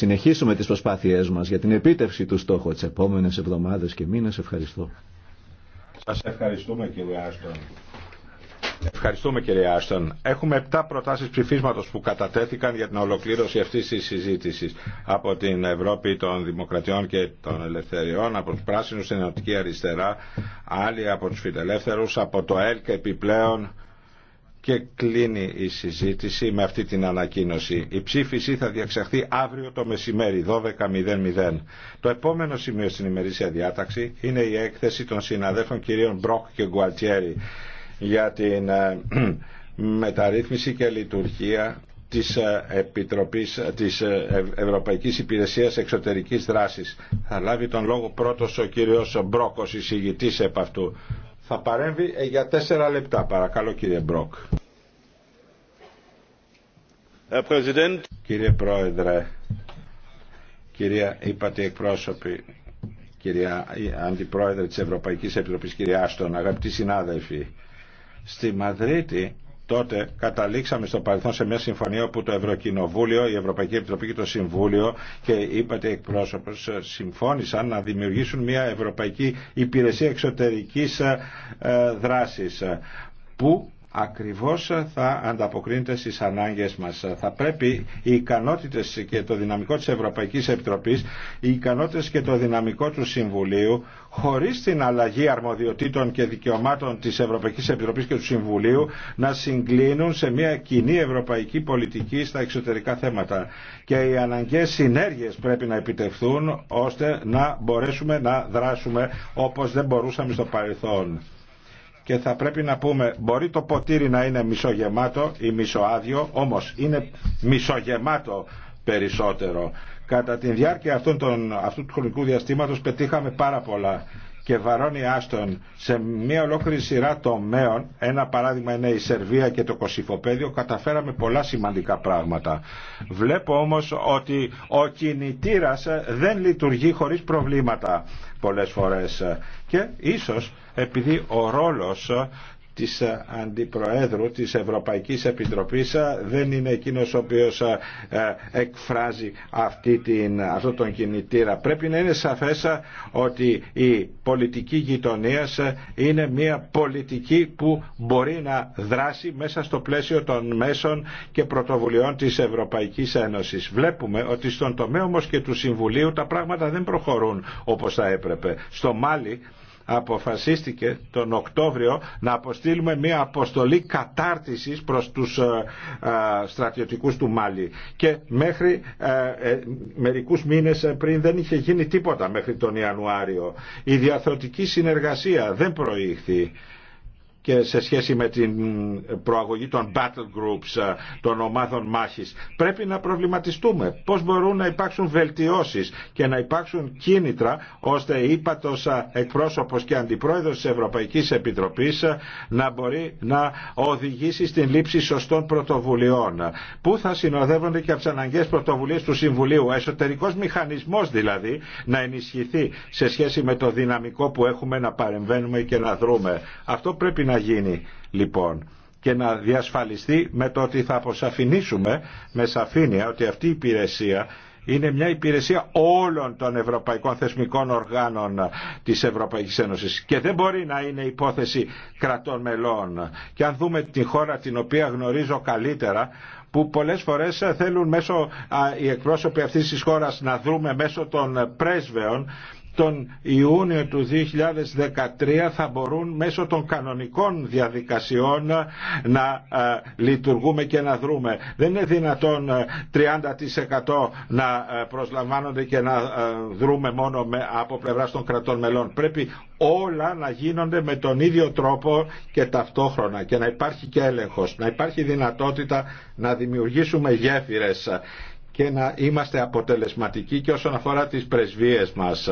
συνεχίσουμε τις προσπάθειές μας για την επίτευξη του στόχου τις επόμενες εβδομάδες και μήνες. Ευχαριστώ. Σας ευχαριστούμε κύριε Άστον. Ευχαριστούμε κύριε Άστον. Έχουμε 7 προτάσεις ψηφίσματος που κατατέθηκαν για την ολοκλήρωση αυτής της συζήτησης από την Ευρώπη των Δημοκρατιών και των Ελευθεριών, από τους Πράσινους στην Ενωτική Αριστερά, άλλοι από τους Φιλελεύθερους, από το ΕΛΚ επιπλέον και κλείνει η συζήτηση με αυτή την ανακοίνωση. Η ψήφιση θα διαξαχθεί αύριο το μεσημέρι, 12.00. Το επόμενο σημείο στην ημερήσια διάταξη είναι η έκθεση των συναδέλφων κυρίων Μπροκ και Γκουαλτιέρη για την ε, μεταρρύθμιση και λειτουργία της, ε, Επιτροπής, ε, της Ευρωπαϊκής Υπηρεσίας Εξωτερικής Δράσης. Θα λάβει τον λόγο πρώτος ο κύριος Μπρόκος, εισηγητής επ' αυτού θα παρέμβει ε, για τέσσερα λεπτά. Παρακαλώ κύριε Μπρόκ. Κύριε Πρόεδρε, κυρία είπατε εκπρόσωποι, κυρία Αντιπρόεδρε της Ευρωπαϊκής Επιτροπής, κυρία Άστον, αγαπητοί συνάδελφοι, στη Μαδρίτη τότε καταλήξαμε στο παρελθόν σε μια συμφωνία όπου το Ευρωκοινοβούλιο, η Ευρωπαϊκή Επιτροπή και το Συμβούλιο και είπατε εκπρόσωπο ε, συμφώνησαν να δημιουργήσουν μια Ευρωπαϊκή Υπηρεσία Εξωτερικής ε, ε, Δράσης που ακριβώς θα ανταποκρίνεται στις ανάγκες μας. Θα πρέπει οι ικανότητες και το δυναμικό της Ευρωπαϊκής Επιτροπής, οι ικανότητες και το δυναμικό του Συμβουλίου, χωρίς την αλλαγή αρμοδιοτήτων και δικαιωμάτων της Ευρωπαϊκής Επιτροπής και του Συμβουλίου, να συγκλίνουν σε μια κοινή ευρωπαϊκή πολιτική στα εξωτερικά θέματα. Και οι αναγκαίες συνέργειες πρέπει να επιτευχθούν, ώστε να μπορέσουμε να δράσουμε όπως δεν μπορούσαμε στο παρελθόν και θα πρέπει να πούμε μπορεί το ποτήρι να είναι μισογεμάτο ή μισοάδιο όμως είναι μισογεμάτο περισσότερο. Κατά τη διάρκεια αυτού, του χρονικού διαστήματος πετύχαμε πάρα πολλά και βαρώνει άστον σε μια ολόκληρη σειρά τομέων, ένα παράδειγμα είναι η Σερβία και το Κωσυφοπέδιο. καταφέραμε πολλά σημαντικά πράγματα. Βλέπω όμως ότι ο κινητήρας δεν λειτουργεί χωρίς προβλήματα πολλές φορές και ίσως επειδή ο ρόλος της Αντιπροέδρου της Ευρωπαϊκής Επιτροπής δεν είναι εκείνος ο οποίος ε, εκφράζει αυτή την, αυτό τον κινητήρα. Πρέπει να είναι σαφές ότι η πολιτική γειτονία είναι μια πολιτική που μπορεί να δράσει μέσα στο πλαίσιο των μέσων και πρωτοβουλειών της Ευρωπαϊκής Ένωσης. Βλέπουμε ότι στον τομέα όμως και του Συμβουλίου τα πράγματα δεν προχωρούν όπως θα έπρεπε. Στο Μάλι αποφασίστηκε τον Οκτώβριο να αποστείλουμε μια αποστολή κατάρτισης προς τους ε, ε, στρατιωτικούς του Μάλι και μέχρι ε, μερικούς μήνες πριν δεν είχε γίνει τίποτα μέχρι τον Ιανουάριο. Η διαθροτική συνεργασία δεν προήχθη και σε σχέση με την προαγωγή των battle groups, ε, των ομάδων μάχης. Πρέπει να προβληματιστούμε πώς μπορούν να υπάρξουν βελτιώσεις και να υπάρξουν κίνητρα ώστε η ύπατος ε, εκπρόσωπος και αντιπρόεδρος της Ευρωπαϊκής Επιτροπής ε, να μπορεί να οδηγήσει στην λήψη σωστών πρωτοβουλειών που θα συνοδεύονται και από τι αναγκαίε πρωτοβουλίες του Συμβουλίου. Εσωτερικός μηχανισμός δηλαδή να ενισχυθεί σε σχέση με το δυναμικό που έχουμε να παρεμβαίνουμε και να δρούμε. Αυτό πρέπει να γίνει λοιπόν και να διασφαλιστεί με το ότι θα αποσαφηνίσουμε με σαφήνεια ότι αυτή η υπηρεσία είναι μια υπηρεσία όλων των ευρωπαϊκών θεσμικών οργάνων της Ευρωπαϊκής Ένωσης και δεν μπορεί να είναι υπόθεση κρατών μελών. Και αν δούμε την χώρα την οποία γνωρίζω καλύτερα, που πολλές φορές θέλουν μέσω οι εκπρόσωποι αυτής της χώρας να δούμε μέσω των πρέσβεων τον Ιούνιο του 2013 θα μπορούν μέσω των κανονικών διαδικασιών να ε, λειτουργούμε και να δρούμε. Δεν είναι δυνατόν 30% ε, να ε, προσλαμβάνονται και να δρούμε μόνο από πλευρά των κρατών μελών. Πρέπει όλα να γίνονται με τον ίδιο τρόπο και ταυτόχρονα και να υπάρχει και έλεγχος, να υπάρχει δυνατότητα να δημιουργήσουμε γέφυρες και να είμαστε αποτελεσματικοί και όσον αφορά τις πρεσβείες μας.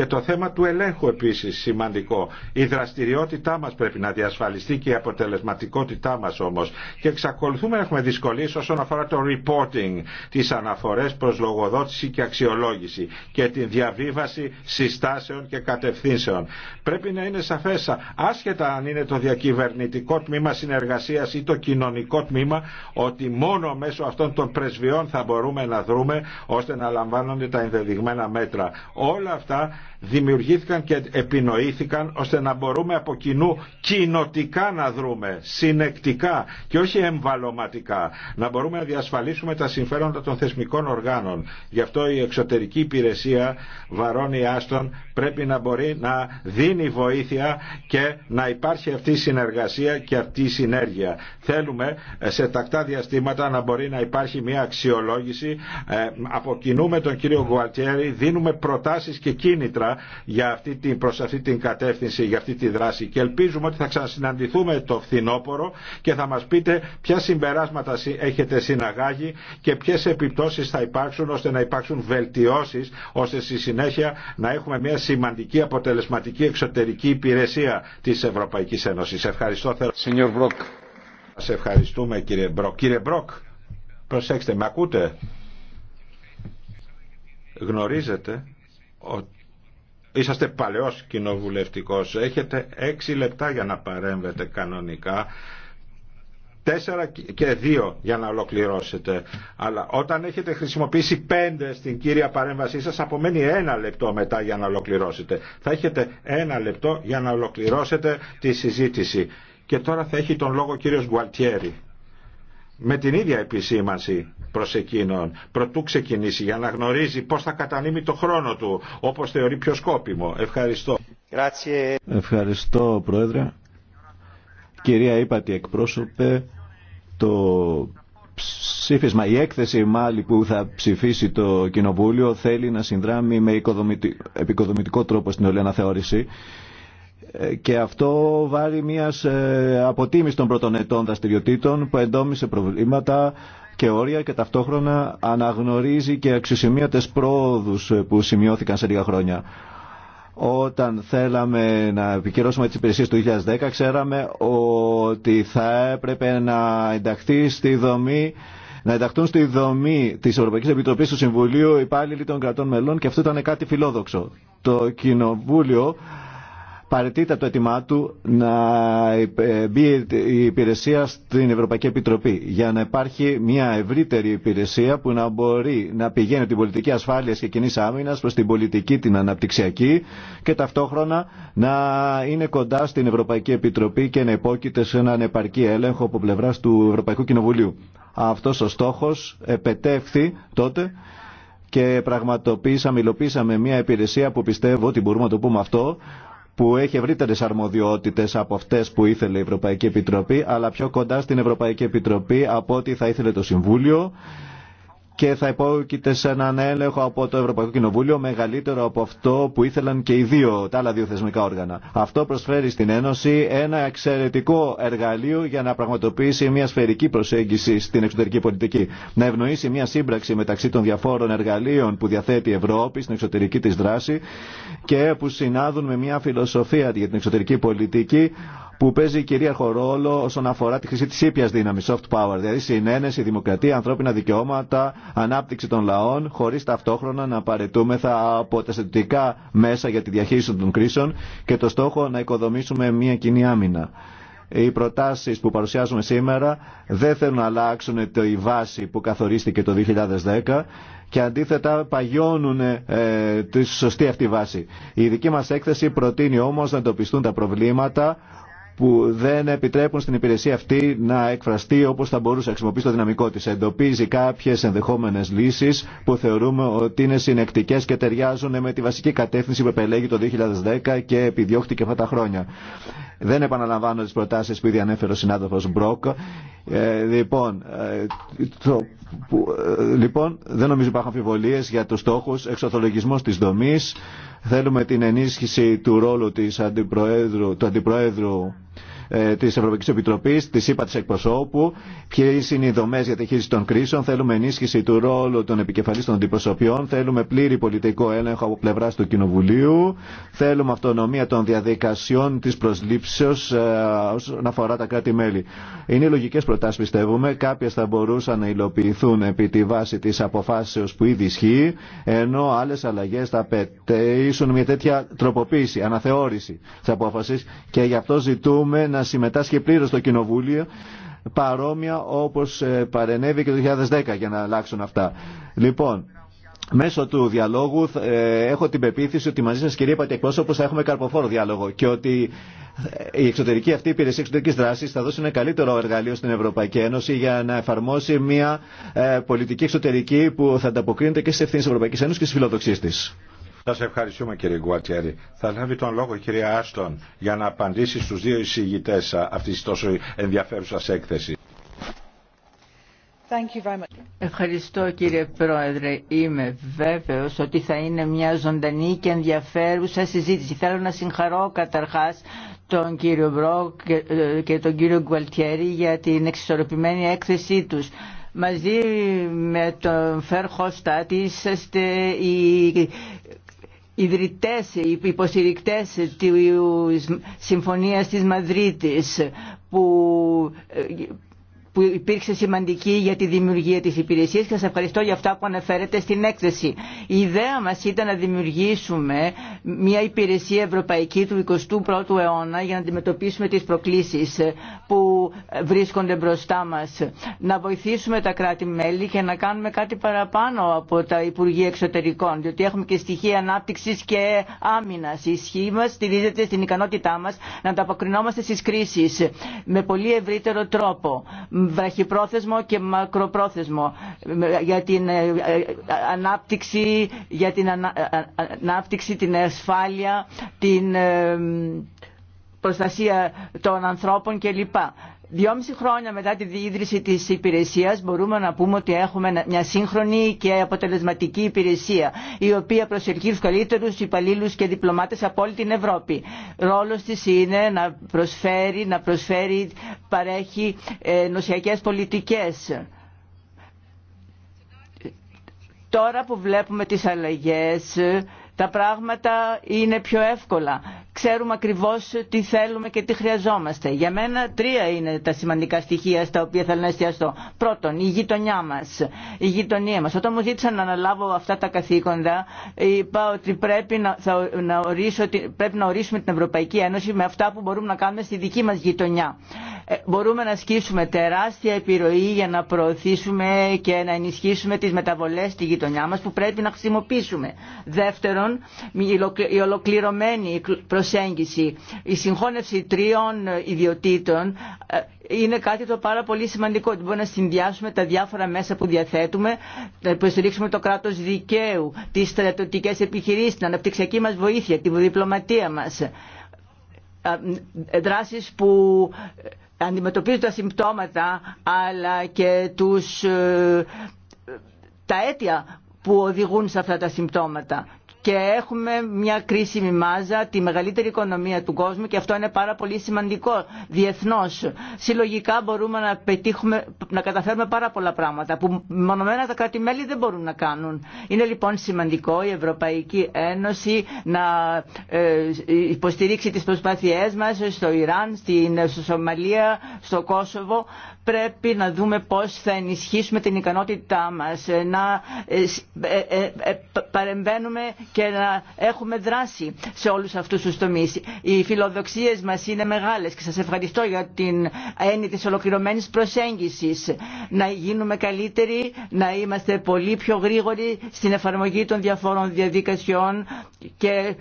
Και το θέμα του ελέγχου επίσης σημαντικό. Η δραστηριότητά μας πρέπει να διασφαλιστεί και η αποτελεσματικότητά μας όμως. Και εξακολουθούμε να έχουμε δυσκολίες όσον αφορά το reporting, τις αναφορές προς λογοδότηση και αξιολόγηση και την διαβίβαση συστάσεων και κατευθύνσεων. Πρέπει να είναι σαφές, άσχετα αν είναι το διακυβερνητικό τμήμα συνεργασίας ή το κοινωνικό τμήμα, ότι μόνο μέσω αυτών των πρεσβειών θα μπορούμε να δρούμε ώστε να λαμβάνονται τα ενδεδειγμένα μέτρα. Όλα αυτά δημιουργήθηκαν και επινοήθηκαν ώστε να μπορούμε από κοινού κοινοτικά να δρούμε, συνεκτικά και όχι εμβαλωματικά. Να μπορούμε να διασφαλίσουμε τα συμφέροντα των θεσμικών οργάνων. Γι' αυτό η εξωτερική υπηρεσία Βαρώνη Άστον πρέπει να μπορεί να δίνει βοήθεια και να υπάρχει αυτή η συνεργασία και αυτή η συνέργεια. Θέλουμε ε, σε τακτά διαστήματα να μπορεί να υπάρχει μια αξιολόγηση. Ε, αποκινούμε τον κύριο Γουαλτιέρη, δίνουμε προτάσεις και κίνητρα για αυτή την, προς αυτή την κατεύθυνση, για αυτή τη δράση και ελπίζουμε ότι θα ξανασυναντηθούμε το φθινόπωρο και θα μας πείτε ποια συμπεράσματα έχετε συναγάγει και ποιες επιπτώσεις θα υπάρξουν ώστε να υπάρξουν βελτιώσεις ώστε στη συνέχεια να έχουμε μια σημαντική αποτελεσματική εξωτερική υπηρεσία της Ευρωπαϊκής Ένωσης. Ευχαριστώ. Σας ευχαριστούμε κύριε Μπροκ. Κύριε Μπροκ, προσέξτε, με ακούτε. Γνωρίζετε ότι Είσαστε παλαιός κοινοβουλευτικός, έχετε έξι λεπτά για να παρέμβετε κανονικά. τέσσερα και δύο για να ολοκληρώσετε. Αλλά όταν έχετε χρησιμοποιήσει πέντε στην κύρια παρέμβασή σας, απομένει ένα λεπτό μετά για να ολοκληρώσετε. Θα έχετε ένα λεπτό για να ολοκληρώσετε τη συζήτηση. Και τώρα θα έχει τον λόγο ο κύριος Γκουαλτιέρη με την ίδια επισήμανση προς εκείνον προτού ξεκινήσει για να γνωρίζει πώς θα κατανείμει το χρόνο του όπως θεωρεί πιο σκόπιμο. Ευχαριστώ. Ευχαριστώ Πρόεδρε. Κυρία Ήπατη εκπρόσωπε το ψήφισμα, η έκθεση μάλι που θα ψηφίσει το Κοινοβούλιο θέλει να συνδράμει με επικοδομητικό τρόπο στην όλη θεώρηση. Ε, και αυτό βάρει μιας ε, αποτίμηση των πρώτων ετών δραστηριοτήτων που εντόμισε προβλήματα και όρια και ταυτόχρονα αναγνωρίζει και αξιοσημείωτες πρόοδους ε, που σημειώθηκαν σε λίγα χρόνια. Όταν θέλαμε να επικυρώσουμε τις υπηρεσίες του 2010 ξέραμε ότι θα έπρεπε να ενταχθεί στη δομή να ενταχθούν στη δομή της Ευρωπαϊκής Επιτροπής του Συμβουλίου υπάλληλοι των κρατών μελών και αυτό ήταν κάτι φιλόδοξο. Το Κοινοβούλιο παρετείται το αίτημά του να μπει η υπηρεσία στην Ευρωπαϊκή Επιτροπή για να υπάρχει μια ευρύτερη υπηρεσία που να μπορεί να πηγαίνει την πολιτική ασφάλεια και κοινή άμυνα προ την πολιτική την αναπτυξιακή και ταυτόχρονα να είναι κοντά στην Ευρωπαϊκή Επιτροπή και να υπόκειται σε έναν επαρκή έλεγχο από πλευρά του Ευρωπαϊκού Κοινοβουλίου. Αυτό ο στόχο επετεύχθη τότε και πραγματοποίησαμε, υλοποίησαμε μια υπηρεσία που πιστεύω ότι μπορούμε να το πούμε αυτό, που έχει ευρύτερε αρμοδιότητε από αυτέ που ήθελε η Ευρωπαϊκή Επιτροπή, αλλά πιο κοντά στην Ευρωπαϊκή Επιτροπή από ό,τι θα ήθελε το Συμβούλιο και θα υπόκειται σε έναν έλεγχο από το Ευρωπαϊκό Κοινοβούλιο μεγαλύτερο από αυτό που ήθελαν και οι δύο, τα άλλα δύο θεσμικά όργανα. Αυτό προσφέρει στην Ένωση ένα εξαιρετικό εργαλείο για να πραγματοποιήσει μια σφαιρική προσέγγιση στην εξωτερική πολιτική. Να ευνοήσει μια σύμπραξη μεταξύ των διαφόρων εργαλείων που διαθέτει η Ευρώπη στην εξωτερική τη δράση και που συνάδουν με μια φιλοσοφία για την εξωτερική πολιτική που παίζει κυρίαρχο ρόλο όσον αφορά τη χρήση τη ήπια δύναμη, soft power, δηλαδή συνένεση, δημοκρατία, ανθρώπινα δικαιώματα, ανάπτυξη των λαών, χωρί ταυτόχρονα να παρετούμεθα από τα στατιωτικά μέσα για τη διαχείριση των κρίσεων και το στόχο να οικοδομήσουμε μια κοινή άμυνα. Οι προτάσει που παρουσιάζουμε σήμερα δεν θέλουν να αλλάξουν τη βάση που καθορίστηκε το 2010 και αντίθετα παγιώνουν ε, τη σωστή αυτή βάση. Η δική μα έκθεση προτείνει όμω να εντοπιστούν τα προβλήματα που δεν επιτρέπουν στην υπηρεσία αυτή να εκφραστεί όπως θα μπορούσε να χρησιμοποιήσει το δυναμικό της. Εντοπίζει κάποιες ενδεχόμενες λύσεις που θεωρούμε ότι είναι συνεκτικές και ταιριάζουν με τη βασική κατεύθυνση που επελέγει το 2010 και επιδιώχτηκε αυτά τα χρόνια. Δεν επαναλαμβάνω τις προτάσεις που ήδη ανέφερε ο συνάδελφος Μπρόκ. Ε, λοιπόν, ε, το, ε, λοιπόν, δεν νομίζω υπάρχουν αμφιβολίες για τους στόχους. Εξορθολογισμός της δομής. Θέλουμε την ενίσχυση του ρόλου της αντιπροέδρου, του αντιπροέδρου ε, τη Ευρωπαϊκή Επιτροπή, τη ΣΥΠΑ τη εκπροσώπου, ποιε είναι οι δομέ για τη χείριση των κρίσεων, θέλουμε ενίσχυση του ρόλου των επικεφαλή των αντιπροσωπιών, θέλουμε πλήρη πολιτικό έλεγχο από πλευρά του Κοινοβουλίου, θέλουμε αυτονομία των διαδικασιών τη προσλήψεω ε, όσον αφορά τα κράτη-μέλη. Είναι λογικέ προτάσει πιστεύουμε, κάποιε θα μπορούσαν να υλοποιηθούν επί τη βάση τη αποφάσεω που ήδη ισχύει, ενώ άλλε αλλαγέ θα πετέσουν μια τέτοια τροποποίηση, αναθεώρηση τη απόφαση και γι' αυτό ζητούμε να να συμμετάσχει πλήρω στο Κοινοβούλιο παρόμοια όπως ε, παρενέβη και το 2010 για να αλλάξουν αυτά. Λοιπόν, μέσω του διαλόγου ε, έχω την πεποίθηση ότι μαζί σας κυρία Πατιακπρόσωπος θα έχουμε καρποφόρο διάλογο και ότι ε, η εξωτερική αυτή υπηρεσία εξωτερική δράση θα δώσει ένα καλύτερο εργαλείο στην Ευρωπαϊκή Ένωση για να εφαρμόσει μια πολιτική εξωτερική που θα ανταποκρίνεται και στι ευθύνε τη Ευρωπαϊκή Ένωση και στι φιλοδοξίε τη. Σα ευχαριστούμε κύριε Γκουατιέρη. Θα λάβει τον λόγο η κυρία Άστον για να απαντήσει στους δύο εισηγητές αυτής της τόσο ενδιαφέρουσα έκθεση. Ευχαριστώ κύριε Πρόεδρε. Είμαι βέβαιος ότι θα είναι μια ζωντανή και ενδιαφέρουσα συζήτηση. Θέλω να συγχαρώ καταρχάς τον κύριο Μπροκ ε, και τον κύριο Γκουαλτιέρη για την εξισορροπημένη έκθεσή τους. Μαζί με τον Φερ Χωστάτη είσαστε οι ιδρυτές, υποστηρικτές της Συμφωνίας της Μαδρίτης που ε, που υπήρξε σημαντική για τη δημιουργία της υπηρεσίας και σας ευχαριστώ για αυτά που αναφέρετε στην έκθεση. Η ιδέα μας ήταν να δημιουργήσουμε μια υπηρεσία ευρωπαϊκή του 21ου αιώνα για να αντιμετωπίσουμε τις προκλήσεις που βρίσκονται μπροστά μας. Να βοηθήσουμε τα κράτη-μέλη και να κάνουμε κάτι παραπάνω από τα Υπουργεία Εξωτερικών, διότι έχουμε και στοιχεία ανάπτυξης και άμυνας. Η ισχύ μας στηρίζεται στην ικανότητά μας να ανταποκρινόμαστε στις κρίσεις με πολύ ευρύτερο τρόπο βραχυπρόθεσμο και μακροπρόθεσμο για την ε, ε, ανάπτυξη, για την, ε, ανάπτυξη την ασφάλεια, την προστασία των ανθρώπων κλπ. Δυόμιση χρόνια μετά τη διίδρυση της υπηρεσίας μπορούμε να πούμε ότι έχουμε μια σύγχρονη και αποτελεσματική υπηρεσία η οποία προσελκύει τους καλύτερους υπαλλήλους και διπλωμάτες από όλη την Ευρώπη. Ρόλος της είναι να προσφέρει, να προσφέρει, παρέχει ε, νοσιακές πολιτικές. Τώρα που βλέπουμε τις αλλαγές τα πράγματα είναι πιο εύκολα. Ξέρουμε ακριβώς τι θέλουμε και τι χρειαζόμαστε. Για μένα τρία είναι τα σημαντικά στοιχεία στα οποία θέλω να εστιαστώ. Πρώτον, η γειτονιά μας, η γειτονία μας. Όταν μου ζήτησαν να αναλάβω αυτά τα καθήκοντα, είπα ότι πρέπει να, να ορίσω, πρέπει να ορίσουμε την Ευρωπαϊκή Ένωση με αυτά που μπορούμε να κάνουμε στη δική μας γειτονιά. Ε, μπορούμε να ασκήσουμε τεράστια επιρροή για να προωθήσουμε και να ενισχύσουμε τις μεταβολές στη γειτονιά μας που πρέπει να χρησιμοποιήσουμε. Δεύτερον, η ολοκληρωμένη προσέγγιση, η συγχώνευση τριών ιδιωτήτων ε, είναι κάτι το πάρα πολύ σημαντικό. Ότι μπορούμε να συνδυάσουμε τα διάφορα μέσα που διαθέτουμε, να υποστηρίξουμε το κράτος δικαίου, τις στρατιωτικές επιχειρήσεις, την αναπτυξιακή μας βοήθεια, την διπλωματία μας ε, δράσεις που αντιμετωπίζουν τα συμπτώματα αλλά και τους, ε, τα αίτια που οδηγούν σε αυτά τα συμπτώματα και έχουμε μια κρίσιμη μάζα, τη μεγαλύτερη οικονομία του κόσμου και αυτό είναι πάρα πολύ σημαντικό διεθνώς. Συλλογικά μπορούμε να, πετύχουμε, να καταφέρουμε πάρα πολλά πράγματα που μονομένα τα κράτη-μέλη δεν μπορούν να κάνουν. Είναι λοιπόν σημαντικό η Ευρωπαϊκή Ένωση να ε, υποστηρίξει τις προσπάθειές μας στο Ιράν, στην Σομαλία, στο Κόσοβο πρέπει να δούμε πώς θα ενισχύσουμε την ικανότητά μας, ε, να ε, ε, παρεμβαίνουμε και να έχουμε δράση σε όλους αυτούς τους τομείς. Οι φιλοδοξίες μας είναι μεγάλες και σας ευχαριστώ για την έννοια της ολοκληρωμένης προσέγγισης. Να γίνουμε καλύτεροι, να είμαστε πολύ πιο γρήγοροι στην εφαρμογή των διαφόρων διαδικασιών και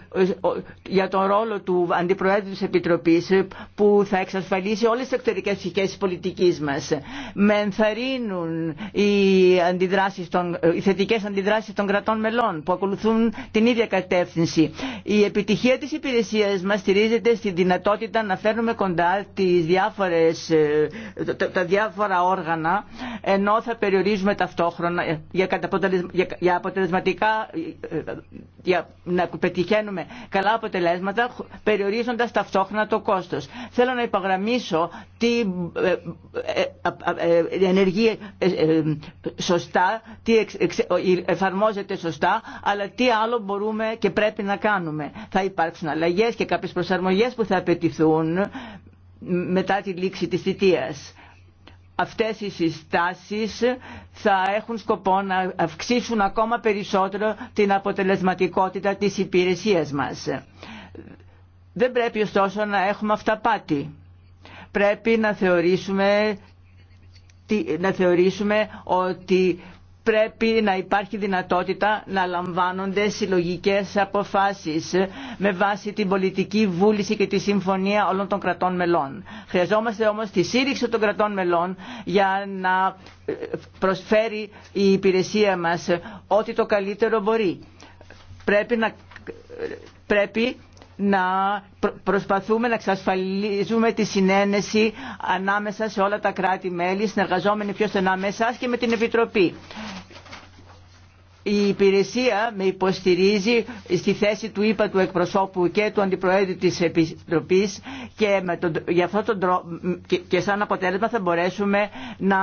για τον ρόλο του Αντιπροέδρου της Επιτροπής που θα εξασφαλίσει όλες τις εκτερικές σχέσεις πολιτικής μας μας. Με ενθαρρύνουν οι, αντιδράσεις των, θετικές αντιδράσεις των κρατών μελών που ακολουθούν την ίδια κατεύθυνση. Η επιτυχία της υπηρεσίας μας στηρίζεται στη δυνατότητα να φέρνουμε κοντά τις διάφορες, ε, τα διάφορα όργανα ενώ θα περιορίζουμε ταυτόχρονα για, αποτελεσματικά ε, να πετυχαίνουμε καλά αποτελέσματα περιορίζοντας ταυτόχρονα το κόστος. Θέλω να υπογραμμίσω τι ε, ε, ε, ενεργεί ε, σωστά, τι εφαρμόζεται σωστά, αλλά τι άλλο μπορούμε και πρέπει να κάνουμε. Θα υπάρξουν αλλαγές και κάποιες προσαρμογές που θα απαιτηθούν μετά τη λήξη της θητείας. Αυτές οι συστάσεις θα έχουν σκοπό να αυξήσουν ακόμα περισσότερο την αποτελεσματικότητα της υπηρεσίας μας. Δεν πρέπει ωστόσο να έχουμε αυταπάτη. Πρέπει να θεωρήσουμε να θεωρήσουμε ότι πρέπει να υπάρχει δυνατότητα να λαμβάνονται συλλογικές αποφάσεις με βάση την πολιτική βούληση και τη συμφωνία όλων των κρατών μελών. Χρειαζόμαστε όμως τη σύριξη των κρατών μελών για να ε, προσφέρει η υπηρεσία μας ό,τι το καλύτερο μπορεί. Πρέπει να ε, πρέπει να προσπαθούμε να εξασφαλίζουμε τη συνένεση ανάμεσα σε όλα τα κράτη-μέλη, συνεργαζόμενοι πιο στενά με και με την Επιτροπή η υπηρεσία με υποστηρίζει στη θέση του ΥΠΑ του εκπροσώπου και του Αντιπροέδρου της Επιτροπής και, με τον, για αυτό τον και, σαν αποτέλεσμα θα μπορέσουμε να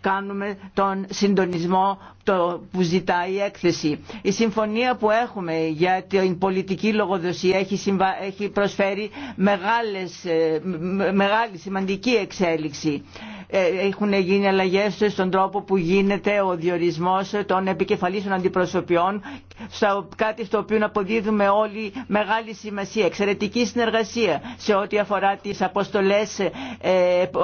κάνουμε τον συντονισμό το που ζητάει η έκθεση. Η συμφωνία που έχουμε για την πολιτική λογοδοσία έχει, έχει προσφέρει μεγάλες... Ε, μεγάλη σημαντική εξέλιξη. Ε, έχουν γίνει αλλαγές στον τρόπο που γίνεται ο διορισμός των επικεφαλής των αντιπροσωπιών, στο, κάτι στο οποίο αποδίδουμε όλοι μεγάλη σημασία. Εξαιρετική συνεργασία σε ό,τι αφορά τις αποστολές ε,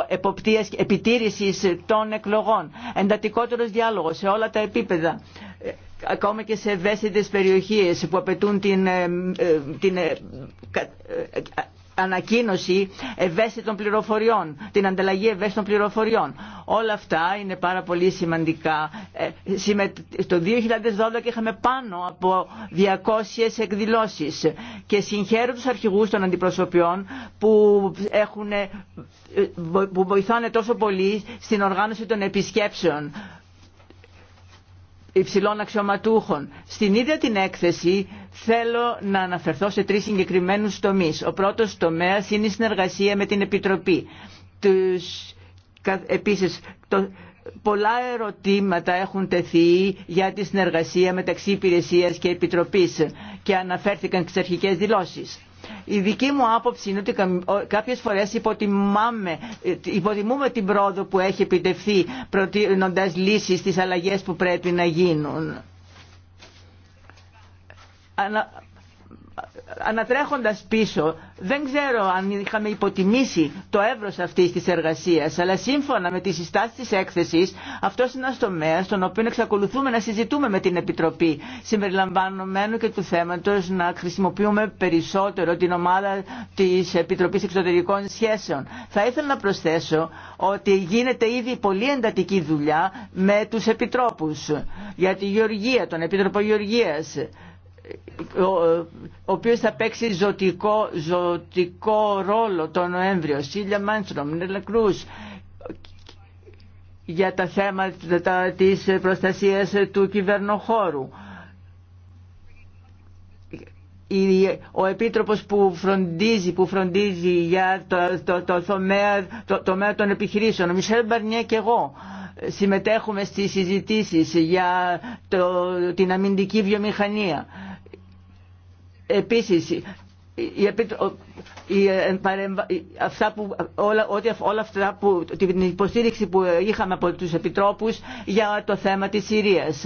εποπτείας, επιτήρησης των εκλογών. Εντατικότερος διάλογος σε όλα τα επίπεδα ε, ακόμα και σε ευαίσθητες περιοχές που απαιτούν την, ε, την ανακοίνωση ευαίσθητων πληροφοριών, την ανταλλαγή ευαίσθητων πληροφοριών. Όλα αυτά είναι πάρα πολύ σημαντικά. Ε, το 2012 είχαμε πάνω από 200 εκδηλώσεις και συγχαίρω τους αρχηγούς των αντιπροσωπιών που, έχουν, που βοηθάνε τόσο πολύ στην οργάνωση των επισκέψεων υψηλών αξιωματούχων. Στην ίδια την έκθεση θέλω να αναφερθώ σε τρεις συγκεκριμένους τομείς. Ο πρώτος τομέας είναι η συνεργασία με την Επιτροπή. Τους, επίσης, πολλά ερωτήματα έχουν τεθεί για τη συνεργασία μεταξύ υπηρεσίας και Επιτροπής και αναφέρθηκαν στις αρχικές δηλώσεις. Η δική μου άποψη είναι ότι κάποιες φορές υποτιμάμε, υποτιμούμε την πρόοδο που έχει επιτευθεί προτείνοντας λύσεις στις αλλαγές που πρέπει να γίνουν ανατρέχοντας πίσω δεν ξέρω αν είχαμε υποτιμήσει το εύρος αυτής της εργασίας αλλά σύμφωνα με τις συστάσεις της έκθεσης αυτός είναι ένας τομέας στον οποίο εξακολουθούμε να συζητούμε με την Επιτροπή συμπεριλαμβανομένου και του θέματος να χρησιμοποιούμε περισσότερο την ομάδα της Επιτροπής Εξωτερικών Σχέσεων. Θα ήθελα να προσθέσω ότι γίνεται ήδη πολύ εντατική δουλειά με τους Επιτρόπους για τη Γεωργία, τον Επίτροπο Γεωργίας ο οποίος θα παίξει ζωτικό, ζωτικό ρόλο τον Νοέμβριο, Σίλια Μάντσρομ, Νέλα Κρούς, για τα θέματα της προστασίας του κυβερνοχώρου. Ο Επίτροπος που φροντίζει, που φροντίζει για το, το, το, το τομέα των επιχειρήσεων, ο Μισελ Μπαρνιέ και εγώ, ε, συμμετέχουμε στις συζητήσεις για το, την αμυντική βιομηχανία. Επίσης, η επιτροπή ε, αυτά όλα, αυτά που, την υποστήριξη που είχαμε από τους επιτρόπους για το θέμα της Συρίας.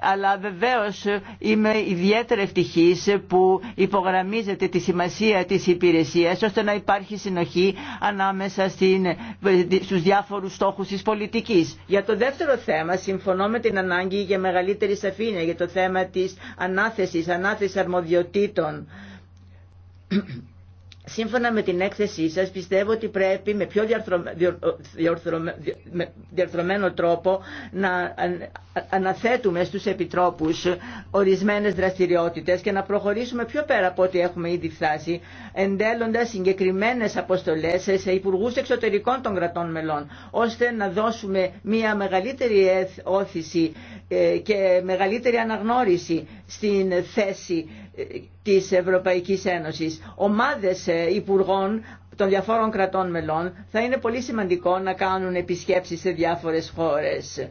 Αλλά βεβαίως είμαι ιδιαίτερα ευτυχής που υπογραμμίζεται τη σημασία της υπηρεσίας ώστε να υπάρχει συνοχή ανάμεσα στην, στους διάφορους στόχους της πολιτικής. Για το δεύτερο θέμα συμφωνώ με την ανάγκη για μεγαλύτερη σαφήνεια για το θέμα της ανάθεσης, ανάθεσης αρμοδιοτήτων Σύμφωνα με την έκθεσή σας πιστεύω ότι πρέπει με πιο διαρθρωμένο τρόπο να αναθέτουμε στους επιτρόπους ορισμένες δραστηριότητες και να προχωρήσουμε πιο πέρα από ό,τι έχουμε ήδη φτάσει εντέλλοντας συγκεκριμένες αποστολές σε υπουργούς εξωτερικών των κρατών μελών ώστε να δώσουμε μια μεγαλύτερη όθηση ε, και μεγαλύτερη αναγνώριση στην θέση της Ευρωπαϊκής Ένωσης. Ομάδες ε, υπουργών των διαφόρων κρατών μελών θα είναι πολύ σημαντικό να κάνουν επισκέψεις σε διάφορες χώρες.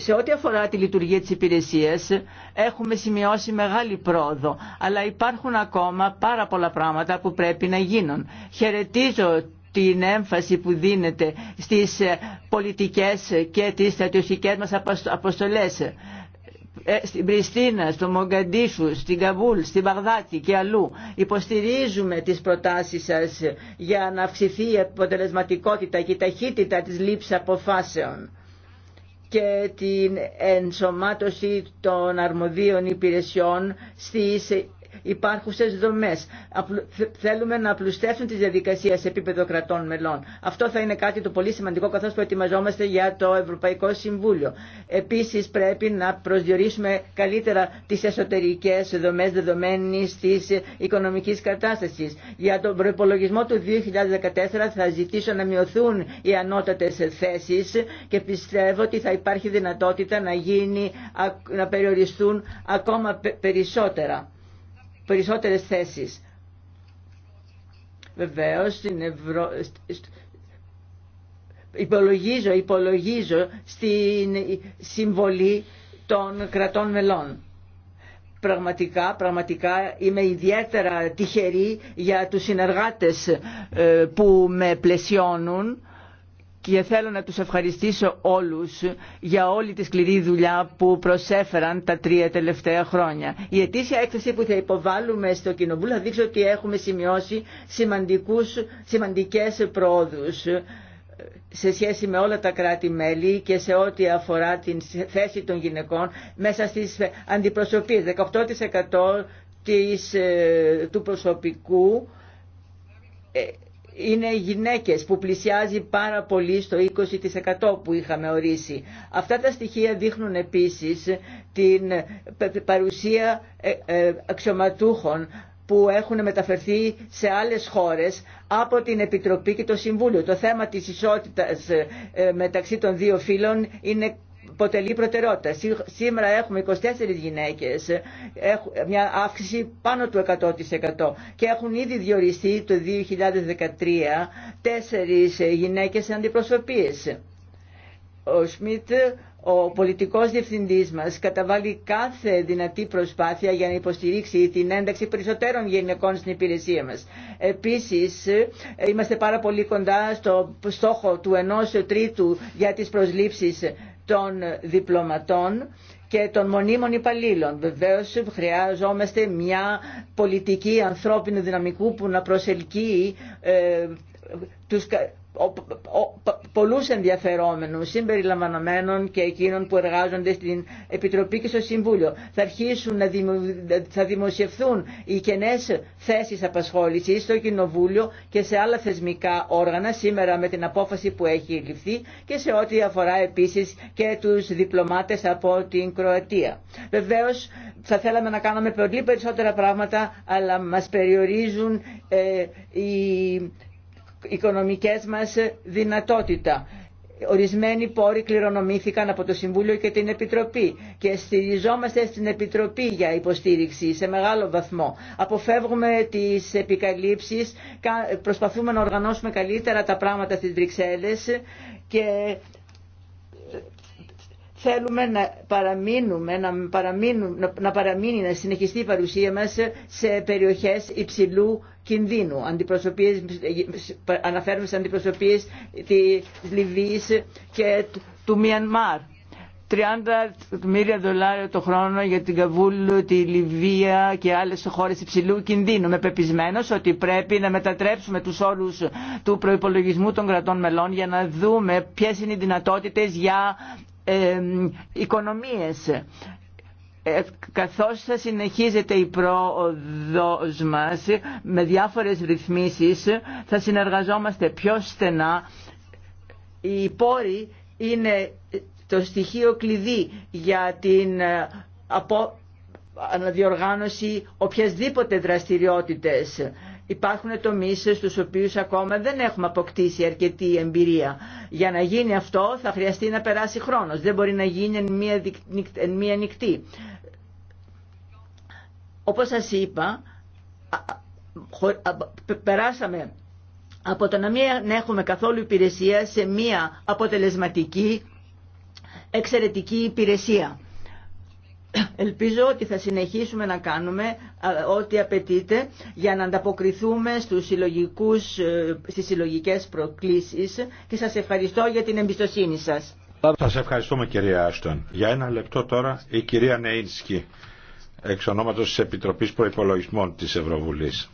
Σε ό,τι αφορά τη λειτουργία της υπηρεσίας έχουμε σημειώσει μεγάλη πρόοδο, αλλά υπάρχουν ακόμα πάρα πολλά πράγματα που πρέπει να γίνουν. Χαιρετίζω την έμφαση που δίνεται στις ε, πολιτικές και τις στρατιωτικές μας αποστολές. Ε, στην Πριστίνα, στο Μογκαντίσου, στην Καμπούλ, στην Βαγδάτη και αλλού. Υποστηρίζουμε τις προτάσεις σας για να αυξηθεί η αποτελεσματικότητα και η ταχύτητα της λήψης αποφάσεων και την ενσωμάτωση των αρμοδίων υπηρεσιών στις υπάρχουσες δομές. Θέλουμε να απλουστεύσουν τις διαδικασίες σε επίπεδο κρατών μελών. Αυτό θα είναι κάτι το πολύ σημαντικό καθώς προετοιμαζόμαστε για το Ευρωπαϊκό Συμβούλιο. Επίσης πρέπει να προσδιορίσουμε καλύτερα τις εσωτερικές δομές δεδομένης της οικονομικής κατάστασης. Για τον προπολογισμό του 2014 θα ζητήσω να μειωθούν οι ανώτατες θέσεις και πιστεύω ότι θα υπάρχει δυνατότητα να, γίνει, να περιοριστούν ακόμα περισσότερα περισσότερες θέσεις. Βεβαίως στην Ευρω... υπολογίζω, υπολογίζω στην συμβολή των κρατών μελών. Πραγματικά, πραγματικά είμαι ιδιαίτερα τυχερή για τους συνεργάτες ε, που με πλαισιώνουν και θέλω να τους ευχαριστήσω όλους για όλη τη σκληρή δουλειά που προσέφεραν τα τρία τελευταία χρόνια. Η ετήσια έκθεση που θα υποβάλουμε στο Κοινοβούλιο θα δείξει ότι έχουμε σημειώσει σημαντικούς, σημαντικές πρόοδους σε σχέση με όλα τα κράτη-μέλη και σε ό,τι αφορά την θέση των γυναικών μέσα στις αντιπροσωπείες. 18% ε, του προσωπικού ε, είναι οι γυναίκες που πλησιάζει πάρα πολύ στο 20% που είχαμε ορίσει. Αυτά τα στοιχεία δείχνουν επίσης την παρουσία ε, ε, αξιωματούχων που έχουν μεταφερθεί σε άλλες χώρες από την Επιτροπή και το Συμβούλιο. Το θέμα της ισότητας ε, μεταξύ των δύο φύλων είναι αποτελεί προτεραιότητα. Σήμερα έχουμε 24 γυναίκες, μια αύξηση πάνω του 100% και έχουν ήδη διοριστεί το 2013 τέσσερις γυναίκες αντιπροσωπείε. Ο Σμιτ ο πολιτικός διευθυντής μας καταβάλει κάθε δυνατή προσπάθεια για να υποστηρίξει την ένταξη περισσότερων γυναικών στην υπηρεσία μας. Επίση, είμαστε πάρα πολύ κοντά στο στόχο του ενό τρίτου για τι προσλήψει των διπλωματών και των μονίμων υπαλλήλων. Βεβαίω χρειάζομαστε μια πολιτική ανθρώπινου δυναμικού που να προσελκύει ε, τους πολλούς ενδιαφερόμενους συμπεριλαμβανομένων και εκείνων που εργάζονται στην Επιτροπή και στο Συμβούλιο. Θα αρχίσουν να θα δημοσιευθούν οι κενές θέσεις απασχόλησης στο Κοινοβούλιο και σε άλλα θεσμικά όργανα σήμερα με την απόφαση που έχει ληφθεί και σε ό,τι αφορά επίσης και τους διπλωμάτες από την Κροατία. Βεβαίως θα θέλαμε να κάνουμε πολύ περισσότερα πράγματα αλλά μας περιορίζουν ε, οι οικονομικές μας δυνατότητα. Ορισμένοι πόροι κληρονομήθηκαν από το Συμβούλιο και την Επιτροπή και στηριζόμαστε στην Επιτροπή για υποστήριξη σε μεγάλο βαθμό. Αποφεύγουμε τις επικαλύψεις, προσπαθούμε να οργανώσουμε καλύτερα τα πράγματα στις Βρυξέλλες και θέλουμε να παραμείνουμε, να, παραμείνουμε, να παραμείνει, να συνεχιστεί η παρουσία μας σε περιοχές υψηλού κινδύνου. Αντιπροσωπείες, αναφέρουμε σε αντιπροσωπείες της Λιβύης και του Μιανμάρ. 30 εκατομμύρια δολάρια το χρόνο για την Καβούλ, τη Λιβύα και άλλε χώρε υψηλού κινδύνου. Είμαι πεπισμένο ότι πρέπει να μετατρέψουμε του όρου του προπολογισμού των κρατών μελών για να δούμε ποιε είναι οι δυνατότητε για ε, οικονομίες ε, καθώς θα συνεχίζεται η πρόοδος μας με διάφορες ρυθμίσεις θα συνεργαζόμαστε πιο στενά Η πόροι είναι το στοιχείο κλειδί για την ε, αναδιοργάνωση οποιασδήποτε δραστηριότητες. Υπάρχουν τομείς στους οποίους ακόμα δεν έχουμε αποκτήσει αρκετή εμπειρία. Για να γίνει αυτό θα χρειαστεί να περάσει χρόνος. Δεν μπορεί να γίνει μία, εν μία νυχτή. Όπως σας είπα, περάσαμε από το να μην έχουμε καθόλου υπηρεσία σε μία αποτελεσματική, εξαιρετική υπηρεσία. Ελπίζω ότι θα συνεχίσουμε να κάνουμε ό,τι απαιτείται για να ανταποκριθούμε στους συλλογικούς, ε, στις συλλογικές προκλήσεις και σας ευχαριστώ για την εμπιστοσύνη σας. Σας ευχαριστούμε κυρία Άστον. Για ένα λεπτό τώρα η κυρία Νεϊνσκι εξ ονόματος της Επιτροπής Προϋπολογισμών της Ευρωβουλής.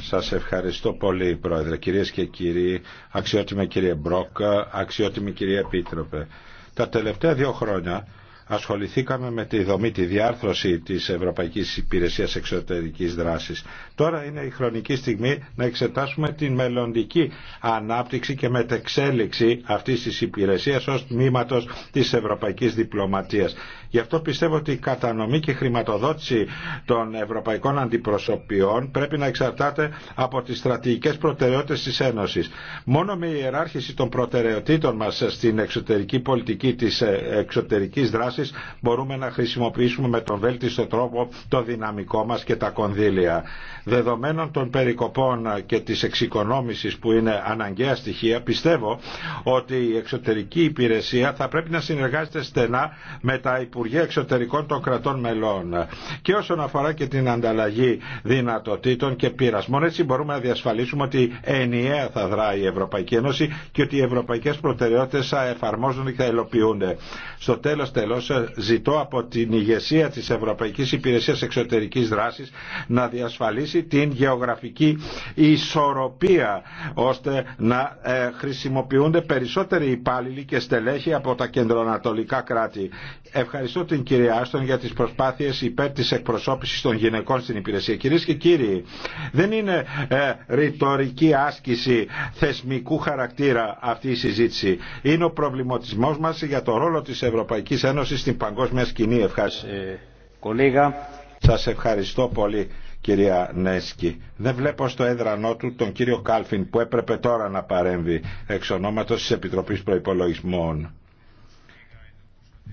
Σας ευχαριστώ πολύ Πρόεδρε, κυρίες και κύριοι, αξιότιμε κύριε Μπρόκ, αξιότιμη κυρία Επίτροπε. Τα τελευταία δύο χρόνια ασχοληθήκαμε με τη δομή, τη διάρθρωση της Ευρωπαϊκής Υπηρεσίας Εξωτερικής Δράσης. Τώρα είναι η χρονική στιγμή να εξετάσουμε την μελλοντική ανάπτυξη και μετεξέλιξη αυτής της υπηρεσίας ως τμήματος της Ευρωπαϊκής Διπλωματίας. Γι' αυτό πιστεύω ότι η κατανομή και η χρηματοδότηση των ευρωπαϊκών αντιπροσωπιών πρέπει να εξαρτάται από τις στρατηγικές προτεραιότητες της Ένωσης. Μόνο με ιεράρχηση των προτεραιοτήτων μας στην εξωτερική πολιτική της ε, εξωτερικής δράσης μπορούμε να χρησιμοποιήσουμε με τον βέλτιστο τρόπο το δυναμικό μας και τα κονδύλια. Δεδομένων των περικοπών και της εξοικονόμησης που είναι αναγκαία στοιχεία, πιστεύω ότι η εξωτερική υπηρεσία θα πρέπει να συνεργάζεται στενά με τα υπουργεία Υπουργεία Εξωτερικών των κρατών μελών και όσον αφορά και την ανταλλαγή δυνατοτήτων και πειρασμών. Έτσι μπορούμε να διασφαλίσουμε ότι ενιαία θα δράει η Ευρωπαϊκή Ένωση και ότι οι ευρωπαϊκέ προτεραιότητε θα εφαρμόζονται και θα υλοποιούνται. Στο τέλο τέλο, ζητώ από την ηγεσία τη Ευρωπαϊκή Υπηρεσία Εξωτερική Δράση να διασφαλίσει την γεωγραφική ισορροπία ώστε να ε, χρησιμοποιούνται περισσότεροι υπάλληλοι και στελέχοι από τα κεντροανατολικά κράτη. Ευχαριστώ. Ευχαριστώ την κυρία Άστον για τις προσπάθειες υπέρ της εκπροσώπησης των γυναικών στην υπηρεσία. Κυρίες και κύριοι, δεν είναι ε, ρητορική άσκηση θεσμικού χαρακτήρα αυτή η συζήτηση. Είναι ο προβληματισμός μας για το ρόλο της Ευρωπαϊκής Ένωσης στην παγκόσμια σκηνή. Ευχαριστώ. Ε, Σας ευχαριστώ πολύ κυρία Νέσκι. Δεν βλέπω στο έδρανό του τον κύριο Κάλφιν που έπρεπε τώρα να παρέμβει εξ ονόματος της Επιτροπής Προϋπολογισμών.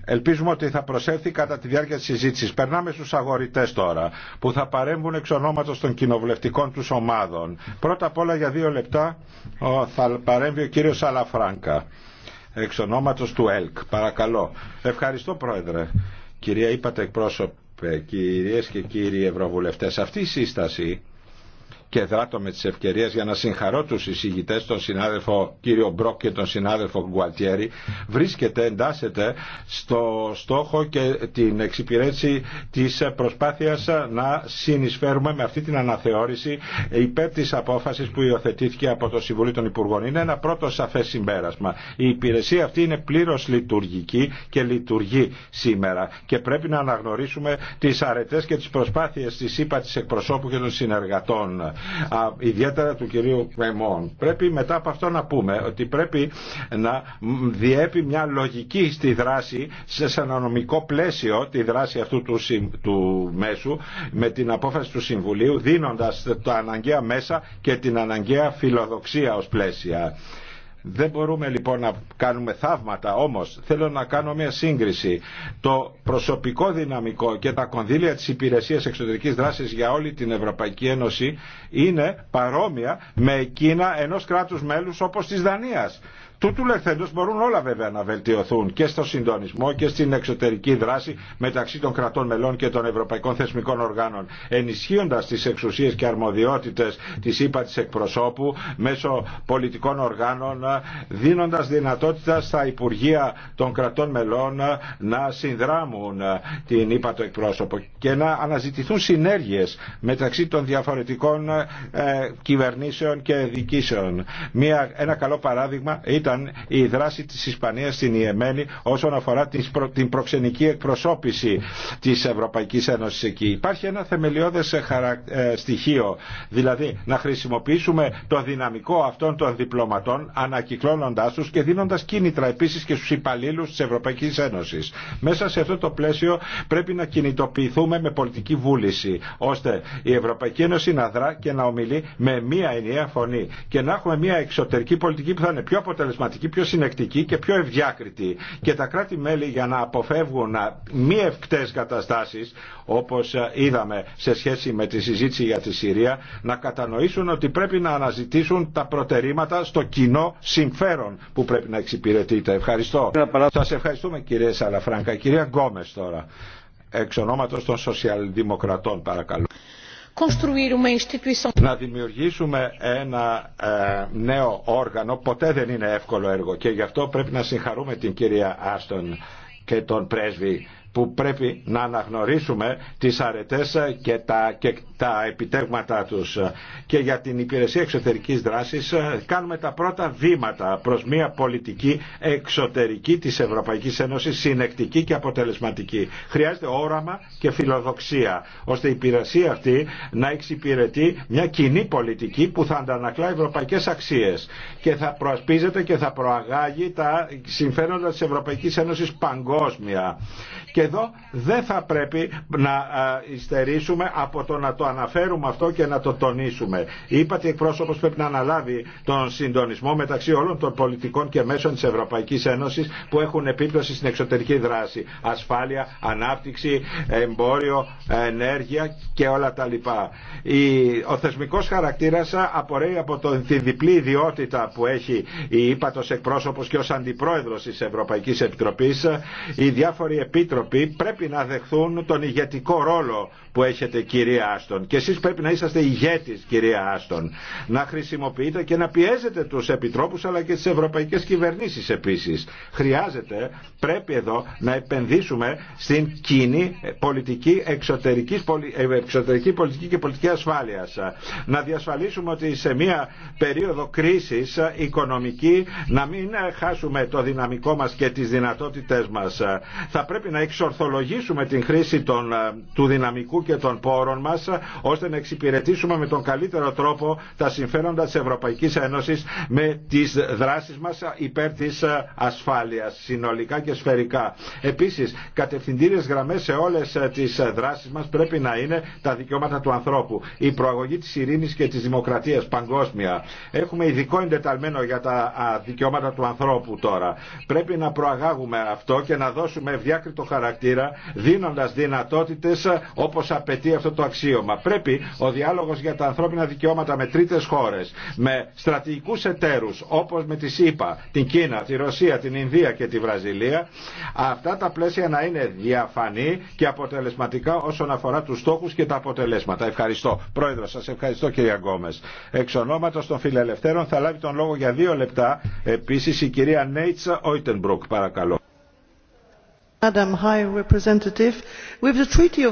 Ελπίζουμε ότι θα προσέλθει κατά τη διάρκεια της συζήτησης. Περνάμε στους αγορητές τώρα, που θα παρέμβουν εξ ονόματος των κοινοβουλευτικών τους ομάδων. Πρώτα απ' όλα για δύο λεπτά θα παρέμβει ο κύριος Άλαφράνκα, εξ ονόματος του ΕΛΚ. Παρακαλώ. Ευχαριστώ Πρόεδρε. Κυρία είπατε εκπρόσωπε, κυρίες και κύριοι Ευρωβουλευτές, αυτή η σύσταση και δράτω με τις ευκαιρίες για να συγχαρώ τους εισηγητές, τον συνάδελφο κύριο Μπρόκ και τον συνάδελφο Γκουαλτιέρη, βρίσκεται, εντάσσεται στο στόχο και την εξυπηρέτηση της προσπάθειας να συνεισφέρουμε με αυτή την αναθεώρηση υπέρ της απόφασης που υιοθετήθηκε από το Συμβουλίο των Υπουργών. Είναι ένα πρώτο σαφές συμπέρασμα. Η υπηρεσία αυτή είναι πλήρως λειτουργική και λειτουργεί σήμερα και πρέπει να αναγνωρίσουμε τις αρετές και τις προσπάθειες της ΥΠΑ εκπροσώπου και των συνεργατών ιδιαίτερα του κυρίου Κρεμόν. Πρέπει μετά από αυτό να πούμε ότι πρέπει να διέπει μια λογική στη δράση σε ένα νομικό πλαίσιο τη δράση αυτού του, του μέσου με την απόφαση του Συμβουλίου δίνοντας τα αναγκαία μέσα και την αναγκαία φιλοδοξία ως πλαίσια. Δεν μπορούμε λοιπόν να κάνουμε θαύματα, όμως θέλω να κάνω μια σύγκριση. Το προσωπικό δυναμικό και τα κονδύλια της υπηρεσίας εξωτερικής δράσης για όλη την Ευρωπαϊκή Ένωση είναι παρόμοια με εκείνα ενός κράτους μέλους όπως της Δανίας. Τούτου λεχθέντος μπορούν όλα βέβαια να βελτιωθούν και στο συντονισμό και στην εξωτερική δράση μεταξύ των κρατών μελών και των ευρωπαϊκών θεσμικών οργάνων. Ενισχύοντας τις εξουσίες και αρμοδιότητες της ΥΠΑ εκπροσώπου μέσω πολιτικών οργάνων, δίνοντας δυνατότητα στα Υπουργεία των κρατών μελών να συνδράμουν την ΥΠΑ εκπρόσωπο και να αναζητηθούν συνέργειες μεταξύ των διαφορετικών ε, κυβερνήσεων και διοικήσεων. Ένα καλό παράδειγμα η δράση της Ισπανίας στην Ιεμένη όσον αφορά την προξενική εκπροσώπηση της Ευρωπαϊκής Ένωσης εκεί. Υπάρχει ένα θεμελιώδες ε, ε, στοιχείο, δηλαδή να χρησιμοποιήσουμε το δυναμικό αυτών των διπλωματών ανακυκλώνοντάς τους και δίνοντας κίνητρα επίσης και στους υπαλλήλους της Ευρωπαϊκής Ένωσης. Μέσα σε αυτό το πλαίσιο πρέπει να κινητοποιηθούμε με πολιτική βούληση ώστε η Ευρωπαϊκή Ένωση να δρά και να ομιλεί με μία ενιαία φωνή και να έχουμε μία εξωτερική πολιτική που θα είναι πιο αποτελεσματική αποτελεσματική, πιο συνεκτική και πιο ευδιάκριτη. Και τα κράτη-μέλη για να αποφεύγουν μη ευκτές καταστάσεις, όπως είδαμε σε σχέση με τη συζήτηση για τη Συρία, να κατανοήσουν ότι πρέπει να αναζητήσουν τα προτερήματα στο κοινό συμφέρον που πρέπει να εξυπηρετείται. Ευχαριστώ. Σας ευχαριστούμε κύριε Σαλαφράγκα. Κυρία Γκόμες τώρα, εξ των Σοσιαλδημοκρατών παρακαλώ να δημιουργήσουμε ένα ε, νέο όργανο ποτέ δεν είναι εύκολο έργο και γι' αυτό πρέπει να συγχαρούμε την κυρία Άστον και τον πρέσβη που πρέπει να αναγνωρίσουμε τις αρετές και τα, και τα επιτεύγματά τους. Και για την υπηρεσία εξωτερικής δράσης ε, κάνουμε τα πρώτα βήματα προς μια πολιτική εξωτερική της Ευρωπαϊκής Ένωσης συνεκτική και αποτελεσματική. Χρειάζεται όραμα και φιλοδοξία ώστε η υπηρεσία αυτή να εξυπηρετεί μια κοινή πολιτική που θα αντανακλά ευρωπαϊκές αξίες και θα προασπίζεται και θα προαγάγει τα συμφέροντα της Ευρωπαϊκής Ένωσης παγκόσμια και εδώ δεν θα πρέπει να ε, υστερήσουμε από το να το αναφέρουμε αυτό και να το τονίσουμε. Είπατε εκπρόσωπος πρέπει να αναλάβει τον συντονισμό μεταξύ όλων των πολιτικών και μέσων της Ευρωπαϊκής Ένωσης που έχουν επίπτωση στην εξωτερική δράση. Ασφάλεια, ανάπτυξη, εμπόριο, ενέργεια και όλα τα λοιπά. Ο θεσμικός χαρακτήρας απορρέει από τη διπλή ιδιότητα που έχει η ύπατος εκπρόσωπος και ως αντιπρόεδρος της Ευρωπαϊκής Επιτροπής η διάφορη επίτροποι πρέπει να δεχθούν τον ηγετικό ρόλο που έχετε κυρία Άστον. Και εσείς πρέπει να είσαστε ηγέτης κυρία Άστον. Να χρησιμοποιείτε και να πιέζετε τους επιτρόπους αλλά και τις ευρωπαϊκές κυβερνήσεις επίσης. Χρειάζεται, πρέπει εδώ να επενδύσουμε στην κοινή πολιτική εξωτερική, ε, εξωτερική πολιτική και πολιτική ασφάλειας. Να διασφαλίσουμε ότι σε μια περίοδο κρίσης οικονομική να μην χάσουμε το δυναμικό μας και τις δυνατότητες μας. Θα πρέπει να εξορθολογήσουμε την χρήση των, του δυναμικού και των πόρων μα, ώστε να εξυπηρετήσουμε με τον καλύτερο τρόπο τα συμφέροντα τη Ευρωπαϊκή Ένωση με τι δράσει μα υπέρ τη ασφάλεια, συνολικά και σφαιρικά. Επίση, κατευθυντήριε γραμμέ σε όλε τι δράσει μα πρέπει να είναι τα δικαιώματα του ανθρώπου, η προαγωγή τη ειρήνης και τη Δημοκρατία, παγκόσμια. Έχουμε ειδικό εντεταλμένο για τα δικαιώματα του ανθρώπου τώρα. Πρέπει να προαγάγουμε αυτό και να δώσουμε ευδιάκριτο χαρακτήρα δίνοντα δυνατότητε, όπω απαιτεί αυτό το αξίωμα. Πρέπει ο διάλογος για τα ανθρώπινα δικαιώματα με τρίτες χώρες, με στρατηγικούς εταίρους όπως με τη ΣΥΠΑ, την Κίνα, τη Ρωσία, την Ινδία και τη Βραζιλία, αυτά τα πλαίσια να είναι διαφανή και αποτελεσματικά όσον αφορά τους στόχους και τα αποτελέσματα. Ευχαριστώ. Πρόεδρο, σας ευχαριστώ κυρία Γκόμες. Εξ ονόματος των φιλελευθέρων θα λάβει τον λόγο για δύο λεπτά επίση η κυρία Νέιτσα Οίτενμπρουκ παρακαλώ.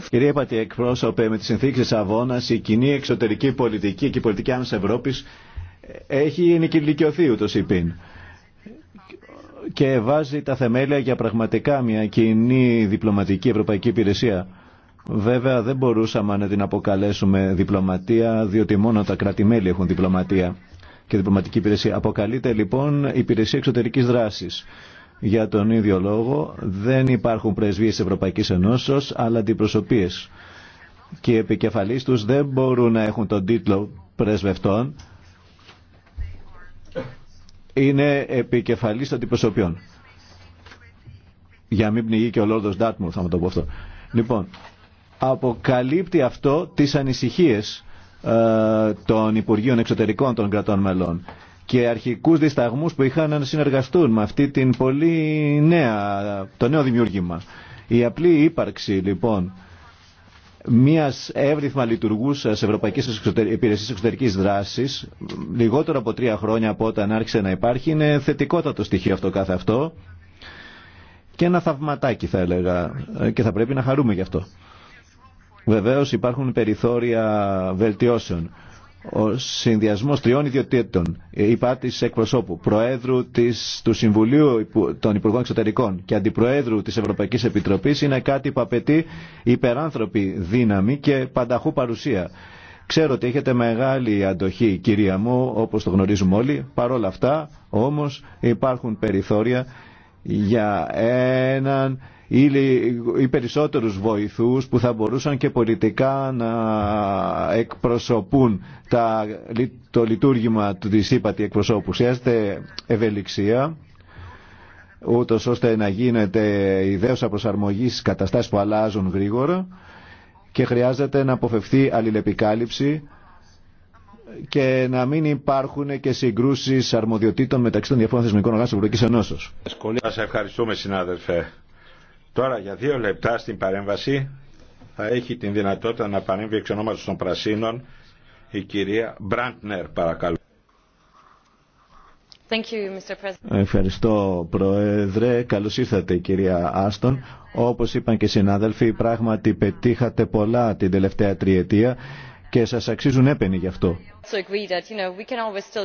Κυρία Πατή, εκπρόσωπε, με τις συνθήκες τη Αβώνα η κοινή εξωτερική πολιτική και η πολιτική άμεσης Ευρώπης ε, έχει ενοικηλικιωθεί ούτως υπήν και βάζει τα θεμέλια για πραγματικά μια κοινή διπλωματική ευρωπαϊκή υπηρεσία. Βέβαια δεν μπορούσαμε να την αποκαλέσουμε διπλωματία, διότι μόνο τα κράτη-μέλη έχουν διπλωματία και διπλωματική υπηρεσία. Αποκαλείται λοιπόν υπηρεσία εξωτερικής δράσης. Για τον ίδιο λόγο δεν υπάρχουν πρεσβείες Ευρωπαϊκής Ενώσεως αλλά αντιπροσωπείες και οι επικεφαλείς τους δεν μπορούν να έχουν τον τίτλο πρεσβευτών είναι επικεφαλής των αντιπροσωπιών. Για μην πνιγεί και ο Λόρδος Ντάτμουρ θα μου το πω αυτό. Λοιπόν, αποκαλύπτει αυτό τις ανησυχίες ε, των Υπουργείων Εξωτερικών των κρατών μελών και αρχικούς δισταγμούς που είχαν να συνεργαστούν με αυτή την πολύ νέα, το νέο δημιούργημα. Η απλή ύπαρξη λοιπόν μια εύρυθμα λειτουργούσα Ευρωπαϊκή Υπηρεσία εξωτερικής δράσης λιγότερο από τρία χρόνια από όταν άρχισε να υπάρχει, είναι θετικότατο στοιχείο αυτό κάθε αυτό. Και ένα θαυματάκι θα έλεγα και θα πρέπει να χαρούμε γι' αυτό. Βεβαίως υπάρχουν περιθώρια βελτιώσεων ο συνδυασμό τριών ιδιωτήτων, ε, είπα εκπροσώπου, Προέδρου της, του Συμβουλίου των Υπουργών Εξωτερικών και Αντιπροέδρου τη Ευρωπαϊκή Επιτροπή είναι κάτι που απαιτεί υπεράνθρωπη δύναμη και πανταχού παρουσία. Ξέρω ότι έχετε μεγάλη αντοχή, κυρία μου, όπως το γνωρίζουμε όλοι. Παρ' όλα αυτά, όμως, υπάρχουν περιθώρια για έναν ή, ή περισσότερους βοηθούς που θα μπορούσαν και πολιτικά να εκπροσωπούν τα, το λειτουργήμα του δυσύπατη εκπροσώπου. Χρειάζεται ευελιξία ούτως ώστε να γίνεται ιδέωσα προσαρμογή στις καταστάσεις που αλλάζουν γρήγορα και χρειάζεται να αποφευθεί αλληλεπικάλυψη και να μην υπάρχουν και συγκρούσεις αρμοδιοτήτων μεταξύ των διαφόρων θεσμικών οργάνων της Ευρωπαϊκή Ενώσεω. Σας ευχαριστούμε, συνάδελφε. Τώρα για δύο λεπτά στην παρέμβαση θα έχει την δυνατότητα να παρέμβει εξ ονόματος των Πρασίνων η κυρία Μπραντνερ παρακαλώ. Ευχαριστώ Πρόεδρε. Καλώς ήρθατε κυρία Άστον. Όπως είπαν και οι συνάδελφοι, πράγματι πετύχατε πολλά την τελευταία τριετία και σας αξίζουν έπαινοι γι' αυτό.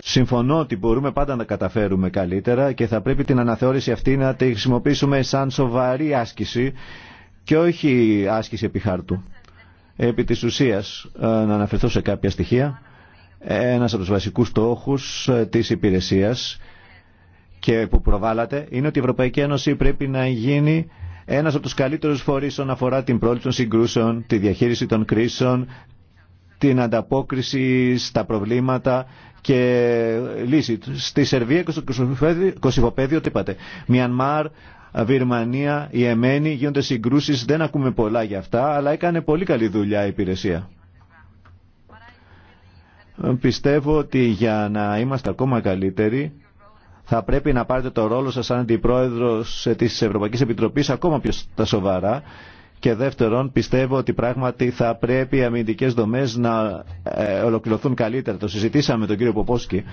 Συμφωνώ ότι μπορούμε πάντα να καταφέρουμε καλύτερα και θα πρέπει την αναθεώρηση αυτή να τη χρησιμοποιήσουμε σαν σοβαρή άσκηση και όχι άσκηση επί χάρτου. Επί της ουσίας, ε, να αναφερθώ σε κάποια στοιχεία, ένας από τους βασικούς στόχους ε, της υπηρεσίας και που προβάλλατε είναι ότι η Ευρωπαϊκή Ένωση πρέπει να γίνει ένα από του καλύτερου φορεί όσον αφορά την πρόληψη των συγκρούσεων, τη διαχείριση των κρίσεων, την ανταπόκριση στα προβλήματα και λύση. Στη Σερβία και στο Κωσυφοπέδιο τι είπατε. Μιανμάρ, Βιρμανία, Ιεμένη, γίνονται συγκρούσεις, δεν ακούμε πολλά για αυτά, αλλά έκανε πολύ καλή δουλειά η υπηρεσία. Πιστεύω ότι για να είμαστε ακόμα καλύτεροι θα πρέπει να πάρετε το ρόλο σας σαν αντιπρόεδρος της Ευρωπαϊκής Επιτροπής ακόμα πιο στα σοβαρά και δεύτερον, πιστεύω ότι πράγματι θα πρέπει οι αμυντικές δομές να ε, ολοκληρωθούν καλύτερα. Το συζητήσαμε με τον κύριο Ποπόσκι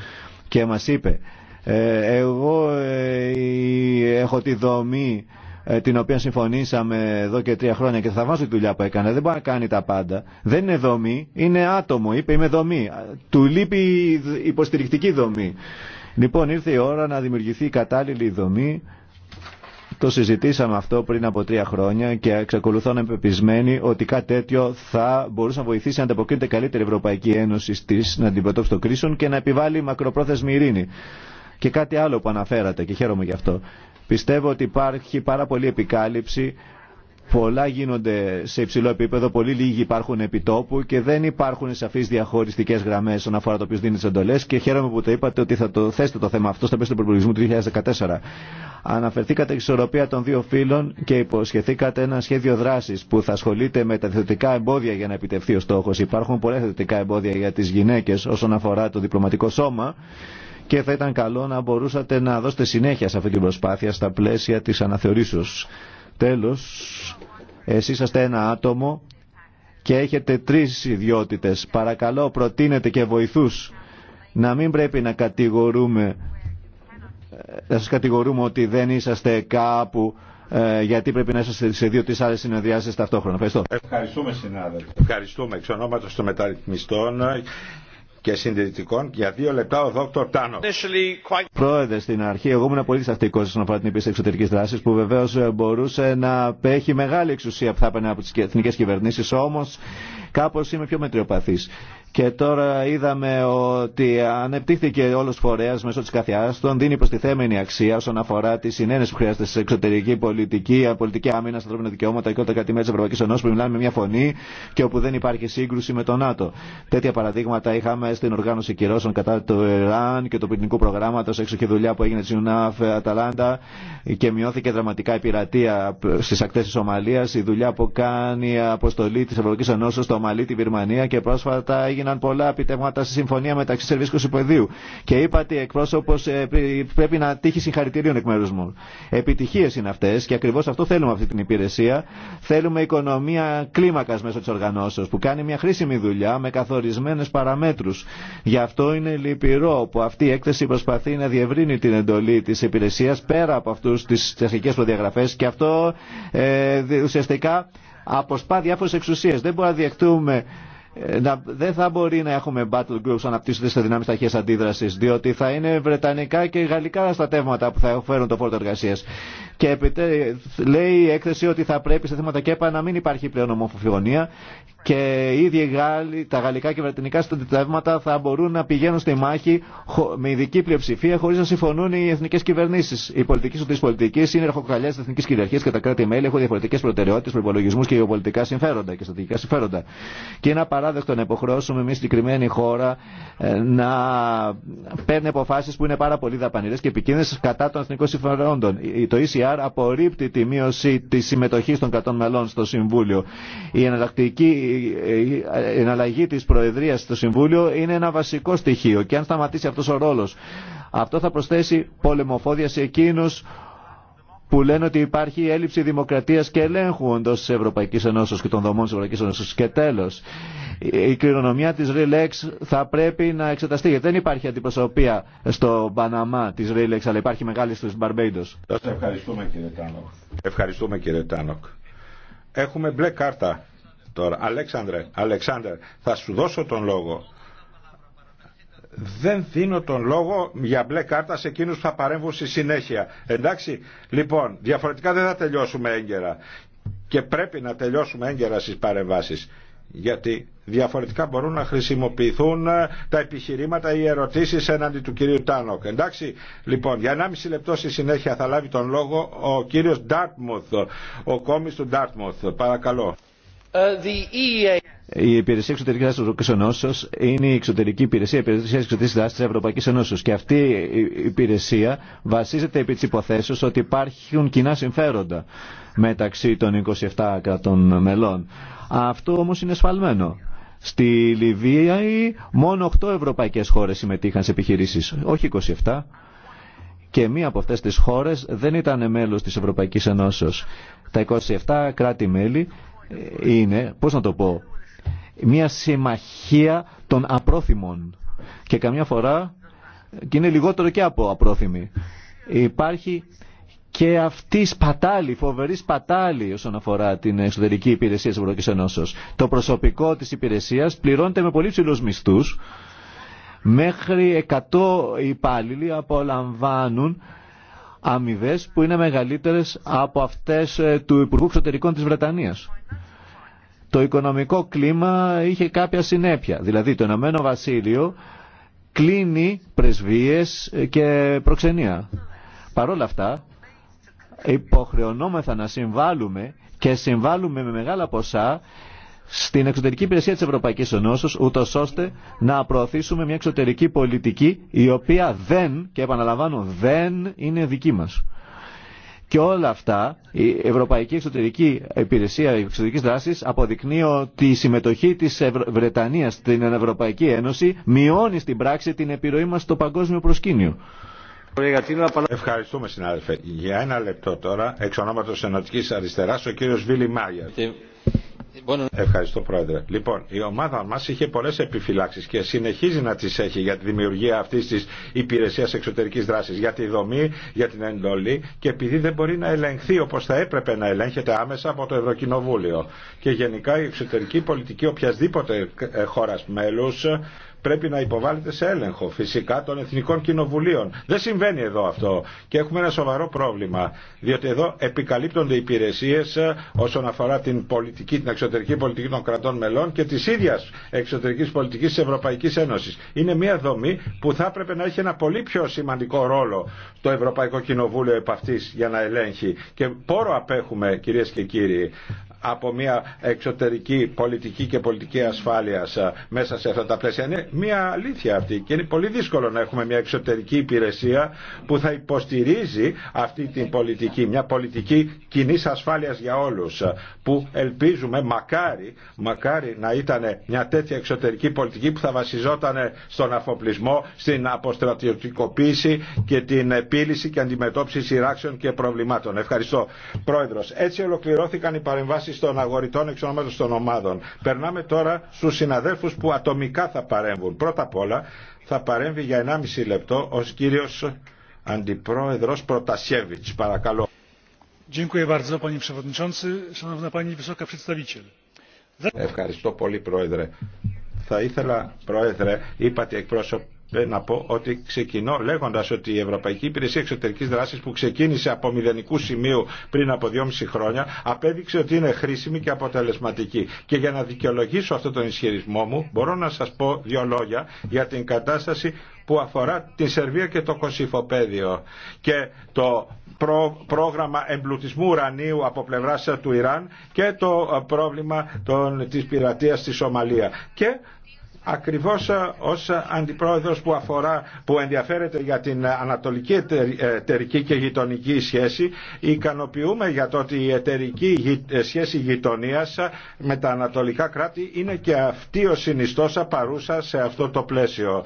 και μας είπε ε, εγώ ε, έχω τη δομή την οποία συμφωνήσαμε εδώ και τρία χρόνια και θα βάζω τη δουλειά που έκανε. Δεν μπορεί να κάνει τα πάντα. Δεν είναι δομή, είναι άτομο. Είπε είμαι δομή. Του λείπει υποστηρικτική δομή. Λοιπόν ήρθε η ώρα να δημιουργηθεί η κατάλληλη δομή το συζητήσαμε αυτό πριν από τρία χρόνια και εξακολουθώ να είμαι πεπισμένη ότι κάτι τέτοιο θα μπορούσε να βοηθήσει να ανταποκρίνεται καλύτερη η Ευρωπαϊκή Ένωση στις, να αντιμετώπιση των κρίσεων και να επιβάλλει μακροπρόθεσμη ειρήνη. Και κάτι άλλο που αναφέρατε και χαίρομαι γι' αυτό. Πιστεύω ότι υπάρχει πάρα πολλή επικάλυψη Πολλά γίνονται σε υψηλό επίπεδο, πολύ λίγοι υπάρχουν επιτόπου και δεν υπάρχουν σαφεί διαχωριστικέ γραμμέ όσον αφορά το οποίο δίνει τι εντολέ και χαίρομαι που το είπατε ότι θα το θέσετε το θέμα αυτό στα πλαίσια του προπολογισμού του 2014. Αναφερθήκατε ισορροπία των δύο φύλων και υποσχεθήκατε ένα σχέδιο δράση που θα ασχολείται με τα θετικά εμπόδια για να επιτευχθεί ο στόχο. Υπάρχουν πολλά θετικά εμπόδια για τι γυναίκε όσον αφορά το διπλωματικό σώμα και θα ήταν καλό να μπορούσατε να δώσετε συνέχεια σε αυτή την προσπάθεια στα πλαίσια τη αναθεωρήσεω. Τέλος, εσείς είστε ένα άτομο και έχετε τρεις ιδιότητες. Παρακαλώ προτείνετε και βοηθούς να μην πρέπει να κατηγορούμε ε, να σας κατηγορούμε ότι δεν είσαστε κάπου ε, γιατί πρέπει να είσαστε σε δύο-τρει άλλε συνεδριάσεις ταυτόχρονα. Ευχαριστούμε, συνάδελφοι. Ευχαριστούμε εξ ονόματος των μεταρρυθμιστών και συντηρητικών. Για δύο λεπτά ο Δόκτωρ Τάνο. Πρόεδρε, στην αρχή εγώ ήμουν πολύ σταθερικό όσον αφορά την υπηρεσία εξωτερική δράση που βεβαίω ε, μπορούσε να έχει μεγάλη εξουσία που θα έπαιρνε από τι εθνικέ κυβερνήσει. Όμω κάπω είμαι πιο μετριοπαθή. Και τώρα είδαμε ότι ανεπτύχθηκε όλος φορέας μέσω της καθιάς τον δίνει προστιθέμενη αξία όσον αφορά τι συνένεση που χρειάζεται σε εξωτερική πολιτική, πολιτική άμυνα, ανθρώπινα δικαιώματα και όλα κάτι τη της Ευρωπαϊκής που μιλάμε με μια φωνή και όπου δεν υπάρχει σύγκρουση με τον ΝΑΤΟ. Τέτοια παραδείγματα είχαμε στην οργάνωση κυρώσεων κατά του Ιράν και του ποινικού προγράμματο, έξω και δουλειά που έγινε τη UNAF Αταλάντα και μειώθηκε δραματικά η πειρατεία στις ακτές της Ομαλίας, η δουλειά που κάνει η αποστολή της Ευρωπαϊκής Ενώσης στο Ομαλή, τη Βυρμανία και πρόσφατα έγινε έγιναν πολλά επιτεύγματα στη συμφωνία μεταξύ Σερβίας και Κωσυφοπεδίου. Και είπα ότι εκπρόσωπο ε, πρέπει να τύχει συγχαρητηρίων εκ μέρου μου. Επιτυχίε είναι αυτέ και ακριβώ αυτό θέλουμε αυτή την υπηρεσία. Θέλουμε οικονομία κλίμακα μέσω τη οργανώσεω που κάνει μια χρήσιμη δουλειά με καθορισμένε παραμέτρου. Γι' αυτό είναι λυπηρό που αυτή η έκθεση προσπαθεί να διευρύνει την εντολή τη υπηρεσία πέρα από αυτού τι αρχικέ προδιαγραφέ και αυτό ε, ουσιαστικά αποσπά διάφορε εξουσίε. Δεν μπορούμε να διεκτούμε ε, δεν θα μπορεί να έχουμε battle groups αναπτύσσονται σε δυνάμεις ταχείας αντίδρασης διότι θα είναι βρετανικά και γαλλικά στρατεύματα που θα φέρουν το φόρτο εργασία και λέει η έκθεση ότι θα πρέπει σε θέματα ΚΕΠΑ να μην υπάρχει πλέον ομοφοφιγωνία και ήδη Γάλλοι, τα γαλλικά και βρετανικά στρατεύματα θα μπορούν να πηγαίνουν στη μάχη με ειδική πλειοψηφία χωρί να συμφωνούν οι εθνικέ κυβερνήσει. Οι πολιτικοί σου τη πολιτική είναι ροχοκαλιά τη εθνική κυριαρχία και τα κράτη-μέλη έχουν διαφορετικέ προτεραιότητε, προπολογισμού και γεωπολιτικά συμφέροντα και στρατηγικά συμφέροντα. Και είναι απαράδεκτο να υποχρεώσουμε εμεί συγκεκριμένη χώρα ε, να παίρνει αποφάσει που είναι πάρα πολύ δαπανηρέ και επικίνδυνε κατά των εθνικών συμφερόντων. Το ECR απορρίπτει τη μείωση τη συμμετοχή των 100 μελών στο Συμβούλιο. Η, εναλλακτική εναλλαγή τη Προεδρία στο Συμβούλιο είναι ένα βασικό στοιχείο και αν σταματήσει αυτό ο ρόλο, αυτό θα προσθέσει πολεμοφόδια σε εκείνου που λένε ότι υπάρχει έλλειψη δημοκρατίας και ελέγχου εντός της Ευρωπαϊκής Ενώσεως και των δομών της Ευρωπαϊκής Ενώσεως. Και τέλος, η κληρονομιά της Relax θα πρέπει να εξεταστεί, γιατί δεν υπάρχει αντιπροσωπεία στο Παναμά της Relax, αλλά υπάρχει μεγάλη στους Μπαρμπέιντος. Ευχαριστούμε κύριε Τάνοκ. Ευχαριστούμε κύριε Τάνοκ. Έχουμε μπλε κάρτα τώρα. Αλέξανδρε, Αλεξάνδρε, θα σου δώσω τον λόγο δεν δίνω τον λόγο για μπλε κάρτα σε εκείνους που θα παρέμβουν στη συνέχεια. Εντάξει, λοιπόν, διαφορετικά δεν θα τελειώσουμε έγκαιρα. Και πρέπει να τελειώσουμε έγκαιρα στις παρεμβάσεις. Γιατί διαφορετικά μπορούν να χρησιμοποιηθούν ε, τα επιχειρήματα ή ερωτήσεις έναντι του κυρίου Τάνοκ. Εντάξει, λοιπόν, για 1,5 λεπτό στη συνέχεια θα λάβει τον λόγο ο κύριος Ντάρτμουθ, ο κόμις του Ντάρτμουθ. Παρακαλώ. Ε, η Υπηρεσία Εξωτερική Δράση Ενώσεω είναι η εξωτερική υπηρεσία υπηρεσία εξωτερική δράση τη Ευρωπαϊκή Ενώσεω. Και αυτή η υπηρεσία βασίζεται επί τη υποθέσεω ότι υπάρχουν κοινά συμφέροντα μεταξύ των 27 κρατών μελών. Αυτό όμω είναι σφαλμένο. Στη Λιβύη μόνο 8 ευρωπαϊκέ χώρε συμμετείχαν σε επιχειρήσει, όχι 27. Και μία από αυτές τις χώρες δεν ήταν μέλος της Ευρωπαϊκής Ενώσεως. Τα 27 κράτη-μέλη είναι, πώς να το πω, μια συμμαχία των απρόθυμων και καμιά φορά και είναι λιγότερο και από απρόθυμη Υπάρχει και αυτή σπατάλη, φοβερή σπατάλη όσον αφορά την εξωτερική υπηρεσία της Ευρωπαϊκής Ενώσεως. Το προσωπικό της υπηρεσίας πληρώνεται με πολύ ψηλούς μισθούς. Μέχρι 100 υπάλληλοι απολαμβάνουν αμοιβέ που είναι μεγαλύτερες από αυτές ε, του Υπουργού Εξωτερικών της Βρετανίας. Το οικονομικό κλίμα είχε κάποια συνέπεια. Δηλαδή το Ηνωμένο Βασίλειο κλείνει πρεσβείες ε, και προξενία. Παρ' όλα αυτά υποχρεωνόμεθα να συμβάλλουμε και συμβάλλουμε με μεγάλα ποσά στην εξωτερική υπηρεσία της Ευρωπαϊκής Ενώσεως, ούτως ώστε να προωθήσουμε μια εξωτερική πολιτική η οποία δεν, και επαναλαμβάνω, δεν είναι δική μας. Και όλα αυτά, η Ευρωπαϊκή Εξωτερική Υπηρεσία Εξωτερική Δράση αποδεικνύει ότι η συμμετοχή τη Βρετανία στην Ευρωπαϊκή Ένωση μειώνει στην πράξη την επιρροή μα στο παγκόσμιο προσκήνιο. Ευχαριστούμε συνάδελφε. Για ένα λεπτό τώρα, εξ ονόματο Ενωτική Αριστερά, ο κύριο Βίλι Μάγερ. Ευχαριστώ Πρόεδρε. Λοιπόν, η ομάδα μα είχε πολλέ επιφυλάξει και συνεχίζει να τι έχει για τη δημιουργία αυτή τη υπηρεσία εξωτερική δράση, για τη δομή, για την εντολή και επειδή δεν μπορεί να ελεγχθεί όπω θα έπρεπε να ελέγχεται άμεσα από το Ευρωκοινοβούλιο. Και γενικά η εξωτερική πολιτική οποιασδήποτε χώρα μέλου πρέπει να υποβάλλεται σε έλεγχο φυσικά των εθνικών κοινοβουλίων. Δεν συμβαίνει εδώ αυτό και έχουμε ένα σοβαρό πρόβλημα, διότι εδώ επικαλύπτονται υπηρεσίε ε, όσον αφορά την, πολιτική, την εξωτερική πολιτική των κρατών μελών και τη ίδια εξωτερική πολιτική τη Ευρωπαϊκή Ένωση. Είναι μια δομή που θα έπρεπε να έχει ένα πολύ πιο σημαντικό ρόλο το Ευρωπαϊκό Κοινοβούλιο επ' αυτής για να ελέγχει. Και πόρο απέχουμε, κυρίε και κύριοι, από μια εξωτερική πολιτική και πολιτική ασφάλειας ε, μέσα σε αυτά τα πλαίσια. Είναι μια αλήθεια αυτή και είναι πολύ δύσκολο να έχουμε μια εξωτερική υπηρεσία που θα υποστηρίζει αυτή την πολιτική, μια πολιτική κοινή ασφάλειας για όλους ε, που ελπίζουμε μακάρι, μακάρι να ήταν μια τέτοια εξωτερική πολιτική που θα βασιζόταν στον αφοπλισμό, στην αποστρατιωτικοποίηση και την επίλυση και αντιμετώπιση σειράξεων και προβλημάτων. Ευχαριστώ. Πρόεδρος, έτσι ολοκληρώθηκαν οι παρεμβάσεις στον των αγοριτών εξ ονομάτων των ομάδων. Περνάμε τώρα στους συναδέλφους που ατομικά θα παρέμβουν. Πρώτα απ' όλα θα παρέμβει για 1,5 λεπτό ο κύριος Αντιπρόεδρος Προτασιέβιτς. Παρακαλώ. Ευχαριστώ πολύ Πρόεδρε. Θα ήθελα, Πρόεδρε, είπατε εκπρόσωπο ε, να πω ότι ξεκινώ λέγοντα ότι η Ευρωπαϊκή Υπηρεσία Εξωτερική Δράση που ξεκίνησε από μηδενικού σημείου πριν από 2,5 χρόνια απέδειξε ότι είναι χρήσιμη και αποτελεσματική. Και για να δικαιολογήσω αυτόν τον ισχυρισμό μου μπορώ να σα πω δύο λόγια για την κατάσταση που αφορά τη Σερβία και το Κωσυφοπαίδιο και το πρόγραμμα εμπλουτισμού ουρανίου από πλευρά του Ιράν και το πρόβλημα των, της πειρατείας στη Σομαλία. Και ακριβώς ε, ως αντιπρόεδρος που αφορά, που ενδιαφέρεται για την ανατολική ε, εταιρική και γειτονική σχέση, ικανοποιούμε για το ότι η εταιρική ε, σχέση γειτονίας με τα ανατολικά κράτη είναι και αυτή ο συνιστός παρούσα σε αυτό το πλαίσιο.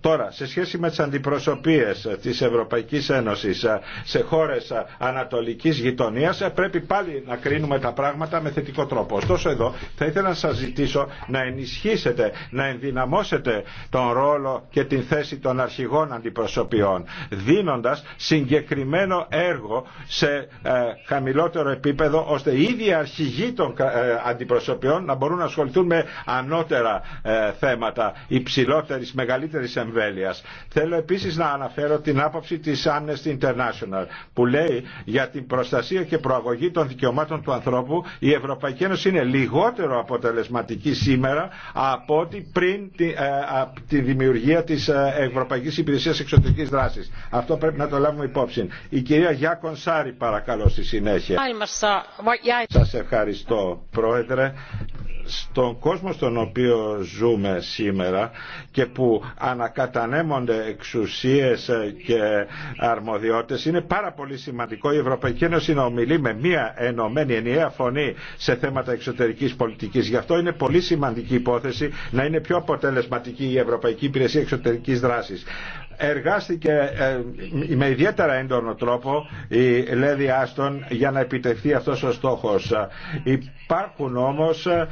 Τώρα, σε σχέση με τις αντιπροσωπείες της Ευρωπαϊκής Ένωσης σε χώρες ανατολικής γειτονίας, πρέπει πάλι να κρίνουμε τα πράγματα με θετικό τρόπο. Ωστόσο εδώ θα ήθελα να σας ζητήσω να ενισχύσετε, να ενδυναμώσετε τον ρόλο και την θέση των αρχηγών αντιπροσωπιών δίνοντας συγκεκριμένο έργο σε ε, χαμηλότερο επίπεδο ώστε οι ίδιοι αρχηγοί των ε, αντιπροσωπιών να μπορούν να ασχοληθούν με ανώτερα ε, θέματα υψηλότερης, μεγαλύτερης εμβέλειας. Θέλω επίσης να αναφέρω την άποψη της Amnesty International που λέει για την προστασία και προαγωγή των δικαιωμάτων του ανθρώπου η Ευρωπαϊκή Ένωση είναι λιγότερο αποτελεσματική σήμερα από ό,τι πριν ε, τη, δημιουργία της ε, Ευρωπαϊκής Υπηρεσίας Εξωτερικής Δράσης. Αυτό πρέπει να το λάβουμε υπόψη. Η κυρία Γιάκον Σάρη παρακαλώ στη συνέχεια. Σας ευχαριστώ Πρόεδρε στον κόσμο στον οποίο ζούμε σήμερα και που ανακατανέμονται εξουσίες και αρμοδιότητες είναι πάρα πολύ σημαντικό η Ευρωπαϊκή Ένωση να ομιλεί με μία ενωμένη ενιαία φωνή σε θέματα εξωτερικής πολιτικής. Γι' αυτό είναι πολύ σημαντική υπόθεση να είναι πιο αποτελεσματική η Ευρωπαϊκή Υπηρεσία Εξωτερικής Δράσης εργάστηκε ε, με ιδιαίτερα έντονο τρόπο η Λέδη Άστον για να επιτευχθεί αυτός ο στόχος. Υπάρχουν όμως ε,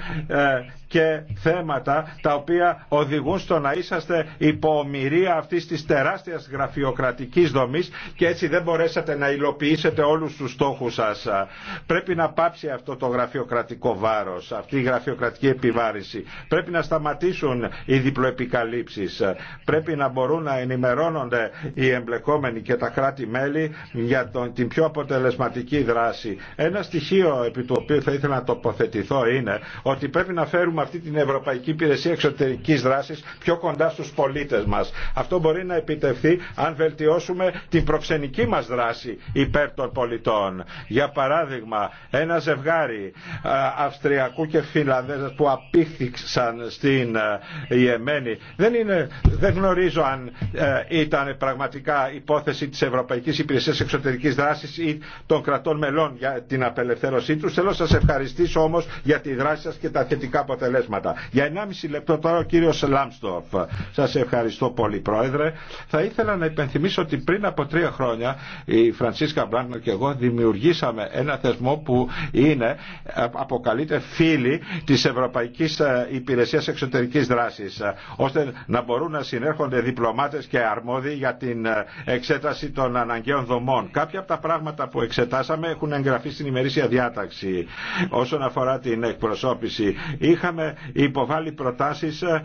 και θέματα τα οποία οδηγούν στο να είσαστε υπομοιρία ομοιρία αυτής της τεράστιας γραφειοκρατικής δομής και έτσι δεν μπορέσατε να υλοποιήσετε όλους τους στόχους σας. Πρέπει να πάψει αυτό το γραφειοκρατικό βάρος, αυτή η γραφειοκρατική επιβάρηση. Πρέπει να σταματήσουν οι διπλοεπικαλύψεις. Πρέπει να μπορούν να ενημερώνονται οι εμπλεκόμενοι και τα κράτη-μέλη για τον, την πιο αποτελεσματική δράση. Ένα στοιχείο επί του οποίου θα ήθελα να τοποθετηθώ είναι ότι πρέπει να φέρουμε κάνουμε αυτή την Ευρωπαϊκή Υπηρεσία Εξωτερική δράση πιο κοντά στου πολίτε μα. Αυτό μπορεί να επιτευχθεί αν βελτιώσουμε την προξενική μα δράση υπέρ των πολιτών. Για παράδειγμα, ένα ζευγάρι Αυστριακού και Φιλανδέζα που απήχθηξαν στην Ιεμένη δεν, είναι, δεν γνωρίζω αν ήταν πραγματικά υπόθεση τη Ευρωπαϊκή Υπηρεσία Εξωτερική δράση ή των κρατών μελών για την απελευθέρωσή του. Θέλω να σα ευχαριστήσω όμω για τη δράση σα και τα θετικά αποτελέσματα αποτελέσματα. Για 1,5 λεπτό τώρα ο κύριο Λάμστορφ. Σα ευχαριστώ πολύ Πρόεδρε. Θα ήθελα να υπενθυμίσω ότι πριν από τρία χρόνια η Φρανσίσκα Μπράγνο και εγώ δημιουργήσαμε ένα θεσμό που είναι, αποκαλείται φίλοι τη Ευρωπαϊκή ε, Υπηρεσία Εξωτερική δράση, ώστε να μπορούν να συνέρχονται διπλωμάτε και αρμόδιοι για την ε, εξέταση των αναγκαίων δομών. Κάποια από τα πράγματα που εξετάσαμε έχουν εγγραφεί στην ημερήσια διάταξη όσον αφορά την εκπροσώπηση. Είχαμε είχαμε υποβάλει προτάσεις ε,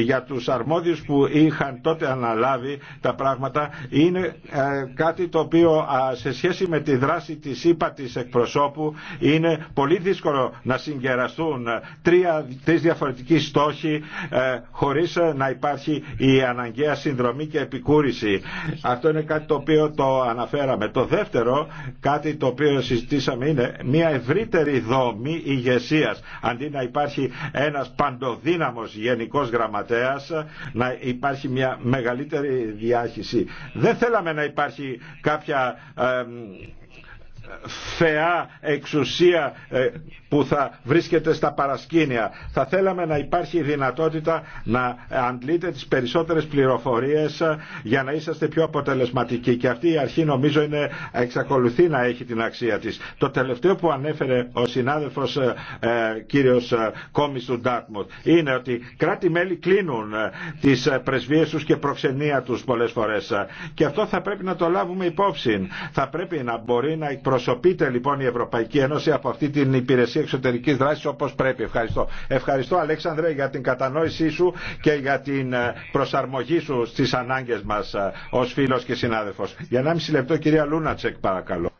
για τους αρμόδιους που είχαν τότε αναλάβει τα πράγματα είναι ε, κάτι το οποίο σε σχέση με τη δράση της ΥΠΑ εκπροσώπου είναι πολύ δύσκολο να συγκεραστούν ε, τρία, τρεις διαφορετικοί στόχοι χωρίς να υπάρχει η αναγκαία συνδρομή και επικούρηση. Αυτό είναι κάτι το οποίο το αναφέραμε. Το δεύτερο, κάτι το οποίο συζητήσαμε είναι μια ευρύτερη δομή ηγεσία αντί να υπάρχει ένας παντοδύναμος γενικός γραμματέας να υπάρχει μια μεγαλύτερη διάχυση. Δεν θέλαμε να υπάρχει κάποια θεά εξουσία ε, που θα βρίσκεται στα παρασκήνια. Θα θέλαμε να υπάρχει η δυνατότητα να αντλείτε τις περισσότερες πληροφορίες ε, για να είσαστε πιο αποτελεσματικοί και αυτή η αρχή νομίζω είναι, εξακολουθεί να έχει την αξία της. Το τελευταίο που ανέφερε ο συνάδελφος ε, ε κύριος Κόμις του ειναι είναι ότι κράτη-μέλη κλείνουν τις πρεσβείες τους και προξενία τους πολλές φορές και αυτό θα πρέπει να το λάβουμε υπόψη. Θα πρέπει να μπορεί να Εκπροσωπείται λοιπόν η Ευρωπαϊκή Ένωση από αυτή την υπηρεσία εξωτερική δράση όπω πρέπει. Ευχαριστώ. Ευχαριστώ Αλέξανδρε για την κατανόησή σου και για την ε, προσαρμογή σου στι ανάγκε μα ε, ω φίλο και συνάδελφο. Για 1,5 λεπτό κυρία Λούνατσεκ παρακαλώ.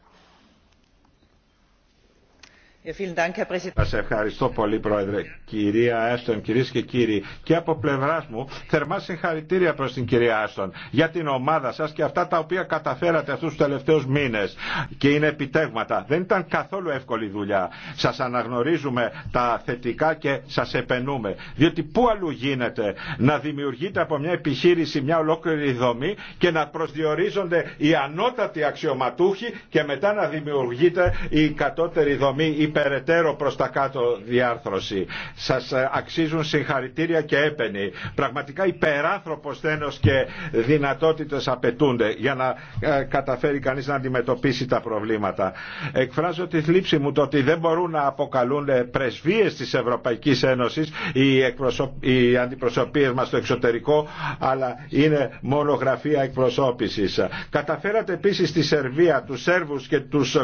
Ε, σας ευχαριστώ πολύ Πρόεδρε. Κυρία Άστον, κυρίες και κύριοι, και από πλευράς μου θερμά συγχαρητήρια προς την κυρία Άστον για την ομάδα σας και αυτά τα οποία καταφέρατε αυτούς τους τελευταίους μήνες και είναι επιτέγματα. Δεν ήταν καθόλου εύκολη δουλειά. Σας αναγνωρίζουμε τα θετικά και σας επενούμε. Διότι πού αλλού γίνεται να δημιουργείται από μια επιχείρηση μια ολόκληρη δομή και να προσδιορίζονται οι ανώτατοι αξιωματούχοι και μετά να δημιουργείται η κατώτερη δομή, περαιτέρω προς τα κάτω διάρθρωση. Σας ε, αξίζουν συγχαρητήρια και έπαινοι. Πραγματικά υπεράνθρωπος θένος και δυνατότητες απαιτούνται για να ε, καταφέρει κανείς να αντιμετωπίσει τα προβλήματα. Εκφράζω τη θλίψη μου το ότι δεν μπορούν να αποκαλούν πρεσβείες της Ευρωπαϊκής Ένωσης οι, εκπροσω... οι αντιπροσωπείες μας στο εξωτερικό αλλά είναι μόνο γραφεία εκπροσώπησης. Καταφέρατε επίσης στη Σερβία τους Σέρβους και τους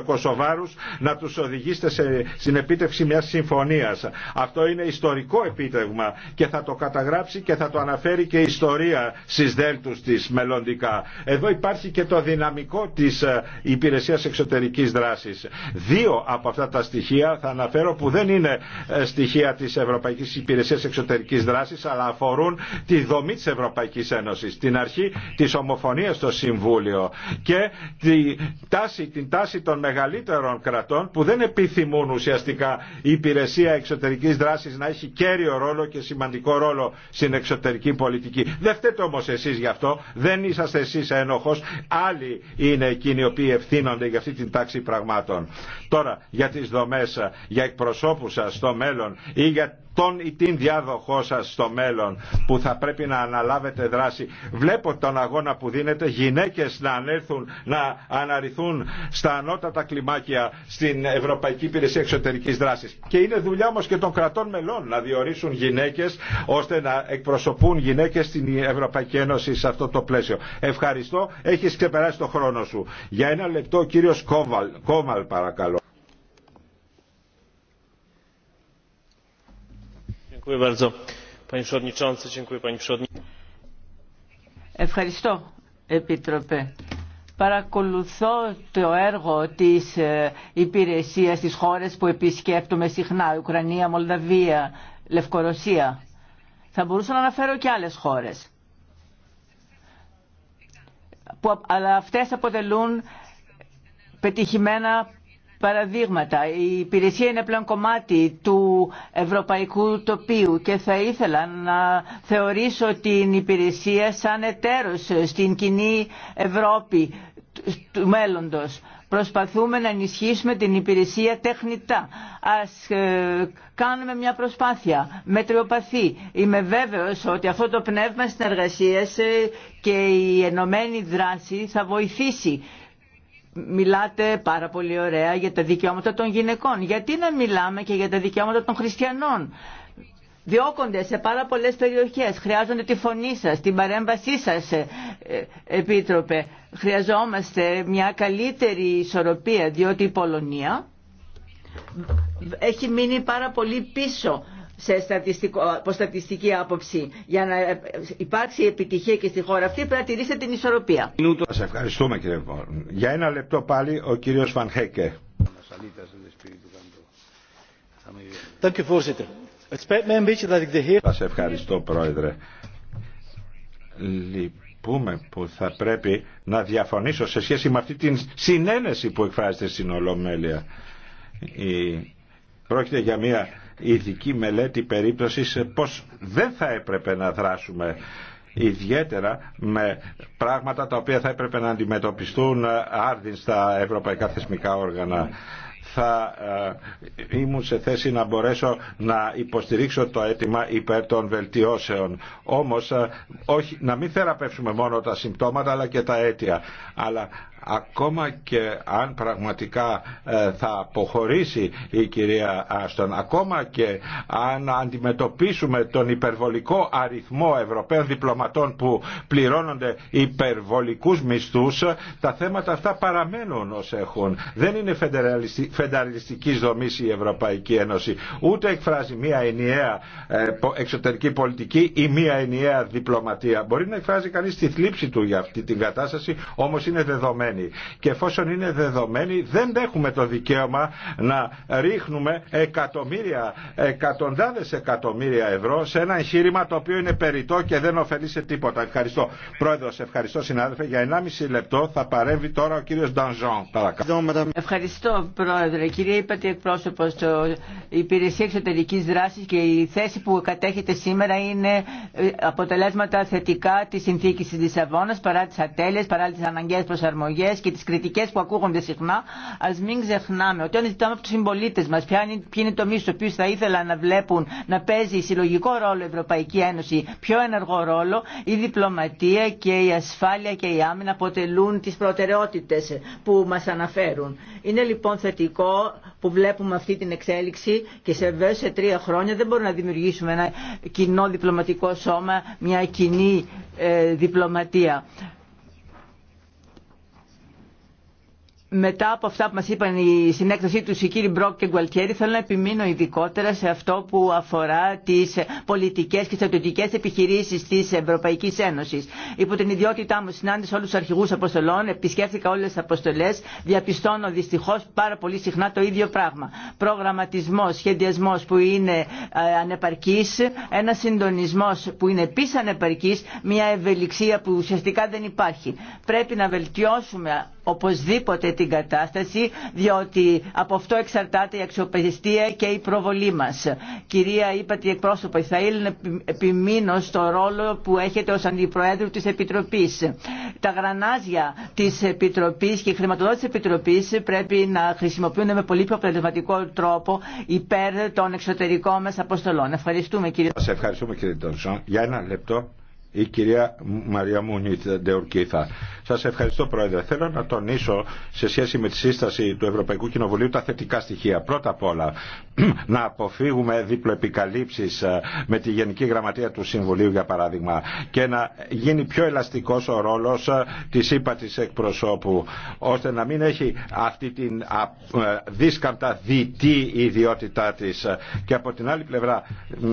να τους οδηγήσετε σε στην επίτευξη μιας συμφωνίας. Αυτό είναι ιστορικό επίτευγμα και θα το καταγράψει και θα το αναφέρει και η ιστορία στις δέλτους της μελλοντικά. Εδώ υπάρχει και το δυναμικό της ε, υπηρεσίας εξωτερικής δράσης. Δύο από αυτά τα στοιχεία θα αναφέρω που δεν είναι ε, στοιχεία της Ευρωπαϊκής Υπηρεσίας Εξωτερικής Δράσης αλλά αφορούν τη δομή της Ευρωπαϊκής Ένωσης, την αρχή της ομοφωνίας στο Συμβούλιο και τη τάση, την τάση των μεγαλύτερων κρατών που δεν επιθυμούν ουσιαστικά η υπηρεσία εξωτερικής δράσης να έχει κέριο ρόλο και σημαντικό ρόλο στην εξωτερική πολιτική. Δεν φταίτε όμως εσείς γι' αυτό, δεν είσαστε εσείς ένοχος, άλλοι είναι εκείνοι οι οποίοι ευθύνονται για αυτή την τάξη πραγμάτων. Τώρα για τις δομές, για εκπροσώπους σας στο μέλλον ή για τον ή την διάδοχό σας στο μέλλον που θα πρέπει να αναλάβετε δράση. Βλέπω τον αγώνα που δίνετε γυναίκες να ανέλθουν, να αναρριθούν στα ανώτατα κλιμάκια στην Ευρωπαϊκή Υπηρεσία Εξωτερικής Δράσης. Και είναι δουλειά όμως και των κρατών μελών να διορίσουν γυναίκες ώστε να εκπροσωπούν γυναίκες στην Ευρωπαϊκή Ένωση σε αυτό το πλαίσιο. Ευχαριστώ. Έχεις ξεπεράσει το χρόνο σου. Για ένα λεπτό ο κύριος Κόμαλ παρακαλώ. Ευχαριστώ, Επίτροπε. Παρακολουθώ το έργο της ε, υπηρεσίας στις χώρες που επισκέπτομαι συχνά, Ουκρανία, Μολδαβία, Λευκορωσία. Θα μπορούσα να αναφέρω και άλλες χώρες. αλλά αυτές αποτελούν πετυχημένα παραδείγματα. Η υπηρεσία είναι πλέον κομμάτι του ευρωπαϊκού τοπίου και θα ήθελα να θεωρήσω την υπηρεσία σαν εταίρος στην κοινή Ευρώπη του μέλλοντος. Προσπαθούμε να ενισχύσουμε την υπηρεσία τεχνητά. Ας ε, κάνουμε μια προσπάθεια μετριοπαθή. Είμαι βέβαιος ότι αυτό το πνεύμα συνεργασίας ε, και η ενωμένη δράση θα βοηθήσει Μιλάτε πάρα πολύ ωραία για τα δικαιώματα των γυναικών. Γιατί να μιλάμε και για τα δικαιώματα των χριστιανών. Διώκονται σε πάρα πολλές περιοχές. Χρειάζονται τη φωνή σας, την παρέμβασή σας, ε, ε, Επίτροπε. Χρειαζόμαστε μια καλύτερη ισορροπία, διότι η Πολωνία έχει μείνει πάρα πολύ πίσω σε στατιστικό, στατιστική άποψη. Για να υπάρξει επιτυχία και στη χώρα αυτή πρέπει να τηρήσετε την ισορροπία. Σας ευχαριστούμε κύριε Για ένα λεπτό πάλι ο κύριος Φανχέκε. Σας ευχαριστώ πρόεδρε. Λυπούμε που θα πρέπει να διαφωνήσω σε σχέση με αυτή την συνένεση που εκφράζεται στην Ολομέλεια. Πρόκειται για μια ειδική μελέτη περίπτωσης ε, πώς δεν θα έπρεπε να δράσουμε ιδιαίτερα με πράγματα τα οποία θα έπρεπε να αντιμετωπιστούν ε, άρδιν στα ευρωπαϊκά θεσμικά όργανα θα ε, ήμουν σε θέση να μπορέσω να υποστηρίξω το αίτημα υπέρ των βελτιώσεων. Όμως όχι, να μην θεραπεύσουμε μόνο τα συμπτώματα αλλά και τα αίτια. Αλλά ακόμα και αν πραγματικά ε, θα αποχωρήσει η κυρία Άστον, ακόμα και αν αντιμετωπίσουμε τον υπερβολικό αριθμό Ευρωπαίων διπλωματών που πληρώνονται υπερβολικούς μισθούς, τα θέματα αυτά παραμένουν ως έχουν. Δεν είναι φεντεραλιστικής δομής η Ευρωπαϊκή Ένωση. Ούτε εκφράζει μία ενιαία ε, εξωτερική πολιτική ή μία ενιαία διπλωματία. Μπορεί να εκφράζει κανείς τη θλίψη του για αυτή την κατάσταση, όμως είναι δεδομένη και εφόσον είναι δεδομένη δεν έχουμε το δικαίωμα να ρίχνουμε εκατομμύρια, εκατοντάδες εκατομμύρια ευρώ σε ένα εγχείρημα το οποίο είναι περιττό και δεν ωφελεί σε τίποτα. Ευχαριστώ. Πρόεδρο, ευχαριστώ συνάδελφε. Για 1,5 λεπτό θα παρέμβει τώρα ο κύριο Ντανζόν. Ευχαριστώ πρόεδρε. Κύριε, είπατε εκπρόσωπο η υπηρεσία εξωτερική δράση και η θέση που κατέχετε σήμερα είναι ε, αποτελέσματα θετικά τη συνθήκη τη Λισαβόνα παρά τι ατέλειε, παρά τι αναγκαίε προσαρμογέ και τι κριτικέ που ακούγονται συχνά, α μην ξεχνάμε ότι όταν ζητάμε από του συμπολίτε μα, ποια είναι, είναι το οποίου θα ήθελα να βλέπουν να παίζει συλλογικό ρόλο η Ευρωπαϊκή Ένωση, πιο ενεργό ρόλο, η διπλωματία και η ασφάλεια και η άμυνα αποτελούν τι προτεραιότητε που μα αναφέρουν. Είναι λοιπόν θετικό που βλέπουμε αυτή την εξέλιξη και σε βέβαια σε τρία χρόνια δεν μπορούμε να δημιουργήσουμε ένα κοινό διπλωματικό σώμα, μια κοινή ε, διπλωματία. μετά από αυτά που μας είπαν η συνέκτασή τους οι κύριοι Μπρόκ και Γκουαλτιέρη θέλω να επιμείνω ειδικότερα σε αυτό που αφορά τις πολιτικές και στρατιωτικές επιχειρήσεις της Ευρωπαϊκής Ένωσης. Υπό την ιδιότητά μου συνάντησα όλους τους αρχηγούς αποστολών, επισκέφθηκα όλες τις αποστολές, διαπιστώνω δυστυχώς πάρα πολύ συχνά το ίδιο πράγμα. Προγραμματισμός, σχεδιασμός που είναι ε, ανεπαρκής, ένα συντονισμός που είναι επίσης ανεπαρκής, μια ευελιξία που ουσιαστικά δεν υπάρχει. Πρέπει να βελτιώσουμε οπωσδήποτε την κατάσταση διότι από αυτό εξαρτάται η αξιοπιστία και η προβολή μας. Κυρία είπατε εκπρόσωπο, θα είναι επιμείνω στο ρόλο που έχετε ως Αντιπροέδρου της Επιτροπής. Τα γρανάζια της Επιτροπής και η χρηματοδότηση της Επιτροπής πρέπει να χρησιμοποιούν με πολύ πιο αποτελεσματικό τρόπο υπέρ των εξωτερικών μας αποστολών. Ευχαριστούμε κύριε. Σας ευχαριστούμε κύριε Για ένα λεπτό η κυρία Μαρία Μουνίτ Ντεουρκίθα. Σα ευχαριστώ, Πρόεδρε. Θέλω να τονίσω σε σχέση με τη σύσταση του Ευρωπαϊκού Κοινοβουλίου τα θετικά στοιχεία. Πρώτα απ' όλα, να αποφύγουμε διπλοεπικαλύψει ε, με τη Γενική Γραμματεία του Συμβουλίου, για παράδειγμα, και να γίνει πιο ελαστικό ο ρόλο ε, τη ΥΠΑ εκπροσώπου, ώστε να μην έχει αυτή την ε, δίσκαμπτα διτή ιδιότητά τη. Και από την άλλη πλευρά,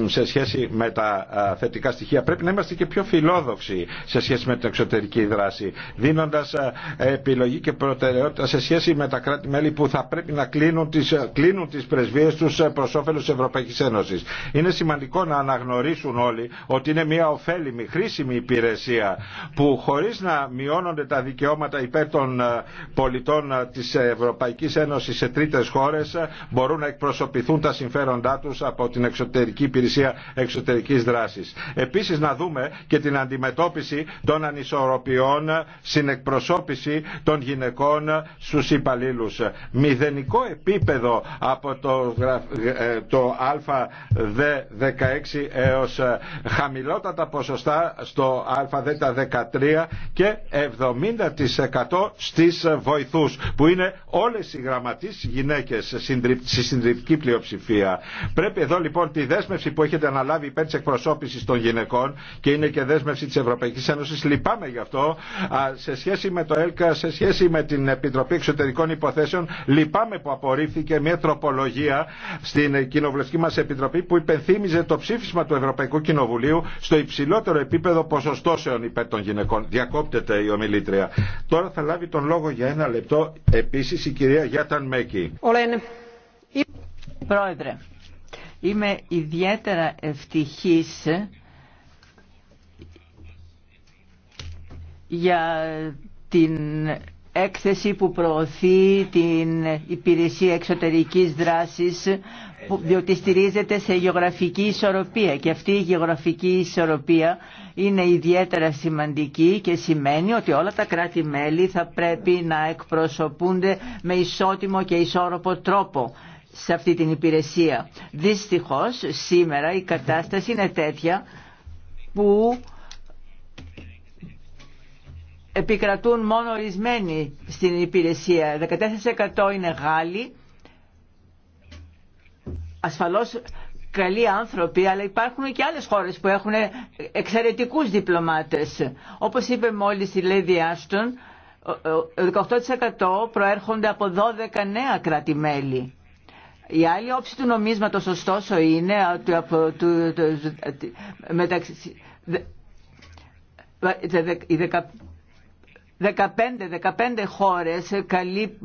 σε σχέση με τα θετικά στοιχεία, πρέπει να είμαστε και πιο φιλόδοξη σε σχέση με την εξωτερική δράση, δίνοντας ε, επιλογή και προτεραιότητα σε σχέση με τα κράτη-μέλη που θα πρέπει να κλείνουν τις, ε, κλείνουν τις πρεσβείες τους ε, προς όφελος της Ευρωπαϊκής Ένωσης. Είναι σημαντικό να αναγνωρίσουν όλοι ότι είναι μια ωφέλιμη, χρήσιμη υπηρεσία που χωρίς να μειώνονται τα δικαιώματα υπέρ των πολιτών της Ευρωπαϊκής Ένωσης σε τρίτες χώρες μπορούν να εκπροσωπηθούν τα συμφέροντά τους από την εξωτερική υπηρεσία εξωτερικής δράσης. Επίσης να δούμε και την αντιμετώπιση των ανισορροπιών στην εκπροσώπηση των γυναικών στους υπαλλήλους. Μηδενικό επίπεδο από το, ε, το ΑΔ16 έως χαμηλότατα ποσοστά στο ΑΔ13 και 70% στις βοηθούς που είναι όλες οι γραμματείς γυναίκες στη συντριπτική πλειοψηφία. Πρέπει εδώ λοιπόν τη δέσμευση που έχετε αναλάβει υπέρ της εκπροσώπησης των γυναικών και είναι και δέσμευση της Ευρωπαϊκής Ένωσης. Λυπάμαι γι' αυτό. Σε σχέση με το ΕΛΚΑ, σε σχέση με την Επιτροπή Εξωτερικών Υποθέσεων, λυπάμαι που απορρίφθηκε μια τροπολογία στην κοινοβουλευτική μας Επιτροπή που υπενθύμιζε το ψήφισμα του Ευρωπαϊκού Κοινοβουλίου στο υψηλότερο επίπεδο ποσοστώσεων υπέρ των γυναικών. Διακόπτεται η ομιλήτρια. Τώρα θα λάβει τον λόγο για ένα λεπτό επίση, η κυρία Γιάταν Μέκη. Πρόεδρε, είμαι ιδιαίτερα ευτυχής για την έκθεση που προωθεί την υπηρεσία εξωτερικής δράσης διότι στηρίζεται σε γεωγραφική ισορροπία και αυτή η γεωγραφική ισορροπία είναι ιδιαίτερα σημαντική και σημαίνει ότι όλα τα κράτη-μέλη θα πρέπει να εκπροσωπούνται με ισότιμο και ισόρροπο τρόπο σε αυτή την υπηρεσία. Δυστυχώς σήμερα η κατάσταση είναι τέτοια που επικρατούν μόνο ορισμένοι στην υπηρεσία. 14% είναι Γάλλοι, ασφαλώς καλοί άνθρωποι, αλλά υπάρχουν και άλλες χώρες που έχουν εξαιρετικούς διπλωμάτες. Όπως είπε μόλις η Λέδη Άστον, 18% προέρχονται από 12 νέα κράτη-μέλη. Η άλλη όψη του νομίσματος ωστόσο είναι ότι από, το, μεταξύ, 15, 15 χώρες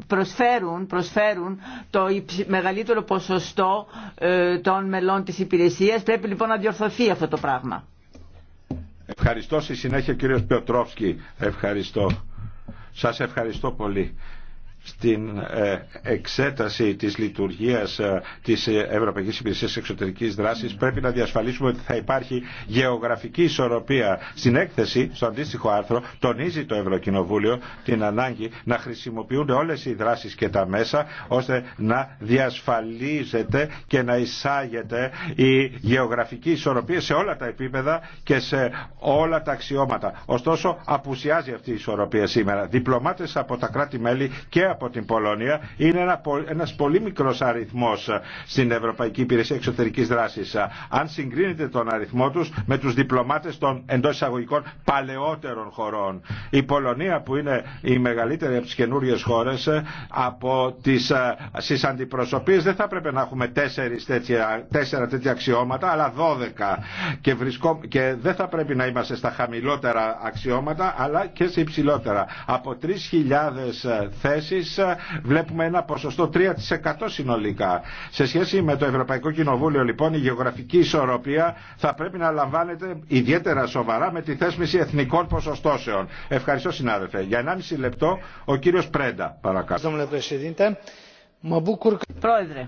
προσφέρουν, προσφέρουν το μεγαλύτερο ποσοστό ε, των μελών της υπηρεσίας. Πρέπει λοιπόν να διορθωθεί αυτό το πράγμα. Ευχαριστώ στη συνέχεια κύριος Πιοτρόφσκι. Ευχαριστώ. Σας ευχαριστώ πολύ στην ε, εξέταση της λειτουργίας ε, της Ευρωπαϊκής Υπηρεσίας Εξωτερικής Δράσης mm. πρέπει να διασφαλίσουμε ότι θα υπάρχει γεωγραφική ισορροπία. Στην έκθεση, στο αντίστοιχο άρθρο, τονίζει το Ευρωκοινοβούλιο την ανάγκη να χρησιμοποιούνται όλες οι δράσεις και τα μέσα ώστε να διασφαλίζεται και να εισάγεται η γεωγραφική ισορροπία σε όλα τα επίπεδα και σε όλα τα αξιώματα. Ωστόσο, απουσιάζει αυτή η ισορροπία σήμερα. Διπλωμάτες από τα κράτη-μέλη και από την Πολωνία είναι ένα, ένας πολύ μικρός αριθμός ε, στην Ευρωπαϊκή Υπηρεσία Εξωτερικής Δράσης. Ε, αν συγκρίνεται τον αριθμό τους με τους διπλωμάτες των εντός εισαγωγικών παλαιότερων χωρών. Η Πολωνία που είναι η μεγαλύτερη από τις καινούριες χώρες ε, από τις, στις αντιπροσωπείες δεν θα πρέπει να έχουμε τέσσερα τέτοια αξιώματα αλλά δώδεκα και, βρισκό, και δεν θα πρέπει να είμαστε στα χαμηλότερα αξιώματα αλλά και σε υψηλότερα. Από 3.000 θέσεις ε, βλέπουμε ένα ποσοστό 3% συνολικά. Σε σχέση με το Ευρωπαϊκό Κοινοβούλιο λοιπόν η γεωγραφική ισορροπία θα πρέπει να λαμβάνεται ιδιαίτερα σοβαρά με τη θέσμιση εθνικών ποσοστώσεων. Ευχαριστώ συνάδελφε. Για 1,5 λεπτό ο κύριος Πρέντα παρακαλώ. Πρόεδρε,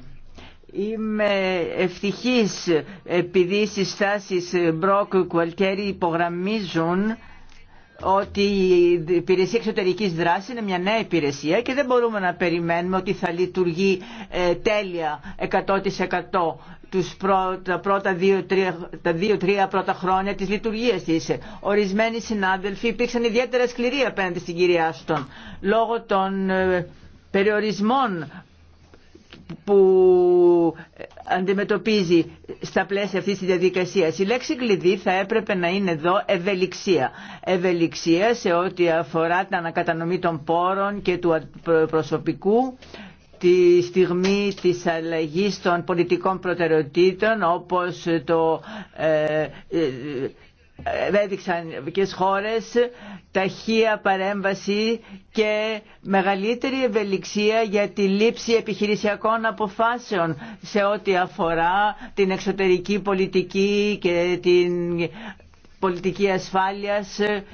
Είμαι ευτυχής επειδή οι συστάσεις Μπρόκ και Κουαλκέρι υπογραμμίζουν ότι η υπηρεσία εξωτερικής δράσης είναι μια νέα υπηρεσία και δεν μπορούμε να περιμένουμε ότι θα λειτουργεί ε, τέλεια 100% τους τα πρώτα δύο, τρία, τα δύο-τρία πρώτα χρόνια της λειτουργίας της. Ορισμένοι συνάδελφοι υπήρξαν ιδιαίτερα σκληροί απέναντι στην κυρία Άστον λόγω των ε, περιορισμών που αντιμετωπίζει στα πλαίσια αυτής της διαδικασία. Η λέξη κλειδί θα έπρεπε να είναι εδώ ευελιξία. Ευελιξία σε ό,τι αφορά την ανακατανομή των πόρων και του προσωπικού τη στιγμή της αλλαγής των πολιτικών προτεραιοτήτων όπως το ε, ε, ε, έδειξαν και χώρες ταχεία παρέμβαση και μεγαλύτερη ευελιξία για τη λήψη επιχειρησιακών αποφάσεων σε ό,τι αφορά την εξωτερική πολιτική και την πολιτική ασφάλειας ε,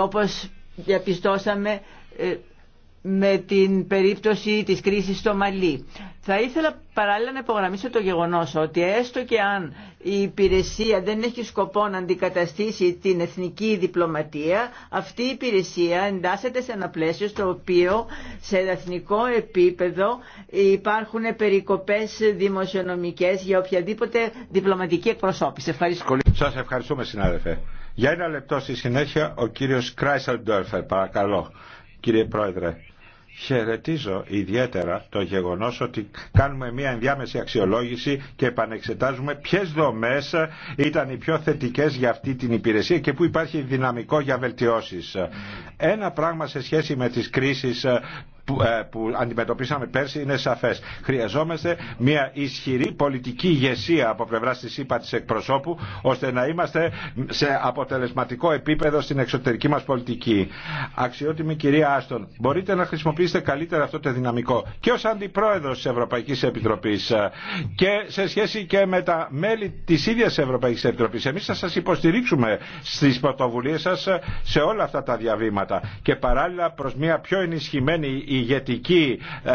όπως διαπιστώσαμε ε, με την περίπτωση της κρίσης στο Μαλί. Θα ήθελα παράλληλα να υπογραμμίσω το γεγονός ότι έστω και αν η υπηρεσία δεν έχει σκοπό να αντικαταστήσει την εθνική διπλωματία, αυτή η υπηρεσία εντάσσεται σε ένα πλαίσιο στο οποίο σε εθνικό επίπεδο υπάρχουν περικοπές δημοσιονομικές για οποιαδήποτε διπλωματική εκπροσώπηση. Ευχαριστώ. Σας ευχαριστούμε συνάδελφε. Για ένα λεπτό στη συνέχεια ο κύριος Κράισαλντόρφερ παρακαλώ. Κύριε Πρόεδρε, Χαιρετίζω ιδιαίτερα το γεγονός ότι κάνουμε μια ενδιάμεση αξιολόγηση και επανεξετάζουμε ποιες δομές ήταν οι πιο θετικές για αυτή την υπηρεσία και πού υπάρχει δυναμικό για βελτιώσεις. Ένα πράγμα σε σχέση με τις κρίσεις ε, που αντιμετωπίσαμε πέρσι είναι σαφές. Χρειαζόμαστε μια ισχυρή πολιτική ηγεσία από πλευρά της ΥΠΑ της εκπροσώπου ώστε να είμαστε σε αποτελεσματικό επίπεδο στην εξωτερική μας πολιτική. Αξιότιμη κυρία Άστον, μπορείτε να χρησιμοποιήσετε καλύτερα αυτό το δυναμικό και ως αντιπρόεδρος της Ευρωπαϊκής Επιτροπής ε, και σε σχέση και με τα μέλη της ίδιας Ευρωπαϊκής Επιτροπής. Εμείς θα σας υποστηρίξουμε στις πρωτοβουλίε σας σε όλα αυτά τα διαβήματα και παράλληλα προς μια πιο ενισχυμένη ηγετική ε,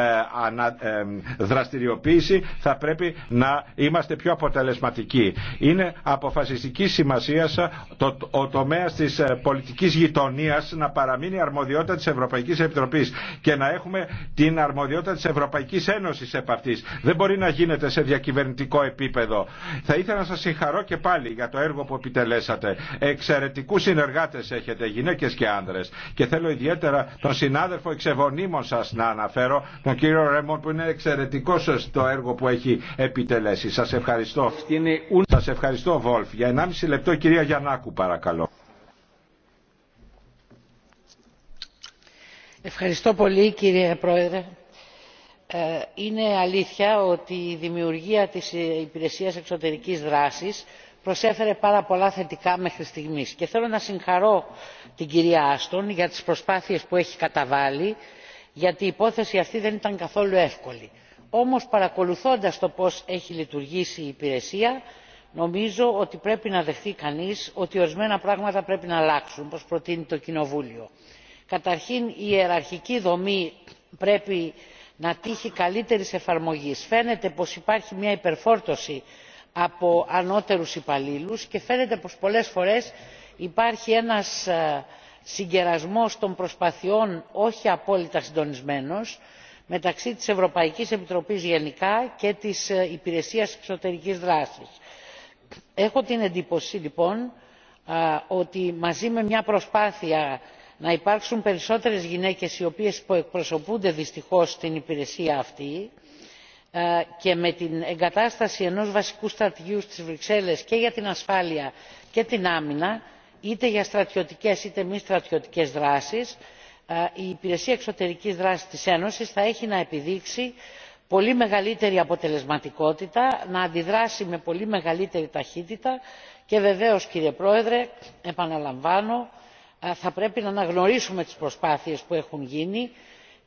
ε, δραστηριοποίηση θα πρέπει να είμαστε πιο αποτελεσματικοί. Είναι αποφασιστική σημασία το, ο τομέας της ε, πολιτικής γειτονίας να παραμείνει αρμοδιότητα της Ευρωπαϊκής Επιτροπής και να έχουμε την αρμοδιότητα της Ευρωπαϊκής Ένωσης επ' αυτής. Δεν μπορεί να γίνεται σε διακυβερνητικό επίπεδο. Θα ήθελα να σας συγχαρώ και πάλι για το έργο που επιτελέσατε. Εξαιρετικούς συνεργάτες έχετε, γυναίκες και άνδρες. Και θέλω ιδιαίτερα τον συνάδελφο εξεβονίμων σας να αναφέρω τον κύριο Ρέμον που είναι εξαιρετικό στο έργο που έχει επιτελέσει. Σας ευχαριστώ. Σας ευχαριστώ Βόλφ. Για 1,5 λεπτό κυρία Γιαννάκου παρακαλώ. Ευχαριστώ πολύ κύριε Πρόεδρε. Ε, είναι αλήθεια ότι η δημιουργία της Υπηρεσίας Εξωτερικής Δράσης προσέφερε πάρα πολλά θετικά μέχρι στιγμής και θέλω να συγχαρώ την κυρία Άστον για τις προσπάθειες που έχει καταβάλει γιατί η υπόθεση αυτή δεν ήταν καθόλου εύκολη. όμως παρακολουθώντας το πώς έχει λειτουργήσει η υπηρεσία νομίζω ότι πρέπει να δεχθεί κανείς ότι ορισμένα πράγματα πρέπει να αλλάξουν όπως προτείνει το κοινοβούλιο. καταρχήν η ιεραρχική δομή πρέπει να τύχει καλύτερης εφαρμογής. φαίνεται πως υπάρχει μια υπερφόρτωση από ανώτερους υπαλλήλους και φαίνεται πως πολλές φορές υπάρχει ένας ε, συγκερασμός των προσπαθειών όχι απόλυτα συντονισμένος μεταξύ της ευρωπαϊκής επιτροπής γενικά και της ε, υπηρεσίας εξωτερικής δράσης. έχω την εντύπωση λοιπόν ότι μαζί με μια προσπάθεια να υπάρξουν περισσότερες γυναίκες οι οποίες εκπροσωπούνται δυστυχώς στην υπηρεσία αυτή ε, και με την εγκατάσταση ενός βασικού στρατηγίου στις βρυξέλλες και για την ασφάλεια και την άμυνα είτε για στρατιωτικές είτε μη στρατιωτικές δράσεις ε, η υπηρεσία εξωτερικής δράσης της ένωσης θα έχει να επιδείξει πολύ μεγαλύτερη αποτελεσματικότητα να αντιδράσει με πολύ μεγαλύτερη ταχύτητα και βεβαίως κύριε πρόεδρε επαναλαμβάνω ε, θα πρέπει να αναγνωρίσουμε τις προσπάθειες που έχουν γίνει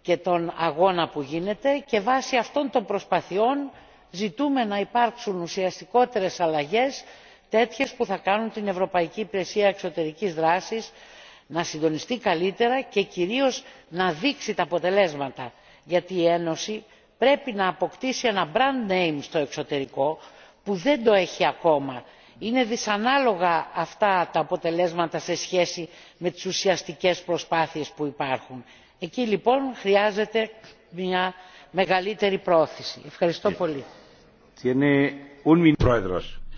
και τον αγώνα που γίνεται και βάσει αυτών των προσπαθειών ζητούμε να υπάρξουν ουσιαστικότερες αλλαγές τέτοιες που θα κάνουν την ευρωπαϊκή υπηρεσία εξωτερικής δράσης να συντονιστεί καλύτερα και κυρίως να δείξει τα αποτελέσματα γιατί η ένωση πρέπει να αποκτήσει ένα brand name στο εξωτερικό που δεν το έχει ακόμα. είναι δυσανάλογα αυτά τα αποτελέσματα σε σχέση με τις ουσιαστικές προσπάθειες που υπάρχουν. εκεί λοιπόν χρειάζεται μια μεγαλύτερη προώθηση. ευχαριστώ πολύ.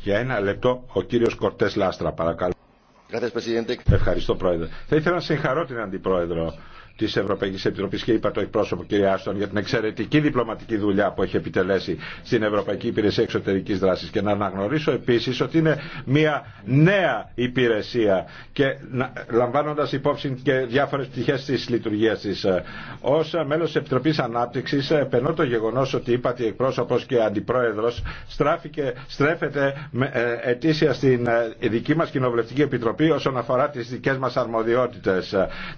Για ένα λεπτό ο κύριος Κορτές Λάστρα παρακαλώ. Ευχαριστώ πρόεδρε. Θα ήθελα να συγχαρώ την αντιπρόεδρο τη Ευρωπαϊκή Επιτροπή και είπα το εκπρόσωπο κύριε Άστον για την εξαιρετική διπλωματική δουλειά που έχει επιτελέσει στην Ευρωπαϊκή Υπηρεσία Εξωτερική Δράση. Και να αναγνωρίσω επίση ότι είναι μια νέα υπηρεσία και λαμβάνοντα υπόψη και διάφορε πτυχέ τη λειτουργία τη. Ω μέλο τη Επιτροπή Ανάπτυξη, ε, περνώ το γεγονό ότι είπα ότι εκπρόσωπο και αντιπρόεδρο στρέφεται ετήσια ε, στην ε, δική μα κοινοβουλευτική επιτροπή όσον αφορά τι δικέ μα αρμοδιότητε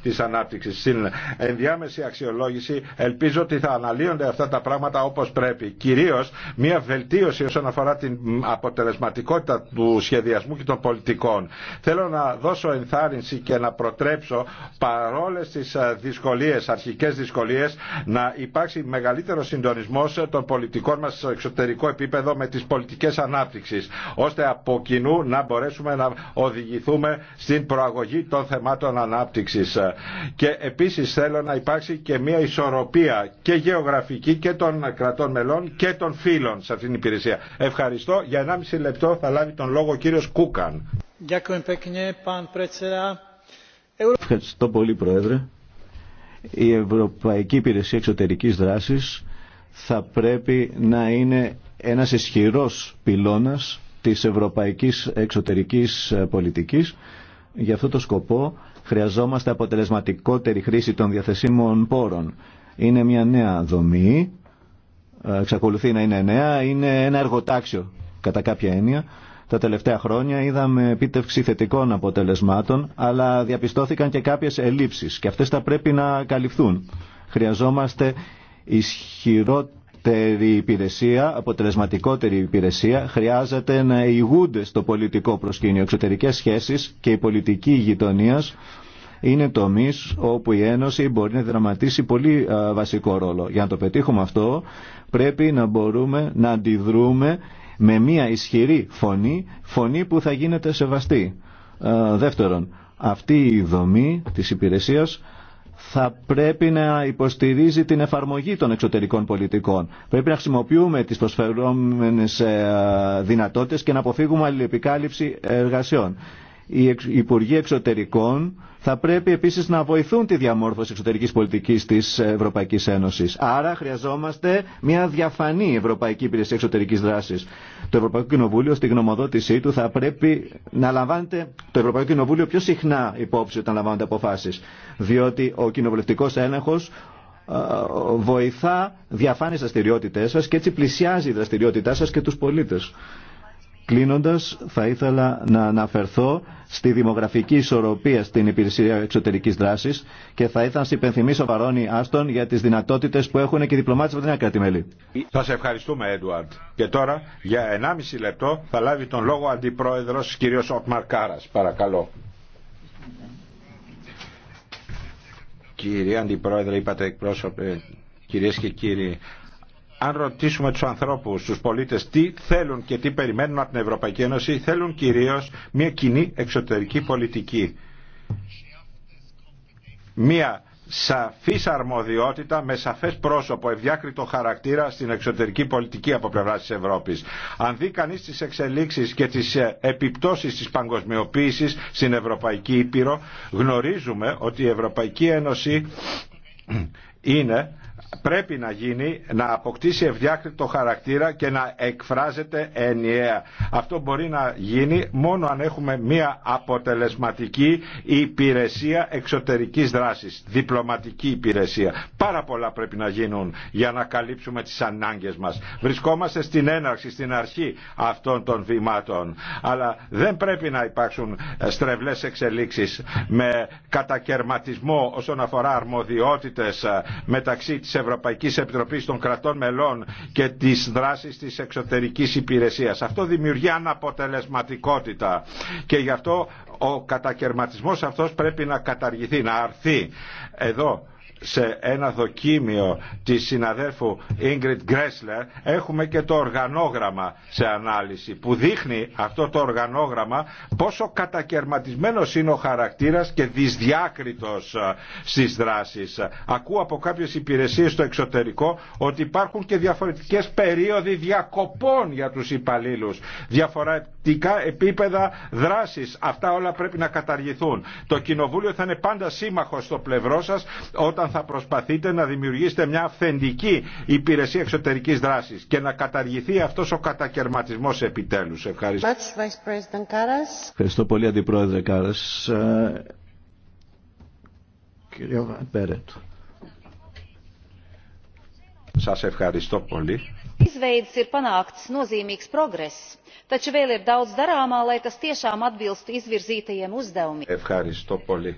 τη ανάπτυξη ενδιάμεση αξιολόγηση ελπίζω ότι θα αναλύονται αυτά τα πράγματα όπως πρέπει. Κυρίως μια βελτίωση όσον αφορά την αποτελεσματικότητα του σχεδιασμού και των πολιτικών. Θέλω να δώσω ενθάρρυνση και να προτρέψω παρόλες τις ε, δυσκολίε, αρχικές δυσκολίες, να υπάρξει μεγαλύτερο συντονισμός των πολιτικών μας στο εξωτερικό επίπεδο με τις πολιτικές ανάπτυξης, ώστε από κοινού να μπορέσουμε να οδηγηθούμε στην προαγωγή των θεμάτων ανάπτυξη. Και Επίσης θέλω να υπάρξει και μια ισορροπία και γεωγραφική και των κρατών μελών και των φίλων σε αυτήν την υπηρεσία. Ευχαριστώ. Για 1,5 λεπτό θα λάβει τον λόγο ο κύριος Κούκαν. Ευχαριστώ πολύ Πρόεδρε. Η Ευρωπαϊκή Υπηρεσία Εξωτερικής Δράσης θα πρέπει να είναι ένας ισχυρό πυλώνας της ευρωπαϊκής εξωτερικής πολιτικής. Για αυτό το σκοπό Χρειαζόμαστε αποτελεσματικότερη χρήση των διαθεσίμων πόρων. Είναι μια νέα δομή, ε, εξακολουθεί να είναι νέα, είναι ένα εργοτάξιο κατά κάποια έννοια. Τα τελευταία χρόνια είδαμε επίτευξη θετικών αποτελεσμάτων, αλλά διαπιστώθηκαν και κάποιες ελλείψεις και αυτές θα πρέπει να καλυφθούν. Χρειαζόμαστε ισχυρό καλύτερη υπηρεσία, αποτελεσματικότερη υπηρεσία, χρειάζεται να ηγούνται στο πολιτικό προσκήνιο. εξωτερικέ σχέσεις και η πολιτική γειτονία είναι τομεί όπου η Ένωση μπορεί να δραματίσει πολύ βασικό ρόλο. Για να το πετύχουμε αυτό, πρέπει να μπορούμε να αντιδρούμε με μια ισχυρή φωνή, φωνή που θα γίνεται σεβαστή. δεύτερον, αυτή η δομή της υπηρεσίας θα πρέπει να υποστηρίζει την εφαρμογή των εξωτερικών πολιτικών. Πρέπει να χρησιμοποιούμε τις προσφερόμενες ε, δυνατότητες και να αποφύγουμε αλληλεπικάλυψη εργασιών. Οι Υπουργοί Εξωτερικών θα πρέπει επίσης να βοηθούν τη διαμόρφωση εξωτερικής πολιτικής της Ευρωπαϊκής Ένωσης. Άρα χρειαζόμαστε μια διαφανή Ευρωπαϊκή Υπηρεσία Εξωτερικής Δράσης. Το Ευρωπαϊκό Κοινοβούλιο στη γνωμοδότησή του θα πρέπει να λαμβάνεται το Ευρωπαϊκό Κοινοβούλιο πιο συχνά υπόψη όταν λαμβάνονται αποφάσεις. Διότι ο κοινοβουλευτικός έλεγχος ε, βοηθά διαφάνειες δραστηριότητές σας και έτσι πλησιάζει η δραστηριότητά σας και τους πολίτες. Κλείνοντας, θα ήθελα να αναφερθώ στη δημογραφική ισορροπία στην υπηρεσία εξωτερικής δράσης και θα ήθελα να υπενθυμίσω Βαρόνι Άστον για τις δυνατότητες που έχουν και οι διπλωμάτες από την άκρα τη μέλη. ευχαριστούμε Έντουαρντ. Και τώρα για 1,5 λεπτό θα λάβει τον λόγο αντιπρόεδρος κύριος Οτμαρ Κάρας. Παρακαλώ. Κύριε Αντιπρόεδρε, είπατε εκπρόσωπε, κυρίες και κύριοι, αν ρωτήσουμε τους ανθρώπους, τους πολίτες τι θέλουν και τι περιμένουν από την Ευρωπαϊκή Ένωση, θέλουν κυρίως μια κοινή εξωτερική πολιτική. Μια σαφής αρμοδιότητα με σαφές πρόσωπο, ευδιάκριτο χαρακτήρα στην εξωτερική πολιτική από πλευρά της Ευρώπης. Αν δει κανείς τις εξελίξεις και τις ε, επιπτώσεις τη παγκοσμιοποίησης στην Ευρωπαϊκή Ήπειρο, γνωρίζουμε ότι η Ευρωπαϊκή Ένωση είναι πρέπει να γίνει να αποκτήσει ευδιάκριτο χαρακτήρα και να εκφράζεται ενιαία. Αυτό μπορεί να γίνει μόνο αν έχουμε μια αποτελεσματική υπηρεσία εξωτερικής δράσης, διπλωματική υπηρεσία. Πάρα πολλά πρέπει να γίνουν για να καλύψουμε τις ανάγκες μας. Βρισκόμαστε στην έναρξη, στην αρχή αυτών των βημάτων, αλλά δεν πρέπει να υπάρξουν ε, στρεβλές εξελίξεις με κατακαιρματισμό όσον αφορά αρμοδιότητες ε, μεταξύ της Ευρωπαϊκής Επιτροπής των κρατών μελών και της δράσης της εξωτερικής υπηρεσίας. Αυτό δημιουργεί αναποτελεσματικότητα και γι' αυτό ο κατακαιρματισμός αυτός πρέπει να καταργηθεί, να αρθεί. Εδώ σε ένα δοκίμιο της συναδέρφου Ingrid Gressler έχουμε και το οργανόγραμμα σε ανάλυση που δείχνει αυτό το οργανόγραμμα πόσο κατακαιρματισμένος είναι ο χαρακτήρας και δυσδιάκριτος ε, στις δράσεις. Ακούω από κάποιες υπηρεσίες στο εξωτερικό ότι υπάρχουν και διαφορετικές περίοδοι διακοπών για τους υπαλλήλους. Διαφορετικά επίπεδα δράσης. Αυτά όλα πρέπει να καταργηθούν. Το Κοινοβούλιο θα είναι πάντα στο πλευρό όταν θα προσπαθείτε να δημιουργήσετε μια αυθεντική υπηρεσία εξωτερικής δράσης και να καταργηθεί αυτός ο κατακαιρματισμός επιτέλους. Ευχαριστώ. Ευχαριστώ πολύ Αντιπρόεδρε Κάρας. Ε, Κύριε Πέρετ. Σας ευχαριστώ πολύ. Ευχαριστώ πολύ.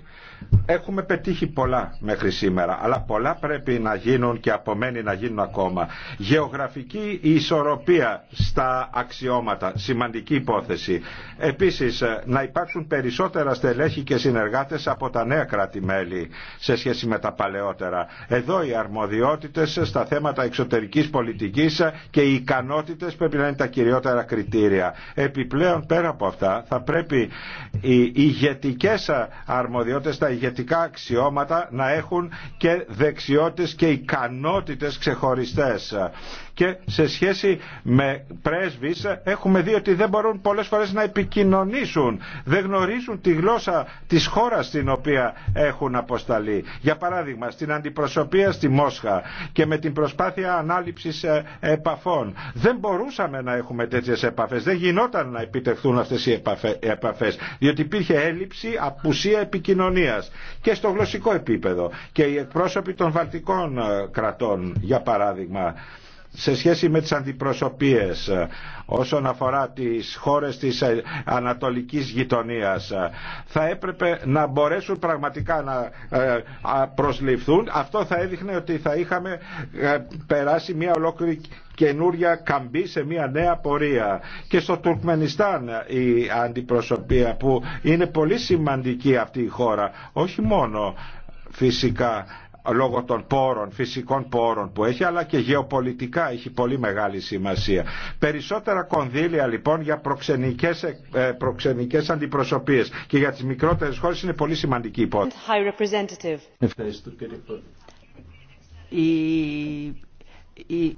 Έχουμε πετύχει πολλά μέχρι σήμερα, αλλά πολλά πρέπει να γίνουν και απομένει να γίνουν ακόμα. Γεωγραφική ισορροπία στα αξιώματα, σημαντική υπόθεση. Επίσης, ε, να υπάρξουν περισσότερα στελέχη και συνεργάτες από τα νέα κράτη-μέλη σε σχέση με τα παλαιότερα. Εδώ οι αρμοδιότητες στα θέματα εξωτερικής πολιτικής και οι ικανότητες πρέπει να είναι τα κυριότερα κριτήρια. Επιπλέον, πέρα από αυτά, θα πρέπει οι ηγετικές τα ηγετικά αξιώματα να έχουν και δεξιότητες και ικανότητες ξεχωριστές και σε σχέση με πρέσβεις έχουμε δει ότι δεν μπορούν πολλές φορές να επικοινωνήσουν, δεν γνωρίζουν τη γλώσσα της χώρας στην οποία έχουν αποσταλεί. Για παράδειγμα, στην αντιπροσωπεία στη Μόσχα και με την προσπάθεια ανάληψης ε, επαφών. Δεν μπορούσαμε να έχουμε τέτοιες επαφές, δεν γινόταν να επιτευχθούν αυτές οι επαφές, διότι υπήρχε έλλειψη, απουσία επικοινωνίας και στο γλωσσικό επίπεδο και οι εκπρόσωποι των βαλτικών ε, κρατών, για παράδειγμα σε σχέση με τις αντιπροσωπίες ε, όσον αφορά τις χώρες της ε, ανατολικής γειτονίας ε, θα έπρεπε να μπορέσουν πραγματικά να προσληφθούν. Αυτό θα έδειχνε ότι θα είχαμε περάσει μια ολόκληρη καινούρια καμπή σε μια νέα πορεία. Και στο Τουρκμενιστάν η αντιπροσωπεία που είναι πολύ σημαντική αυτή η χώρα, όχι μόνο φυσικά λόγω των πόρων, φυσικών πόρων που έχει, αλλά και γεωπολιτικά έχει πολύ μεγάλη σημασία. Περισσότερα κονδύλια λοιπόν για προξενικές, ε, προξενικές και για τις μικρότερες χώρες είναι πολύ σημαντική υπόθεση. η, η,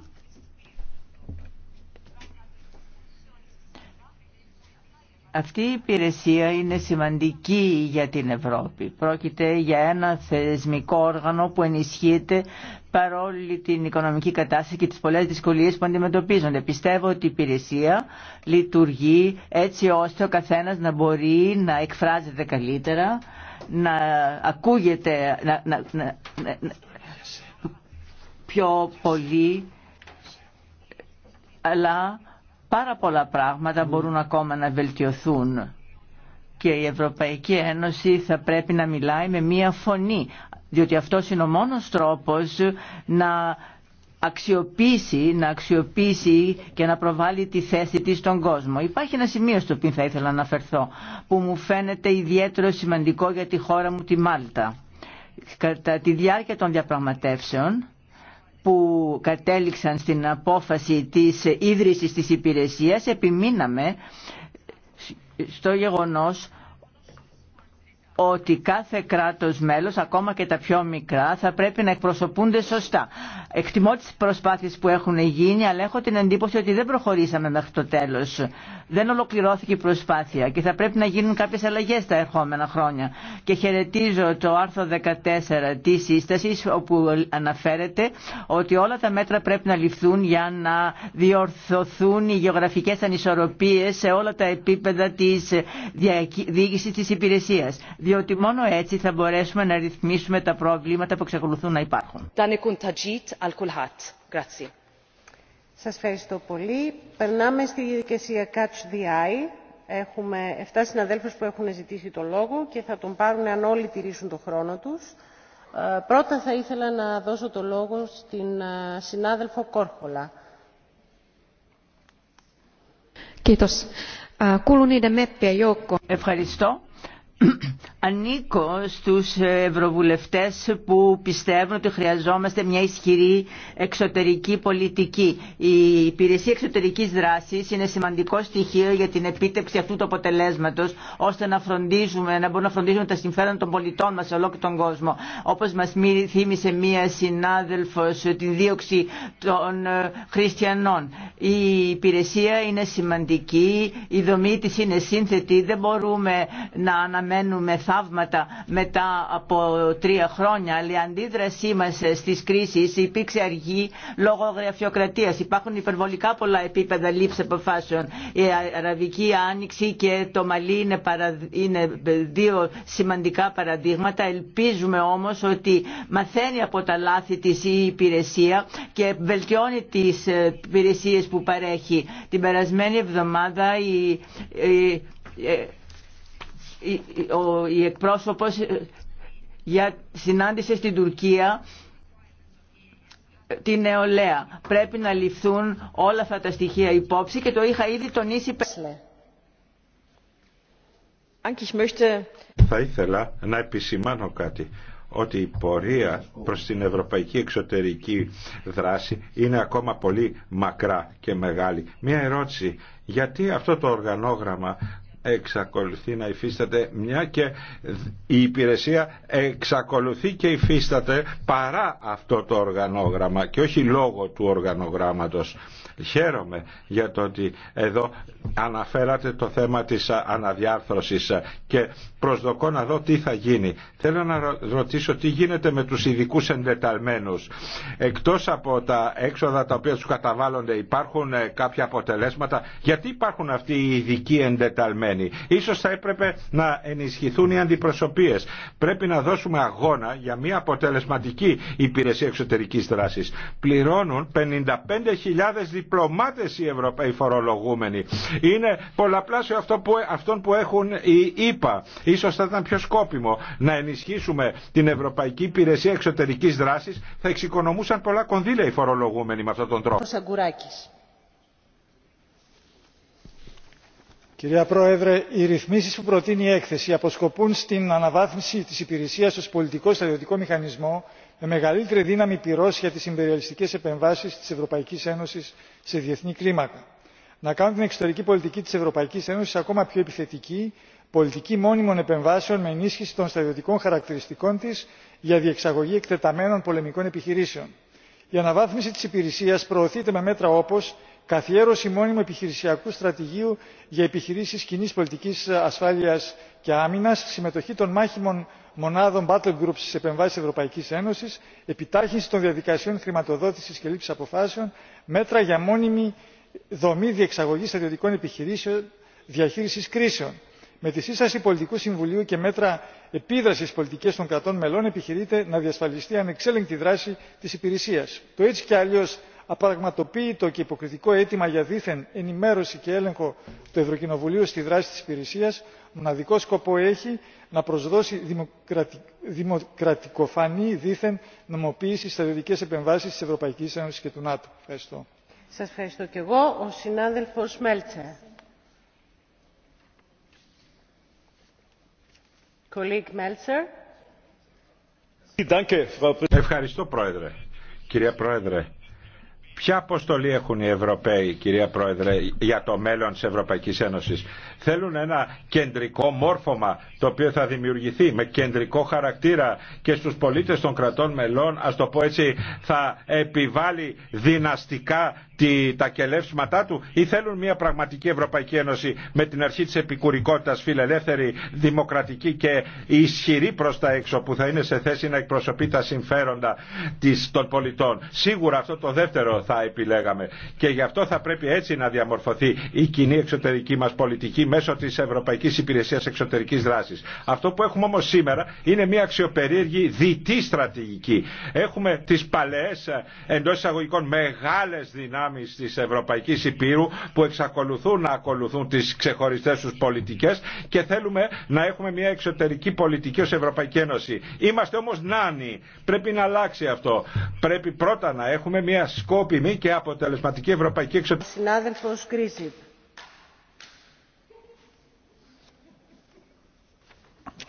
Αυτή η υπηρεσία είναι σημαντική για την Ευρώπη. Πρόκειται για ένα θεσμικό όργανο που ενισχύεται παρόλη την οικονομική κατάσταση και τις πολλές δυσκολίες που αντιμετωπίζονται. Πιστεύω ότι η υπηρεσία λειτουργεί έτσι ώστε ο καθένας να μπορεί να εκφράζεται καλύτερα, να ακούγεται να, να, πιο πολύ, αλλά Πάρα πολλά πράγματα μπορούν ακόμα να βελτιωθούν και η Ευρωπαϊκή Ένωση θα πρέπει να μιλάει με μία φωνή, διότι αυτό είναι ο μόνος τρόπος να αξιοποιήσει, να αξιοποιήσει και να προβάλλει τη θέση της στον κόσμο. Υπάρχει ένα σημείο στο οποίο θα ήθελα να αναφερθώ, που μου φαίνεται ιδιαίτερο σημαντικό για τη χώρα μου, τη Μάλτα. Κατά τη διάρκεια των διαπραγματεύσεων, που κατέληξαν στην απόφαση της ίδρυσης της υπηρεσίας επιμείναμε στο γεγονός ότι κάθε κράτος μέλος, ακόμα και τα πιο μικρά, θα πρέπει να εκπροσωπούνται σωστά. Εκτιμώ τις προσπάθειες που έχουν γίνει, αλλά έχω την εντύπωση ότι δεν προχωρήσαμε μέχρι το τέλος. Δεν ολοκληρώθηκε η προσπάθεια και θα πρέπει να γίνουν κάποιες αλλαγές τα ερχόμενα χρόνια. Και χαιρετίζω το άρθρο 14 της σύσταση, όπου αναφέρεται ότι όλα τα μέτρα πρέπει να ληφθούν για να διορθωθούν οι γεωγραφικές ανισορροπίες σε όλα τα επίπεδα της διοίκησης της υπηρεσίας διότι μόνο έτσι θα μπορέσουμε να ρυθμίσουμε τα προβλήματα που εξακολουθούν να υπάρχουν. Σας ευχαριστώ πολύ. Περνάμε στη διαδικασία Catch the Eye. Έχουμε 7 συναδέλφους που έχουν ζητήσει το λόγο και θα τον πάρουν αν όλοι τηρήσουν το χρόνο τους. Ε, πρώτα θα ήθελα να δώσω το λόγο στην ε, συνάδελφο Κόρχολα. Ευχαριστώ. Ανήκω στους ευρωβουλευτές που πιστεύουν ότι χρειαζόμαστε μια ισχυρή εξωτερική πολιτική. Η υπηρεσία εξωτερικής δράσης είναι σημαντικό στοιχείο για την επίτευξη αυτού του αποτελέσματος, ώστε να, φροντίζουμε, να μπορούμε να φροντίζουμε τα συμφέροντα των πολιτών μας σε ολόκληρο τον κόσμο. Όπως μας θύμισε μία συνάδελφος την δίωξη των ε, χριστιανών. Η υπηρεσία είναι σημαντική, η δομή της είναι σύνθετη, δεν μπορούμε να αναμένουμε θαύματα μετά από τρία χρόνια, αλλά η αντίδρασή μα στι κρίσεις υπήρξε αργή λόγω γραφειοκρατία. Υπάρχουν υπερβολικά πολλά επίπεδα λήψη αποφάσεων. Η Αραβική Άνοιξη και το Μαλί είναι, είναι δύο σημαντικά παραδείγματα. Ελπίζουμε όμως ότι μαθαίνει από τα λάθη της η υπηρεσία και βελτιώνει τι υπηρεσίε που παρέχει. Την περασμένη εβδομάδα η η εκπρόσωπος ε, για συνάντησε στην Τουρκία ε, την νεολαία. Πρέπει να ληφθούν όλα αυτά τα στοιχεία υπόψη και το είχα ήδη τονίσει Θα ήθελα να επισημάνω κάτι ότι η πορεία προς την ευρωπαϊκή εξωτερική δράση είναι ακόμα πολύ μακρά και μεγάλη. Μία ερώτηση, γιατί αυτό το οργανόγραμμα εξακολουθεί να υφίσταται μια και η υπηρεσία εξακολουθεί και υφίσταται παρά αυτό το οργανόγραμμα και όχι λόγω του οργανογράμματος. Χαίρομαι για το ότι εδώ αναφέρατε το θέμα της αναδιάρθρωσης και προσδοκώ να δω τι θα γίνει. Θέλω να ρωτήσω τι γίνεται με τους ειδικού εντεταλμένους. Εκτός από τα έξοδα τα οποία τους καταβάλλονται υπάρχουν ε, κάποια αποτελέσματα. Γιατί υπάρχουν αυτοί οι ειδικοί εντεταλμένοι. Ίσως θα έπρεπε να ενισχυθούν οι αντιπροσωπείες. Πρέπει να δώσουμε αγώνα για μια αποτελεσματική υπηρεσία εξωτερικής δράσης. Πληρώνουν 55.000 διπλωμάτες οι Ευρωπαίοι φορολογούμενοι. Είναι πολλαπλάσιο αυτό που, αυτόν που έχουν οι ΗΠΑ Ίσως θα ήταν πιο σκόπιμο να ενισχύσουμε την Ευρωπαϊκή Υπηρεσία Εξωτερικής Δράσης. Θα εξοικονομούσαν πολλά κονδύλια οι φορολογούμενοι με αυτόν τον τρόπο. Κυρία Πρόεδρε, οι ρυθμίσεις που προτείνει η έκθεση αποσκοπούν στην αναβάθμιση της υπηρεσίας ως πολιτικό στρατιωτικό μηχανισμό με μεγαλύτερη δύναμη πυρός για τις imperialistικές επεμβάσεις της ευρωπαϊκής ένωσης σε διεθνή κλίμακα να κάνουν την εξωτερική πολιτική της ευρωπαϊκής ένωσης ακόμα πιο επιθετική πολιτική μόνιμων επεμβάσεων με ενίσχυση των στρατιωτικών χαρακτηριστικών της για διεξαγωγή εκτεταμένων πολεμικών επιχειρήσεων. η αναβάθμιση της υπηρεσίας προωθείται με μέτρα όπως καθιέρωση μόνιμου επιχειρησιακού στρατηγίου για επιχειρήσει κοινή πολιτική ασφάλεια και άμυνα, συμμετοχή των μάχημων μονάδων battle groups στι επεμβάσει Ευρωπαϊκή Ένωση, επιτάχυνση των διαδικασιών χρηματοδότηση και λήψη αποφάσεων μέτρα για μόνιμη δομή διεξαγωγή στρατιωτικών επιχειρήσεων διαχείριση κρίσεων. με τη σύσταση πολιτικού συμβουλίου και μέτρα επίδραση πολιτικέ των κρατών μελών επιχειρείται να διασφαλιστεί ανεξέλεγκτη δράση τη υπηρεσία. το έτσι κι αλλιώ απαραγματοποίητο και υποκριτικό αίτημα για δήθεν ενημέρωση και έλεγχο του ευρωκοινοβουλίου στη δράση της υπηρεσίας μοναδικό σκοπό έχει να προσδώσει δημοκρατικοφανή δίθεν νομοποίηση στις στρατιωτικές επεμβάσεις της ευρωπαϊκής ένωσης και του νατο. ευχαριστώ. Σας ευχαριστώ και εγώ. Ο συνάδελφος Μέλτσερ. Ευχαριστώ Πρόεδρε. Κυρία Πρόεδρε, Ποια αποστολή έχουν οι Ευρωπαίοι, κυρία Πρόεδρε, για το μέλλον της Ευρωπαϊκής Ένωσης. Θέλουν ένα κεντρικό μόρφωμα το οποίο θα δημιουργηθεί με κεντρικό χαρακτήρα και στους πολίτες των κρατών μελών, ας το πω έτσι, θα επιβάλλει δυναστικά τα κελεύσματά του ή θέλουν μια πραγματική Ευρωπαϊκή Ένωση με την αρχή της επικουρικότητας φιλελεύθερη, δημοκρατική και ισχυρή προς τα έξω που θα είναι σε θέση να εκπροσωπεί τα συμφέροντα της, των πολιτών. Σίγουρα αυτό το δεύτερο θα επιλέγαμε και γι' αυτό θα πρέπει έτσι να διαμορφωθεί η κοινή εξωτερική μας πολιτική μέσω της Ευρωπαϊκής Υπηρεσίας Εξωτερικής Δράσης. Αυτό που έχουμε όμως σήμερα είναι μια αξιοπερίεργη διτή στρατηγική. Έχουμε τι παλαιές εντό εισαγωγικών μεγάλε δυνάμεις δυνάμεις της Ευρωπαϊκής Υπήρου που εξακολουθούν να ακολουθούν τις ξεχωριστές τους πολιτικές και θέλουμε να έχουμε μια εξωτερική πολιτική ως Ευρωπαϊκή Ένωση. Είμαστε όμως νάνοι. Πρέπει να αλλάξει αυτό. Πρέπει πρώτα να έχουμε μια σκόπιμη και αποτελεσματική ευρωπαϊκή εξωτερική. Συνάδελφος Κρίσιπ.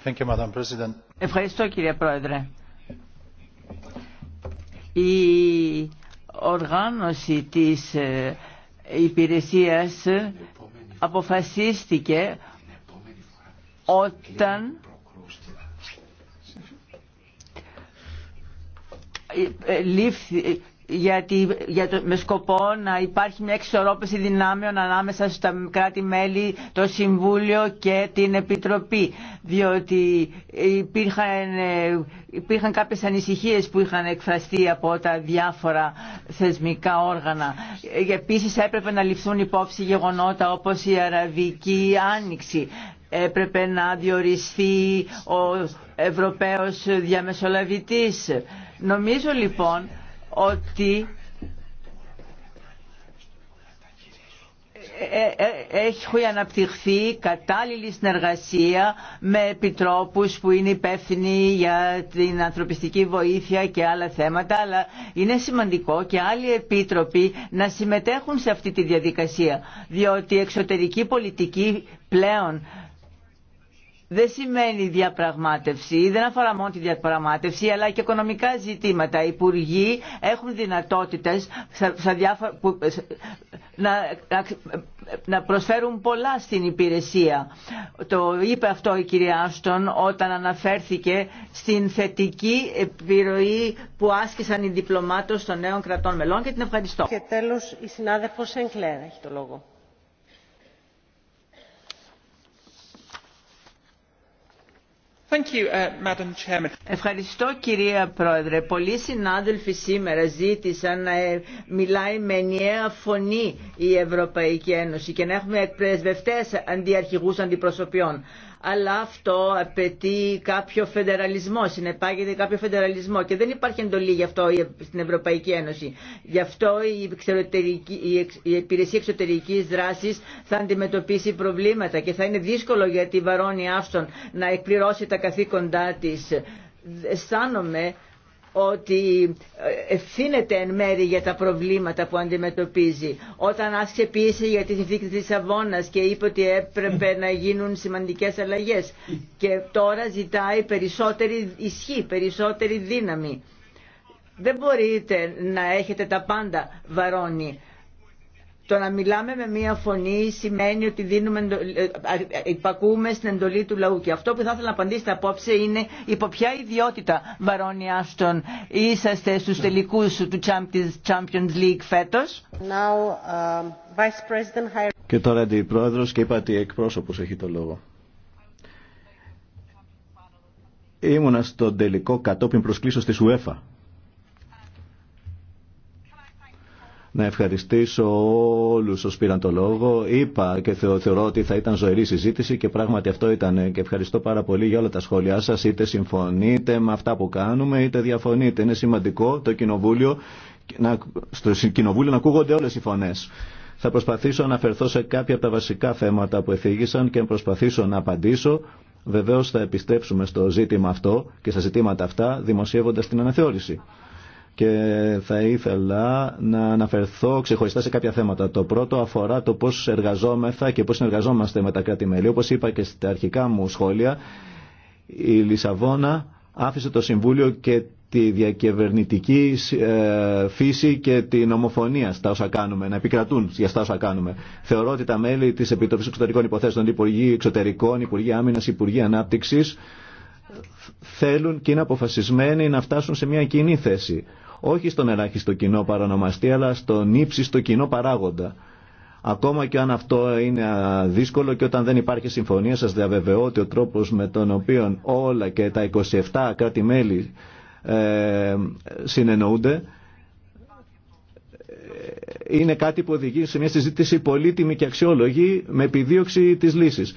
you, Madam Ευχαριστώ κύριε Πρόεδρε. Η οργάνωση της ε, υπηρεσίας αποφασίστηκε όταν ε, ε, λήφθη γιατί, για με σκοπό να υπάρχει μια εξορρόπηση δυνάμεων ανάμεσα στα κράτη-μέλη, το Συμβούλιο και την Επιτροπή. Διότι υπήρχαν, ε, υπήρχαν κάποιες ανησυχίες που είχαν εκφραστεί από τα διάφορα θεσμικά όργανα. Επίσης έπρεπε να ληφθούν υπόψη γεγονότα όπως η Αραβική Άνοιξη έπρεπε να διοριστεί ο Ευρωπαίος διαμεσολαβητής. Νομίζω λοιπόν ότι ε, ε, έχει αναπτυχθεί κατάλληλη συνεργασία με επιτρόπους που είναι υπεύθυνοι για την ανθρωπιστική βοήθεια και άλλα θέματα αλλά είναι σημαντικό και άλλοι επίτροποι να συμμετέχουν σε αυτή τη διαδικασία διότι η εξωτερική πολιτική πλέον δεν σημαίνει διαπραγμάτευση, δεν αφορά μόνο τη διαπραγμάτευση, αλλά και οικονομικά ζητήματα. Οι υπουργοί έχουν δυνατότητες να, προσφέρουν πολλά στην υπηρεσία. Το είπε αυτό η κυρία Άστον όταν αναφέρθηκε στην θετική επιρροή που άσκησαν οι διπλωμάτε των νέων κρατών μελών και την ευχαριστώ. Και τέλο, η συνάδελφος Σενκλέρ έχει το λόγο. Uh, Ευχαριστώ κυρία Πρόεδρε. Πολλοί συνάδελφοι σήμερα ζήτησαν να ε, μιλάει με ενιαία φωνή η Ευρωπαϊκή Ένωση και να έχουμε εκπρεσβευτές αντιαρχηγούς αντιπροσωπιών αλλά αυτό απαιτεί κάποιο φεντεραλισμό, συνεπάγεται κάποιο φεντεραλισμό και δεν υπάρχει εντολή γι' αυτό στην Ευρωπαϊκή Ένωση. Γι' αυτό η υπηρεσία εξωτερική δράση θα αντιμετωπίσει προβλήματα και θα είναι δύσκολο για τη Βαρόνη Αύστον να εκπληρώσει τα καθήκοντά τη. Αισθάνομαι ότι ε, ευθύνεται εν μέρη για τα προβλήματα που αντιμετωπίζει. Όταν άσκησε πίεση για τη συνθήκη της Σαββόνας και είπε ότι έπρεπε να γίνουν σημαντικές αλλαγές και τώρα ζητάει περισσότερη ισχύ, περισσότερη δύναμη. Δεν μπορείτε να έχετε τα πάντα βαρώνει. Το να μιλάμε με μία φωνή σημαίνει ότι δίνουμε, ε, υπακούμε στην εντολή του λαού. Και αυτό που θα ήθελα να απαντήσετε απόψε είναι υπό ποια ιδιότητα, Βαρόνι Άστον, είσαστε στους ναι. τελικούς του Champions League φέτος. Um, Vice President... Και τώρα αντιπρόεδρος και ότι εκπρόσωπος έχει το λόγο. Ήμουνα στο τελικό κατόπιν προσκλήσεως της UEFA. να ευχαριστήσω όλου όσου πήραν το λόγο. Είπα και θεωρώ ότι θα ήταν ζωηρή συζήτηση και πράγματι αυτό ήταν. Και ευχαριστώ πάρα πολύ για όλα τα σχόλιά σα. Είτε συμφωνείτε με αυτά που κάνουμε, είτε διαφωνείτε. Είναι σημαντικό το κοινοβούλιο, να, στο κοινοβούλιο να ακούγονται όλε οι φωνέ. Θα προσπαθήσω να αναφερθώ σε κάποια από τα βασικά θέματα που εφήγησαν και να προσπαθήσω να απαντήσω. Βεβαίω θα επιστρέψουμε στο ζήτημα αυτό και στα ζητήματα αυτά δημοσιεύοντα την αναθεώρηση και θα ήθελα να αναφερθώ ξεχωριστά σε κάποια θέματα. Το πρώτο αφορά το πώς εργαζόμεθα και πώς συνεργαζόμαστε με τα κράτη-μέλη. Όπως είπα και στα αρχικά μου σχόλια, η Λισαβόνα άφησε το Συμβούλιο και τη διακυβερνητική ε, φύση και την ομοφωνία στα όσα κάνουμε, να επικρατούν για στα όσα κάνουμε. Θεωρώ ότι τα μέλη της Επιτροπής Εξωτερικών Υποθέσεων, Υπουργοί Εξωτερικών, Υπουργοί Άμυνας, Υπουργοί Ανάπτυξης, θέλουν και είναι αποφασισμένοι να φτάσουν σε μια κοινή θέση. Όχι στον ελάχιστο κοινό παρανομαστή, αλλά στον ύψιστο κοινό παράγοντα. Ακόμα και αν αυτό είναι δύσκολο και όταν δεν υπάρχει συμφωνία, σας διαβεβαιώ ότι ο τρόπος με τον οποίο όλα και τα 27 κράτη-μέλη ε, συνεννοούνται, ε, είναι κάτι που οδηγεί σε μια συζήτηση πολύτιμη και αξιόλογη με επιδίωξη της λύσης.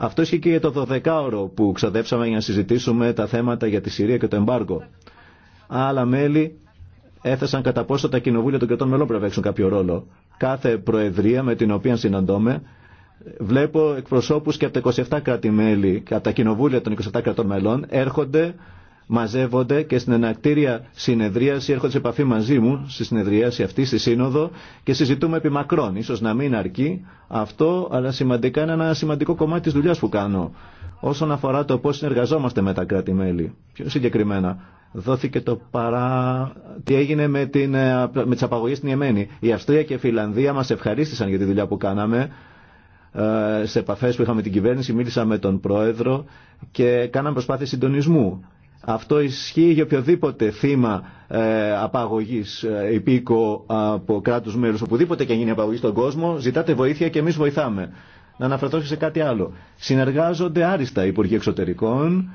Αυτό ισχύει και για το 12ωρο που ξοδέψαμε για να συζητήσουμε τα θέματα για τη Συρία και το εμπάργκο. Άλλα μέλη έθεσαν κατά πόσο τα κοινοβούλια των κρατών μελών πρέπει να παίξουν κάποιο ρόλο. Κάθε προεδρία με την οποία συναντώμε βλέπω εκπροσώπους και από τα 27 κράτη-μέλη και από τα κοινοβούλια των 27 κρατών μελών έρχονται μαζεύονται και στην ενακτήρια συνεδρίαση έρχονται σε επαφή μαζί μου στη συνεδρίαση αυτή, στη Σύνοδο και συζητούμε επί μακρόν. Ίσως να μην αρκεί αυτό, αλλά σημαντικά είναι ένα σημαντικό κομμάτι της δουλειάς που κάνω. Όσον αφορά το πώς συνεργαζόμαστε με τα κράτη-μέλη, πιο συγκεκριμένα, δόθηκε το παρά... Τι έγινε με, την... Ε, με τις απαγωγές στην Ιεμένη. Η Αυστρία και η Φιλανδία μας ευχαρίστησαν για τη δουλειά που κάναμε ε, σε επαφέ που είχαμε την κυβέρνηση, μίλησα με τον πρόεδρο και κάναμε προσπάθειε συντονισμού. Αυτό ισχύει για οποιοδήποτε θύμα ε, απαγωγής ε, υπήκο από κράτους μέλους. Οπουδήποτε και γίνει απαγωγή στον κόσμο, ζητάτε βοήθεια και εμείς βοηθάμε. Να αναφερθώ σε κάτι άλλο. Συνεργάζονται άριστα οι Υπουργοί Εξωτερικών,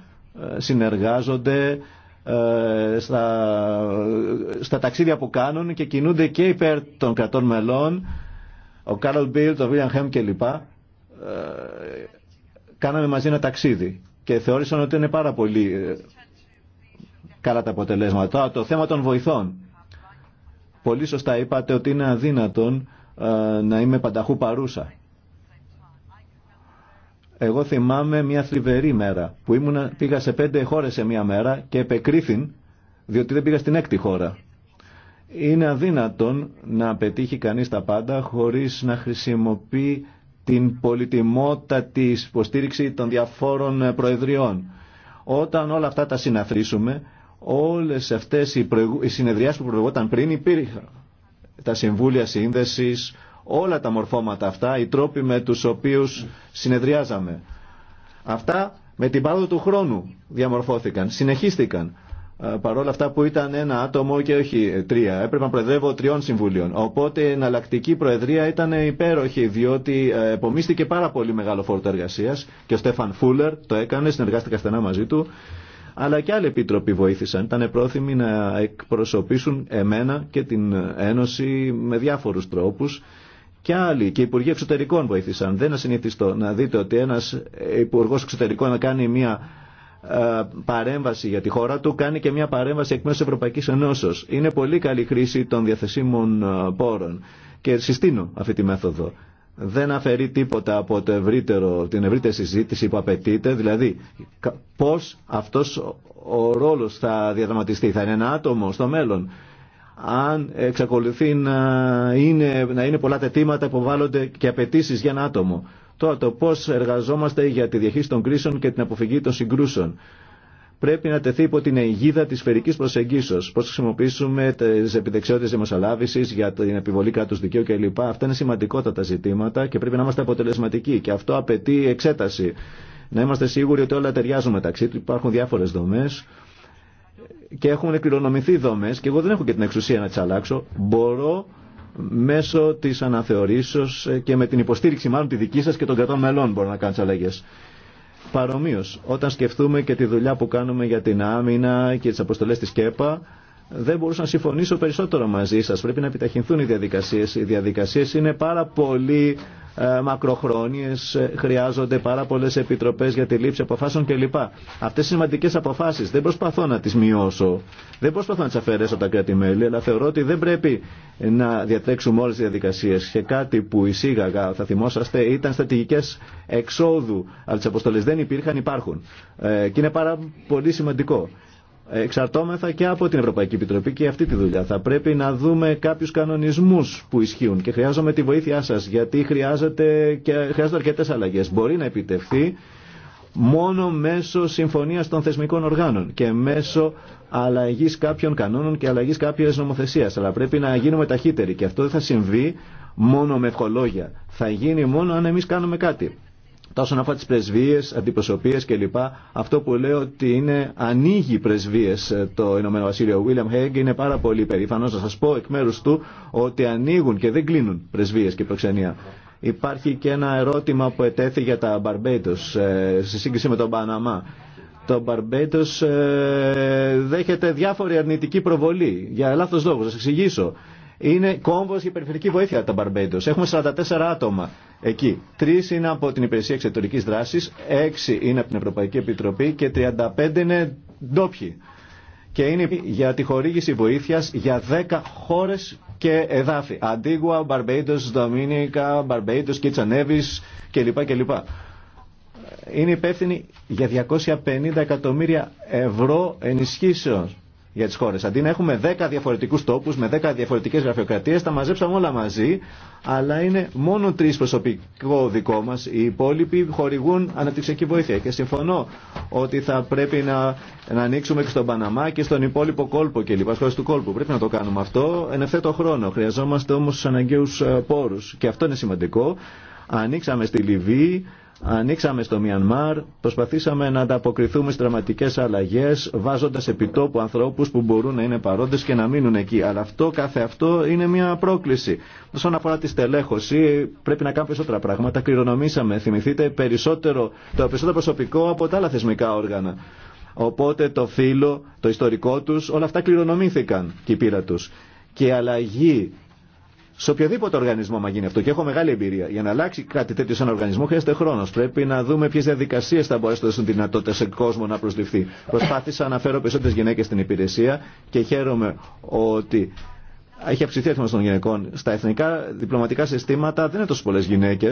ε, συνεργάζονται ε, στα, ταξίδια που κάνουν και κινούνται και υπέρ των κρατών μελών, ο Κάρολ Μπίλ, ο Βίλιαν Χέμ κλπ. Ε, κάναμε μαζί ένα ταξίδι και θεώρησαν ότι είναι πάρα πολύ καλά τα αποτελέσματα. Το θέμα των βοηθών. Πολύ σωστά είπατε ότι είναι αδύνατον ε, να είμαι πανταχού παρούσα. Εγώ θυμάμαι μια θλιβερή μέρα που πήγα σε πέντε χώρες σε μια μέρα και επεκρίθην διότι δεν πήγα στην έκτη χώρα. Είναι αδύνατον να πετύχει κανείς τα πάντα χωρίς να χρησιμοποιεί την πολυτιμότητα της υποστήριξη των διαφόρων προεδριών. Όταν όλα αυτά τα συναθρήσουμε όλες αυτές οι, προηγου... συνεδριάσεις που προηγούνταν πριν υπήρχαν. Τα συμβούλια σύνδεσης, όλα τα μορφώματα αυτά, οι τρόποι με τους οποίους συνεδριάζαμε. Αυτά με την πάροδο του χρόνου διαμορφώθηκαν, συνεχίστηκαν. Ε, παρόλα αυτά που ήταν ένα άτομο και όχι τρία. Έπρεπε να προεδρεύω τριών συμβουλίων. Οπότε η εναλλακτική προεδρία ήταν υπέροχη, διότι ε, επομίστηκε πάρα πολύ μεγάλο φόρτο εργασία και ο Στέφαν Φούλερ το έκανε, συνεργάστηκα στενά μαζί του αλλά και άλλοι επίτροποι βοήθησαν. Ήταν πρόθυμοι να εκπροσωπήσουν εμένα και την Ένωση με διάφορους τρόπους και άλλοι και οι Υπουργοί Εξωτερικών βοήθησαν. Δεν είναι συνηθιστό να δείτε ότι ένας Υπουργό Εξωτερικών να κάνει μια ε, παρέμβαση για τη χώρα του κάνει και μια παρέμβαση εκ μέρους Ευρωπαϊκής Ενώσεως. Είναι πολύ καλή χρήση των διαθεσίμων ε, πόρων και συστήνω αυτή τη μέθοδο δεν αφαιρεί τίποτα από το ευρύτερο, την ευρύτερη συζήτηση που απαιτείται, δηλαδή πώς αυτός ο ρόλος θα διαδραματιστεί, θα είναι ένα άτομο στο μέλλον, αν εξακολουθεί να είναι, να είναι πολλά τετήματα που βάλλονται και απαιτήσει για ένα άτομο. Τώρα το πώς εργαζόμαστε για τη διαχείριση των κρίσεων και την αποφυγή των συγκρούσεων πρέπει να τεθεί υπό την αιγίδα τη σφαιρική προσεγγίσεω. Πώ χρησιμοποιήσουμε τι επιδεξιότητε δημοσιολάβηση για την επιβολή κράτου δικαίου κλπ. Αυτά είναι σημαντικότατα ζητήματα και πρέπει να είμαστε αποτελεσματικοί. Και αυτό απαιτεί εξέταση. Να είμαστε σίγουροι ότι όλα ταιριάζουν μεταξύ του. Υπάρχουν διάφορε δομέ και έχουν εκκληρονομηθεί δομέ και εγώ δεν έχω και την εξουσία να τι αλλάξω. Μπορώ μέσω τη αναθεωρήσεω και με την υποστήριξη μάλλον τη δική σα και των κρατών μελών μπορώ να κάνω τι Παρομοίως, όταν σκεφτούμε και τη δουλειά που κάνουμε για την άμυνα και τις αποστολές της ΚΕΠΑ, δεν μπορούσα να συμφωνήσω περισσότερο μαζί σας. Πρέπει να επιταχυνθούν οι διαδικασίες. Οι διαδικασίες είναι πάρα πολύ ε, μακροχρόνιες, χρειάζονται πάρα πολλές επιτροπές για τη λήψη αποφάσεων κλπ. Αυτές οι σημαντικές αποφάσεις δεν προσπαθώ να τις μειώσω, δεν προσπαθώ να τις αφαιρέσω τα κράτη-μέλη, αλλά θεωρώ ότι δεν πρέπει να διατρέξουμε όλες τις διαδικασίες. Και κάτι που εισήγαγα, θα θυμόσαστε, ήταν στρατηγικές εξόδου, αλλά τις αποστολές δεν υπήρχαν, υπάρχουν. Ε, και είναι πάρα πολύ σημαντικό εξαρτώμεθα και από την Ευρωπαϊκή Επιτροπή και αυτή τη δουλειά. Θα πρέπει να δούμε κάποιου κανονισμού που ισχύουν και χρειάζομαι τη βοήθειά σα γιατί χρειάζεται και χρειάζονται αρκετέ αλλαγέ. Μπορεί να επιτευχθεί μόνο μέσω συμφωνίας των θεσμικών οργάνων και μέσω αλλαγής κάποιων κανόνων και αλλαγής κάποιας νομοθεσίας. Αλλά πρέπει να γίνουμε ταχύτεροι και αυτό δεν θα συμβεί μόνο με ευχολόγια. Θα γίνει μόνο αν εμείς κάνουμε κάτι όσον αφορά τι πρεσβείε, αντιπροσωπείε κλπ. Αυτό που λέω ότι είναι ανοίγει πρεσβείε ε, το Ηνωμένο Βασίλειο. Ο Βίλιαμ Χέγγ είναι πάρα πολύ περήφανο να σα πω εκ μέρου του ότι ανοίγουν και δεν κλείνουν πρεσβείε και προξενία. Υπάρχει και ένα ερώτημα που ετέθη για τα Μπαρμπέιτο ε, σε σύγκριση με τον Παναμά. Το Μπαρμπέιτο ε, δέχεται διάφορη αρνητική προβολή για λάθο λόγου. Θα εξηγήσω είναι κόμβο για περιφερειακή βοήθεια τα Μπαρμπέντο. Έχουμε 44 άτομα εκεί. Τρει είναι από την Υπηρεσία Εξωτερική Δράση, έξι είναι από την Ευρωπαϊκή Επιτροπή και 35 είναι ντόπιοι. Και είναι για τη χορήγηση βοήθεια για 10 χώρε και εδάφη. Αντίγουα, Μπαρμπέιντο, Δομίνικα, Μπαρμπέιντο, Κιτσανέβη κλπ. κλπ. Είναι υπεύθυνοι για 250 εκατομμύρια ευρώ ενισχύσεων για τις χώρες. Αντί να έχουμε 10 διαφορετικούς τόπους με 10 διαφορετικές γραφειοκρατίες, τα μαζέψαμε όλα μαζί, αλλά είναι μόνο τρεις προσωπικό δικό μας. Οι υπόλοιποι χορηγούν αναπτυξιακή βοήθεια. Και συμφωνώ ότι θα πρέπει να, να ανοίξουμε και στον Παναμά και στον υπόλοιπο κόλπο και Στις χώρες του κόλπου. Πρέπει να το κάνουμε αυτό εν ευθέτω χρόνο. Χρειαζόμαστε όμως τους αναγκαίους ε, πόρους. Και αυτό είναι σημαντικό. Ανοίξαμε στη Λιβύη Ανοίξαμε στο Μιανμάρ, προσπαθήσαμε να ανταποκριθούμε στι δραματικέ αλλαγέ, βάζοντα επιτόπου ανθρώπου που μπορούν να είναι παρόντε και να μείνουν εκεί. Αλλά αυτό κάθε αυτό είναι μια πρόκληση. Όσον αφορά τη στελέχωση, πρέπει να κάνουμε περισσότερα πράγματα. Κληρονομήσαμε, θυμηθείτε, περισσότερο, το περισσότερο προσωπικό από τα άλλα θεσμικά όργανα. Οπότε το φύλλο, το ιστορικό του, όλα αυτά κληρονομήθηκαν και η πείρα του. Και η αλλαγή σε οποιοδήποτε οργανισμό μα γίνει αυτό και έχω μεγάλη εμπειρία. Για να αλλάξει κάτι τέτοιο σαν οργανισμό χρειάζεται χρόνο. Πρέπει να δούμε ποιε διαδικασίε θα μπορέσουν να δώσουν δυνατότητα σε κόσμο να προσληφθεί. Προσπάθησα να φέρω περισσότερε γυναίκε στην υπηρεσία και χαίρομαι ότι έχει αυξηθεί αριθμό των γυναικών. Στα εθνικά διπλωματικά συστήματα δεν είναι τόσο πολλέ γυναίκε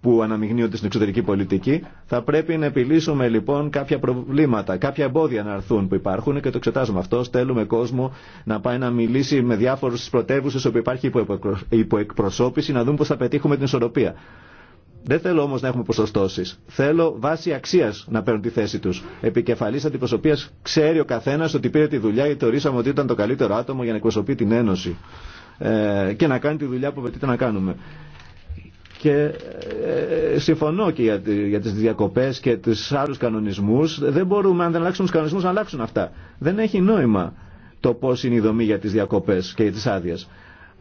που αναμειγνύονται στην εξωτερική πολιτική. Θα πρέπει να επιλύσουμε λοιπόν κάποια προβλήματα, κάποια εμπόδια να έρθουν που υπάρχουν και το εξετάζουμε αυτό. Στέλνουμε κόσμο να πάει να μιλήσει με διάφορου πρωτεύουσε όπου υπάρχει υποεκπροσώπηση, να δούμε πώ θα πετύχουμε την ισορροπία. Δεν θέλω όμω να έχουμε ποσοστώσει. Θέλω βάση αξία να παίρνουν τη θέση του. Επικεφαλή αντιπροσωπεία ξέρει ο καθένα ότι πήρε τη δουλειά ή θεωρήσαμε ότι ήταν το καλύτερο άτομο για να εκπροσωπεί την Ένωση ε, και να κάνει τη δουλειά που απαιτείται να κάνουμε και ε, συμφωνώ και για, για τις διακοπές και του άλλους κανονισμούς. Δεν μπορούμε αν δεν αλλάξουμε τους κανονισμούς να αλλάξουν αυτά. Δεν έχει νόημα το πώς είναι η δομή για τις διακοπές και τι τις άδειες.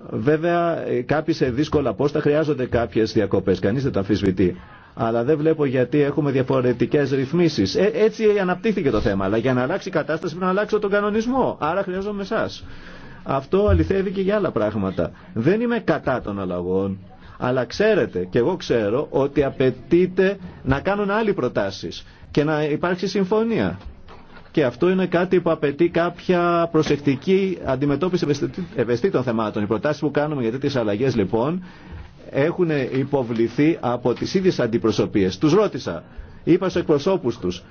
Βέβαια, ε, κάποιοι σε δύσκολα πόστα χρειάζονται κάποιε διακοπέ. Κανεί δεν τα αμφισβητεί. Αλλά δεν βλέπω γιατί έχουμε διαφορετικέ ρυθμίσει. Ε, έτσι αναπτύχθηκε το θέμα. Αλλά για να αλλάξει η κατάσταση πρέπει να αλλάξω τον κανονισμό. Άρα χρειάζομαι εσά. Αυτό αληθεύει και για άλλα πράγματα. Δεν είμαι κατά των αλλαγών. Αλλά ξέρετε και εγώ ξέρω ότι απαιτείται να κάνουν άλλοι προτάσεις και να υπάρξει συμφωνία. Και αυτό είναι κάτι που απαιτεί κάποια προσεκτική αντιμετώπιση ευαισθητών θεμάτων. Οι προτάσεις που κάνουμε για τέτοιες αλλαγές λοιπόν έχουν υποβληθεί από τις ίδιες αντιπροσωπίες. Τους ρώτησα, είπα στους εκπροσώπους τους,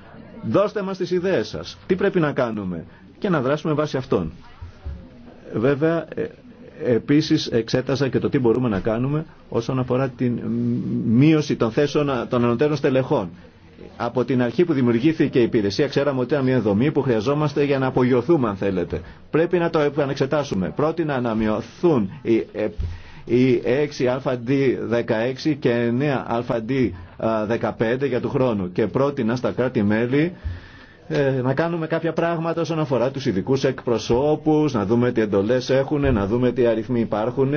δώστε μας τις ιδέες σας, τι πρέπει να κάνουμε και να δράσουμε βάσει αυτών. Βέβαια, ε, Επίσης εξέτασα και το τι μπορούμε να κάνουμε όσον αφορά την μείωση των θέσεων των ανωτέρων στελεχών. Από την αρχή που δημιουργήθηκε η υπηρεσία ξέραμε ότι ήταν μια δομή που χρειαζόμαστε για να απογειωθούμε αν θέλετε. Πρέπει να το επανεξετάσουμε. Πρότεινα να μειωθούν οι, ε, οι 6 αδ 16 και 9 αδ 15 για του χρόνου και πρότεινα στα κράτη-μέλη ε, να κάνουμε κάποια πράγματα όσον αφορά τους ειδικού εκπροσώπους, να δούμε τι εντολές έχουν, να δούμε τι αριθμοί υπάρχουν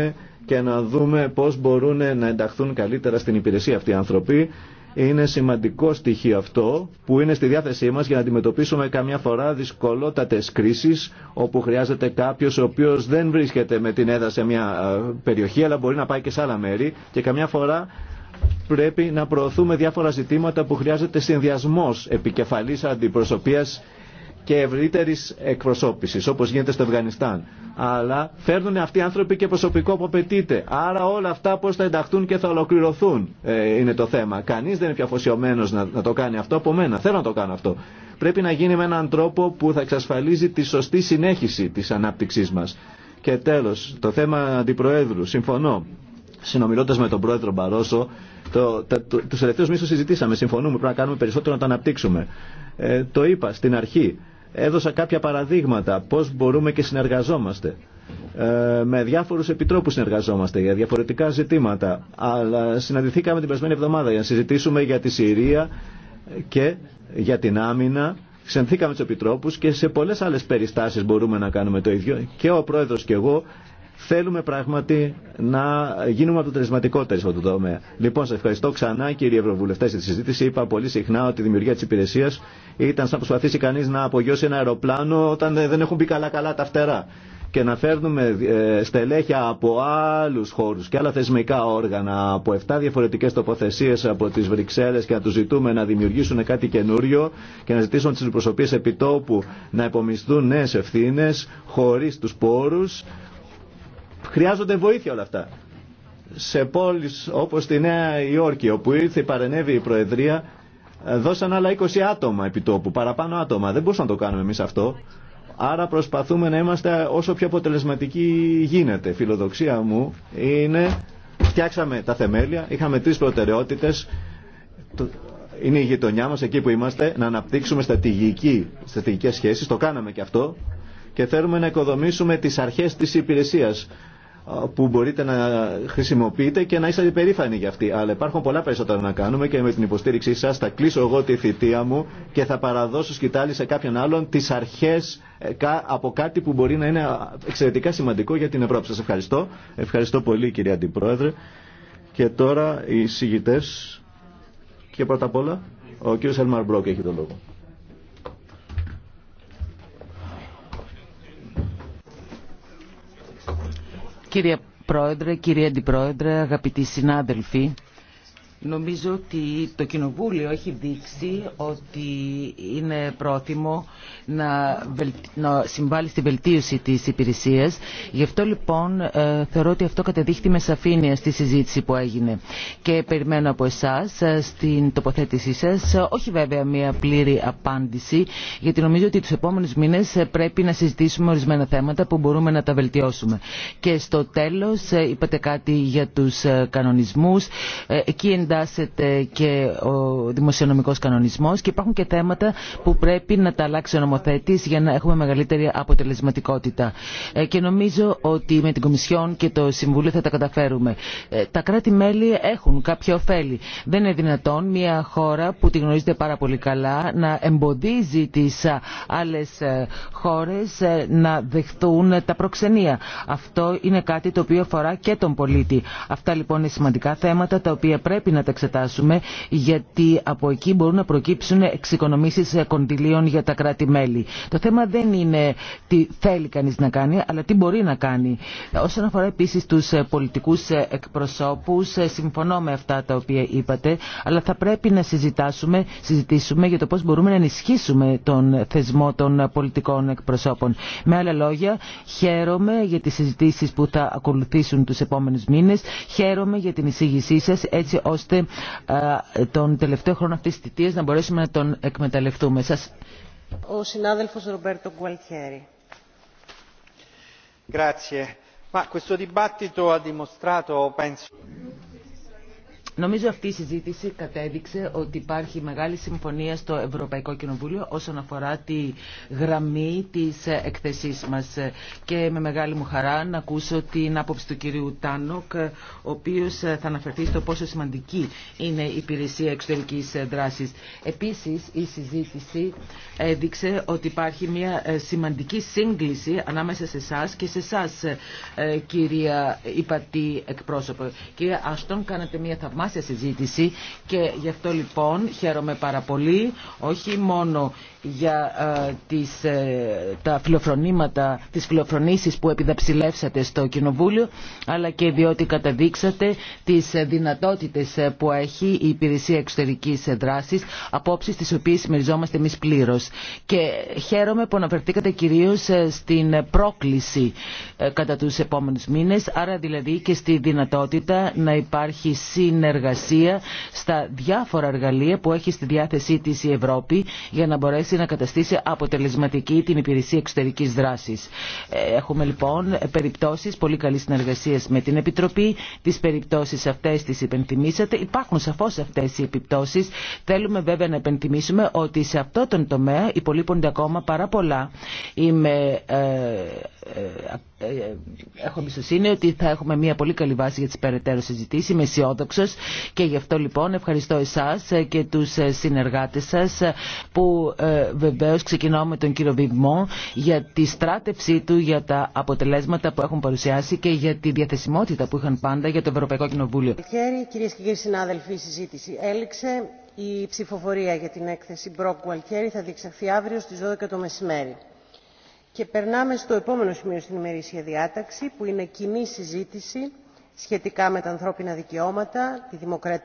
και να δούμε πώς μπορούν να ενταχθούν καλύτερα στην υπηρεσία αυτοί οι άνθρωποι. Είναι σημαντικό στοιχείο αυτό που είναι στη διάθεσή μας για να αντιμετωπίσουμε καμιά φορά δυσκολότατες κρίσεις όπου χρειάζεται κάποιος ο οποίος δεν βρίσκεται με την έδα σε μια ε, περιοχή αλλά μπορεί να πάει και σε άλλα μέρη και καμιά φορά πρέπει να προωθούμε διάφορα ζητήματα που χρειάζεται συνδυασμό επικεφαλή αντιπροσωπεία και ευρύτερη εκπροσώπηση, όπω γίνεται στο Αφγανιστάν. Αλλά φέρνουν αυτοί οι άνθρωποι και προσωπικό που απαιτείται. Άρα όλα αυτά πώ θα ενταχθούν και θα ολοκληρωθούν ε, είναι το θέμα. Κανεί δεν είναι πιο αφοσιωμένο να, να το κάνει αυτό από μένα. Θέλω να το κάνω αυτό. Πρέπει να γίνει με έναν τρόπο που θα εξασφαλίζει τη σωστή συνέχιση τη ανάπτυξή μα. Και τέλο, το θέμα αντιπροέδρου. Συμφωνώ συνομιλώντα με τον πρόεδρο Μπαρόσο, το, το, το, του τελευταίου μήνε συζητήσαμε. Συμφωνούμε, πρέπει να κάνουμε περισσότερο να τα αναπτύξουμε. Ε, το είπα στην αρχή. Έδωσα κάποια παραδείγματα πώ μπορούμε και συνεργαζόμαστε. Ε, με διάφορου επιτρόπου συνεργαζόμαστε για διαφορετικά ζητήματα. Αλλά συναντηθήκαμε την περασμένη εβδομάδα για να συζητήσουμε για τη Συρία και για την άμυνα. Ξενθήκαμε του επιτρόπου και σε πολλέ άλλε περιστάσει μπορούμε να κάνουμε το ίδιο. Και ο πρόεδρο και εγώ Θέλουμε πράγματι να γίνουμε αποτελεσματικότεροι σε αυτό το τομέα. Λοιπόν, σα ευχαριστώ ξανά κύριε Ευρωβουλευτέ για τη συζήτηση. Είπα πολύ συχνά ότι η δημιουργία τη υπηρεσία ήταν σαν να προσπαθήσει κανεί να απογειώσει ένα αεροπλάνο όταν ε, δεν έχουν μπει καλά-καλά τα φτερά και να φέρνουμε ε, στελέχια από άλλου χώρου και άλλα θεσμικά όργανα, από 7 διαφορετικέ τοποθεσίε από τι Βρυξέλλε και να του ζητούμε να δημιουργήσουν κάτι καινούριο και να ζητήσουν τι προσωπίε επιτόπου να υπομισθούν νέε ευθύνε χωρί του πόρου, Χρειάζονται βοήθεια όλα αυτά. Σε πόλεις όπως τη Νέα Υόρκη, όπου ήρθε η παρενέβη η Προεδρία, δώσαν άλλα 20 άτομα επί τόπου, παραπάνω άτομα. Δεν μπορούσαμε να το κάνουμε εμείς αυτό. Άρα προσπαθούμε να είμαστε όσο πιο αποτελεσματικοί γίνεται. Φιλοδοξία μου είναι, φτιάξαμε τα θεμέλια, είχαμε τρεις προτεραιότητες, είναι η γειτονιά μας εκεί που είμαστε, να αναπτύξουμε στρατηγική, στρατηγικές σχέσεις, το κάναμε και αυτό, και θέλουμε να οικοδομήσουμε τις αρχές της υπηρεσίας που μπορείτε να χρησιμοποιείτε και να είστε περήφανοι για αυτή. Αλλά υπάρχουν πολλά περισσότερα να κάνουμε και με την υποστήριξή σας θα κλείσω εγώ τη θητεία μου και θα παραδώσω σκητάλη σε κάποιον άλλον τις αρχές ε, από κάτι που μπορεί να είναι εξαιρετικά σημαντικό για την Ευρώπη. Σας ευχαριστώ. Ευχαριστώ πολύ κυρία Αντιπρόεδρε. Και τώρα οι συγητές και πρώτα απ' όλα ο κύριος Ελμαρ Μπρόκ έχει τον λόγο. Κύριε Πρόεδρε, κύριε Αντιπρόεδρε, αγαπητοί συνάδελφοι, Νομίζω ότι το Κοινοβούλιο έχει δείξει ότι είναι πρόθυμο να, συμβάλλει στη βελτίωση της υπηρεσίας. Γι' αυτό λοιπόν ε, θεωρώ ότι αυτό κατεδείχθη με σαφήνεια στη συζήτηση που έγινε. Και περιμένω από εσάς ε, στην τοποθέτησή σας, ε, όχι βέβαια μια πλήρη απάντηση, γιατί νομίζω ότι τους επόμενους μήνες πρέπει να συζητήσουμε ορισμένα θέματα που μπορούμε να τα βελτιώσουμε. Και στο τέλος είπατε κάτι για τους κανονισμούς. Εκεί εντάσσεται και ο δημοσιονομικός κανονισμός και υπάρχουν και θέματα που πρέπει να τα αλλάξει ο νομοθέτης για να έχουμε μεγαλύτερη αποτελεσματικότητα. Ε, και νομίζω ότι με την Κομισιόν και το Συμβούλιο θα τα καταφέρουμε. Ε, τα κράτη-μέλη έχουν κάποια ωφέλη. Δεν είναι δυνατόν μια χώρα που τη γνωρίζετε πάρα πολύ καλά να εμποδίζει τις ε, άλλες χώρες να δεχθούν τα προξενία. Αυτό είναι κάτι το οποίο αφορά και τον πολίτη. Αυτά λοιπόν είναι σημαντικά θέματα τα οποία πρέπει να να τα εξετάσουμε γιατί από εκεί μπορούν να προκύψουν εξοικονομήσεις κοντιλίων για τα κράτη-μέλη. Το θέμα δεν είναι τι θέλει κανεί να κάνει αλλά τι μπορεί να κάνει. Όσον αφορά επίση του πολιτικού εκπροσώπου, συμφωνώ με αυτά τα οποία είπατε αλλά θα πρέπει να συζητάσουμε, συζητήσουμε για το πώ μπορούμε να ενισχύσουμε τον θεσμό των πολιτικών εκπροσώπων. Με άλλα λόγια, χαίρομαι για τι συζητήσει που θα ακολουθήσουν του επόμενου μήνε, Χαίρομαι για την εισήγησή σα, έτσι ώστε ώστε α, τον τελευταίο χρόνο αυτής της θητείας να μπορέσουμε να τον εκμεταλλευτούμε. Σας... Ο συνάδελφος Ρομπέρτο Γκουαλτιέρη. Grazie. Ma questo dibattito ha dimostrato, penso... Νομίζω αυτή η συζήτηση κατέδειξε ότι υπάρχει μεγάλη συμφωνία στο Ευρωπαϊκό Κοινοβούλιο όσον αφορά τη γραμμή της εκθεσής μας. Και με μεγάλη μου χαρά να ακούσω την άποψη του κυρίου Τάνοκ, ο οποίος θα αναφερθεί στο πόσο σημαντική είναι η υπηρεσία εξωτερικής δράσης. Επίσης, η συζήτηση έδειξε ότι υπάρχει μια σημαντική σύγκληση ανάμεσα σε εσά και σε εσά, ε, κυρία Υπατή εκπρόσωπο. Κυρία Αστόν, μια θαυμάσια σε συζήτηση και γι' αυτό λοιπόν χαίρομαι πάρα πολύ όχι μόνο για ε, τις, ε, τα φιλοφρονήματα, τις φιλοφρονήσεις που επιδαψιλεύσατε στο Κοινοβούλιο αλλά και διότι καταδείξατε τις δυνατότητες που έχει η Υπηρεσία Εξωτερικής Δράσης απόψεις τις οποίες συμμεριζόμαστε εμείς πλήρως. Και χαίρομαι που αναφερθήκατε κυρίως ε, στην πρόκληση κατά τους επόμενους μήνες άρα δηλαδή και στη δυνατότητα να υπάρχει συνεργασία στα διάφορα εργαλεία που έχει στη διάθεσή της η Ευρώπη για να μπορέσει να καταστήσει αποτελεσματική την υπηρεσία εξωτερικής δράσης. Ε, έχουμε λοιπόν περιπτώσεις πολύ καλή συνεργασία με την Επιτροπή. Τις περιπτώσεις αυτές τις υπενθυμίσατε. Υπάρχουν σαφώς αυτές οι επιπτώσεις. Θέλουμε βέβαια να υπενθυμίσουμε ότι σε αυτό τον τομέα υπολείπονται ακόμα πάρα πολλά. Είμαι, ε, ε, ε, έχω εμπιστοσύνη ότι θα έχουμε μια πολύ καλή βάση για τις περαιτέρω συζητήσεις. Είμαι αισιόδοξο και γι' αυτό λοιπόν ευχαριστώ εσά ε, και του ε, συνεργάτε σα ε, που βεβαίω ξεκινάω με τον κύριο Βιβμό για τη στράτευσή του, για τα αποτελέσματα που έχουν παρουσιάσει και για τη διαθεσιμότητα που είχαν πάντα για το Ευρωπαϊκό Κοινοβούλιο. Κυρίε και κύριοι συνάδελφοι, η συζήτηση έληξε. Η ψηφοφορία για την έκθεση Μπροκ Γουαλτιέρη θα διεξαχθεί αύριο στις 12 το μεσημέρι. Και περνάμε στο επόμενο σημείο στην ημερήσια διάταξη, που είναι κοινή συζήτηση σχετικά με τα ανθρώπινα δικαιώματα τη δημοκρατία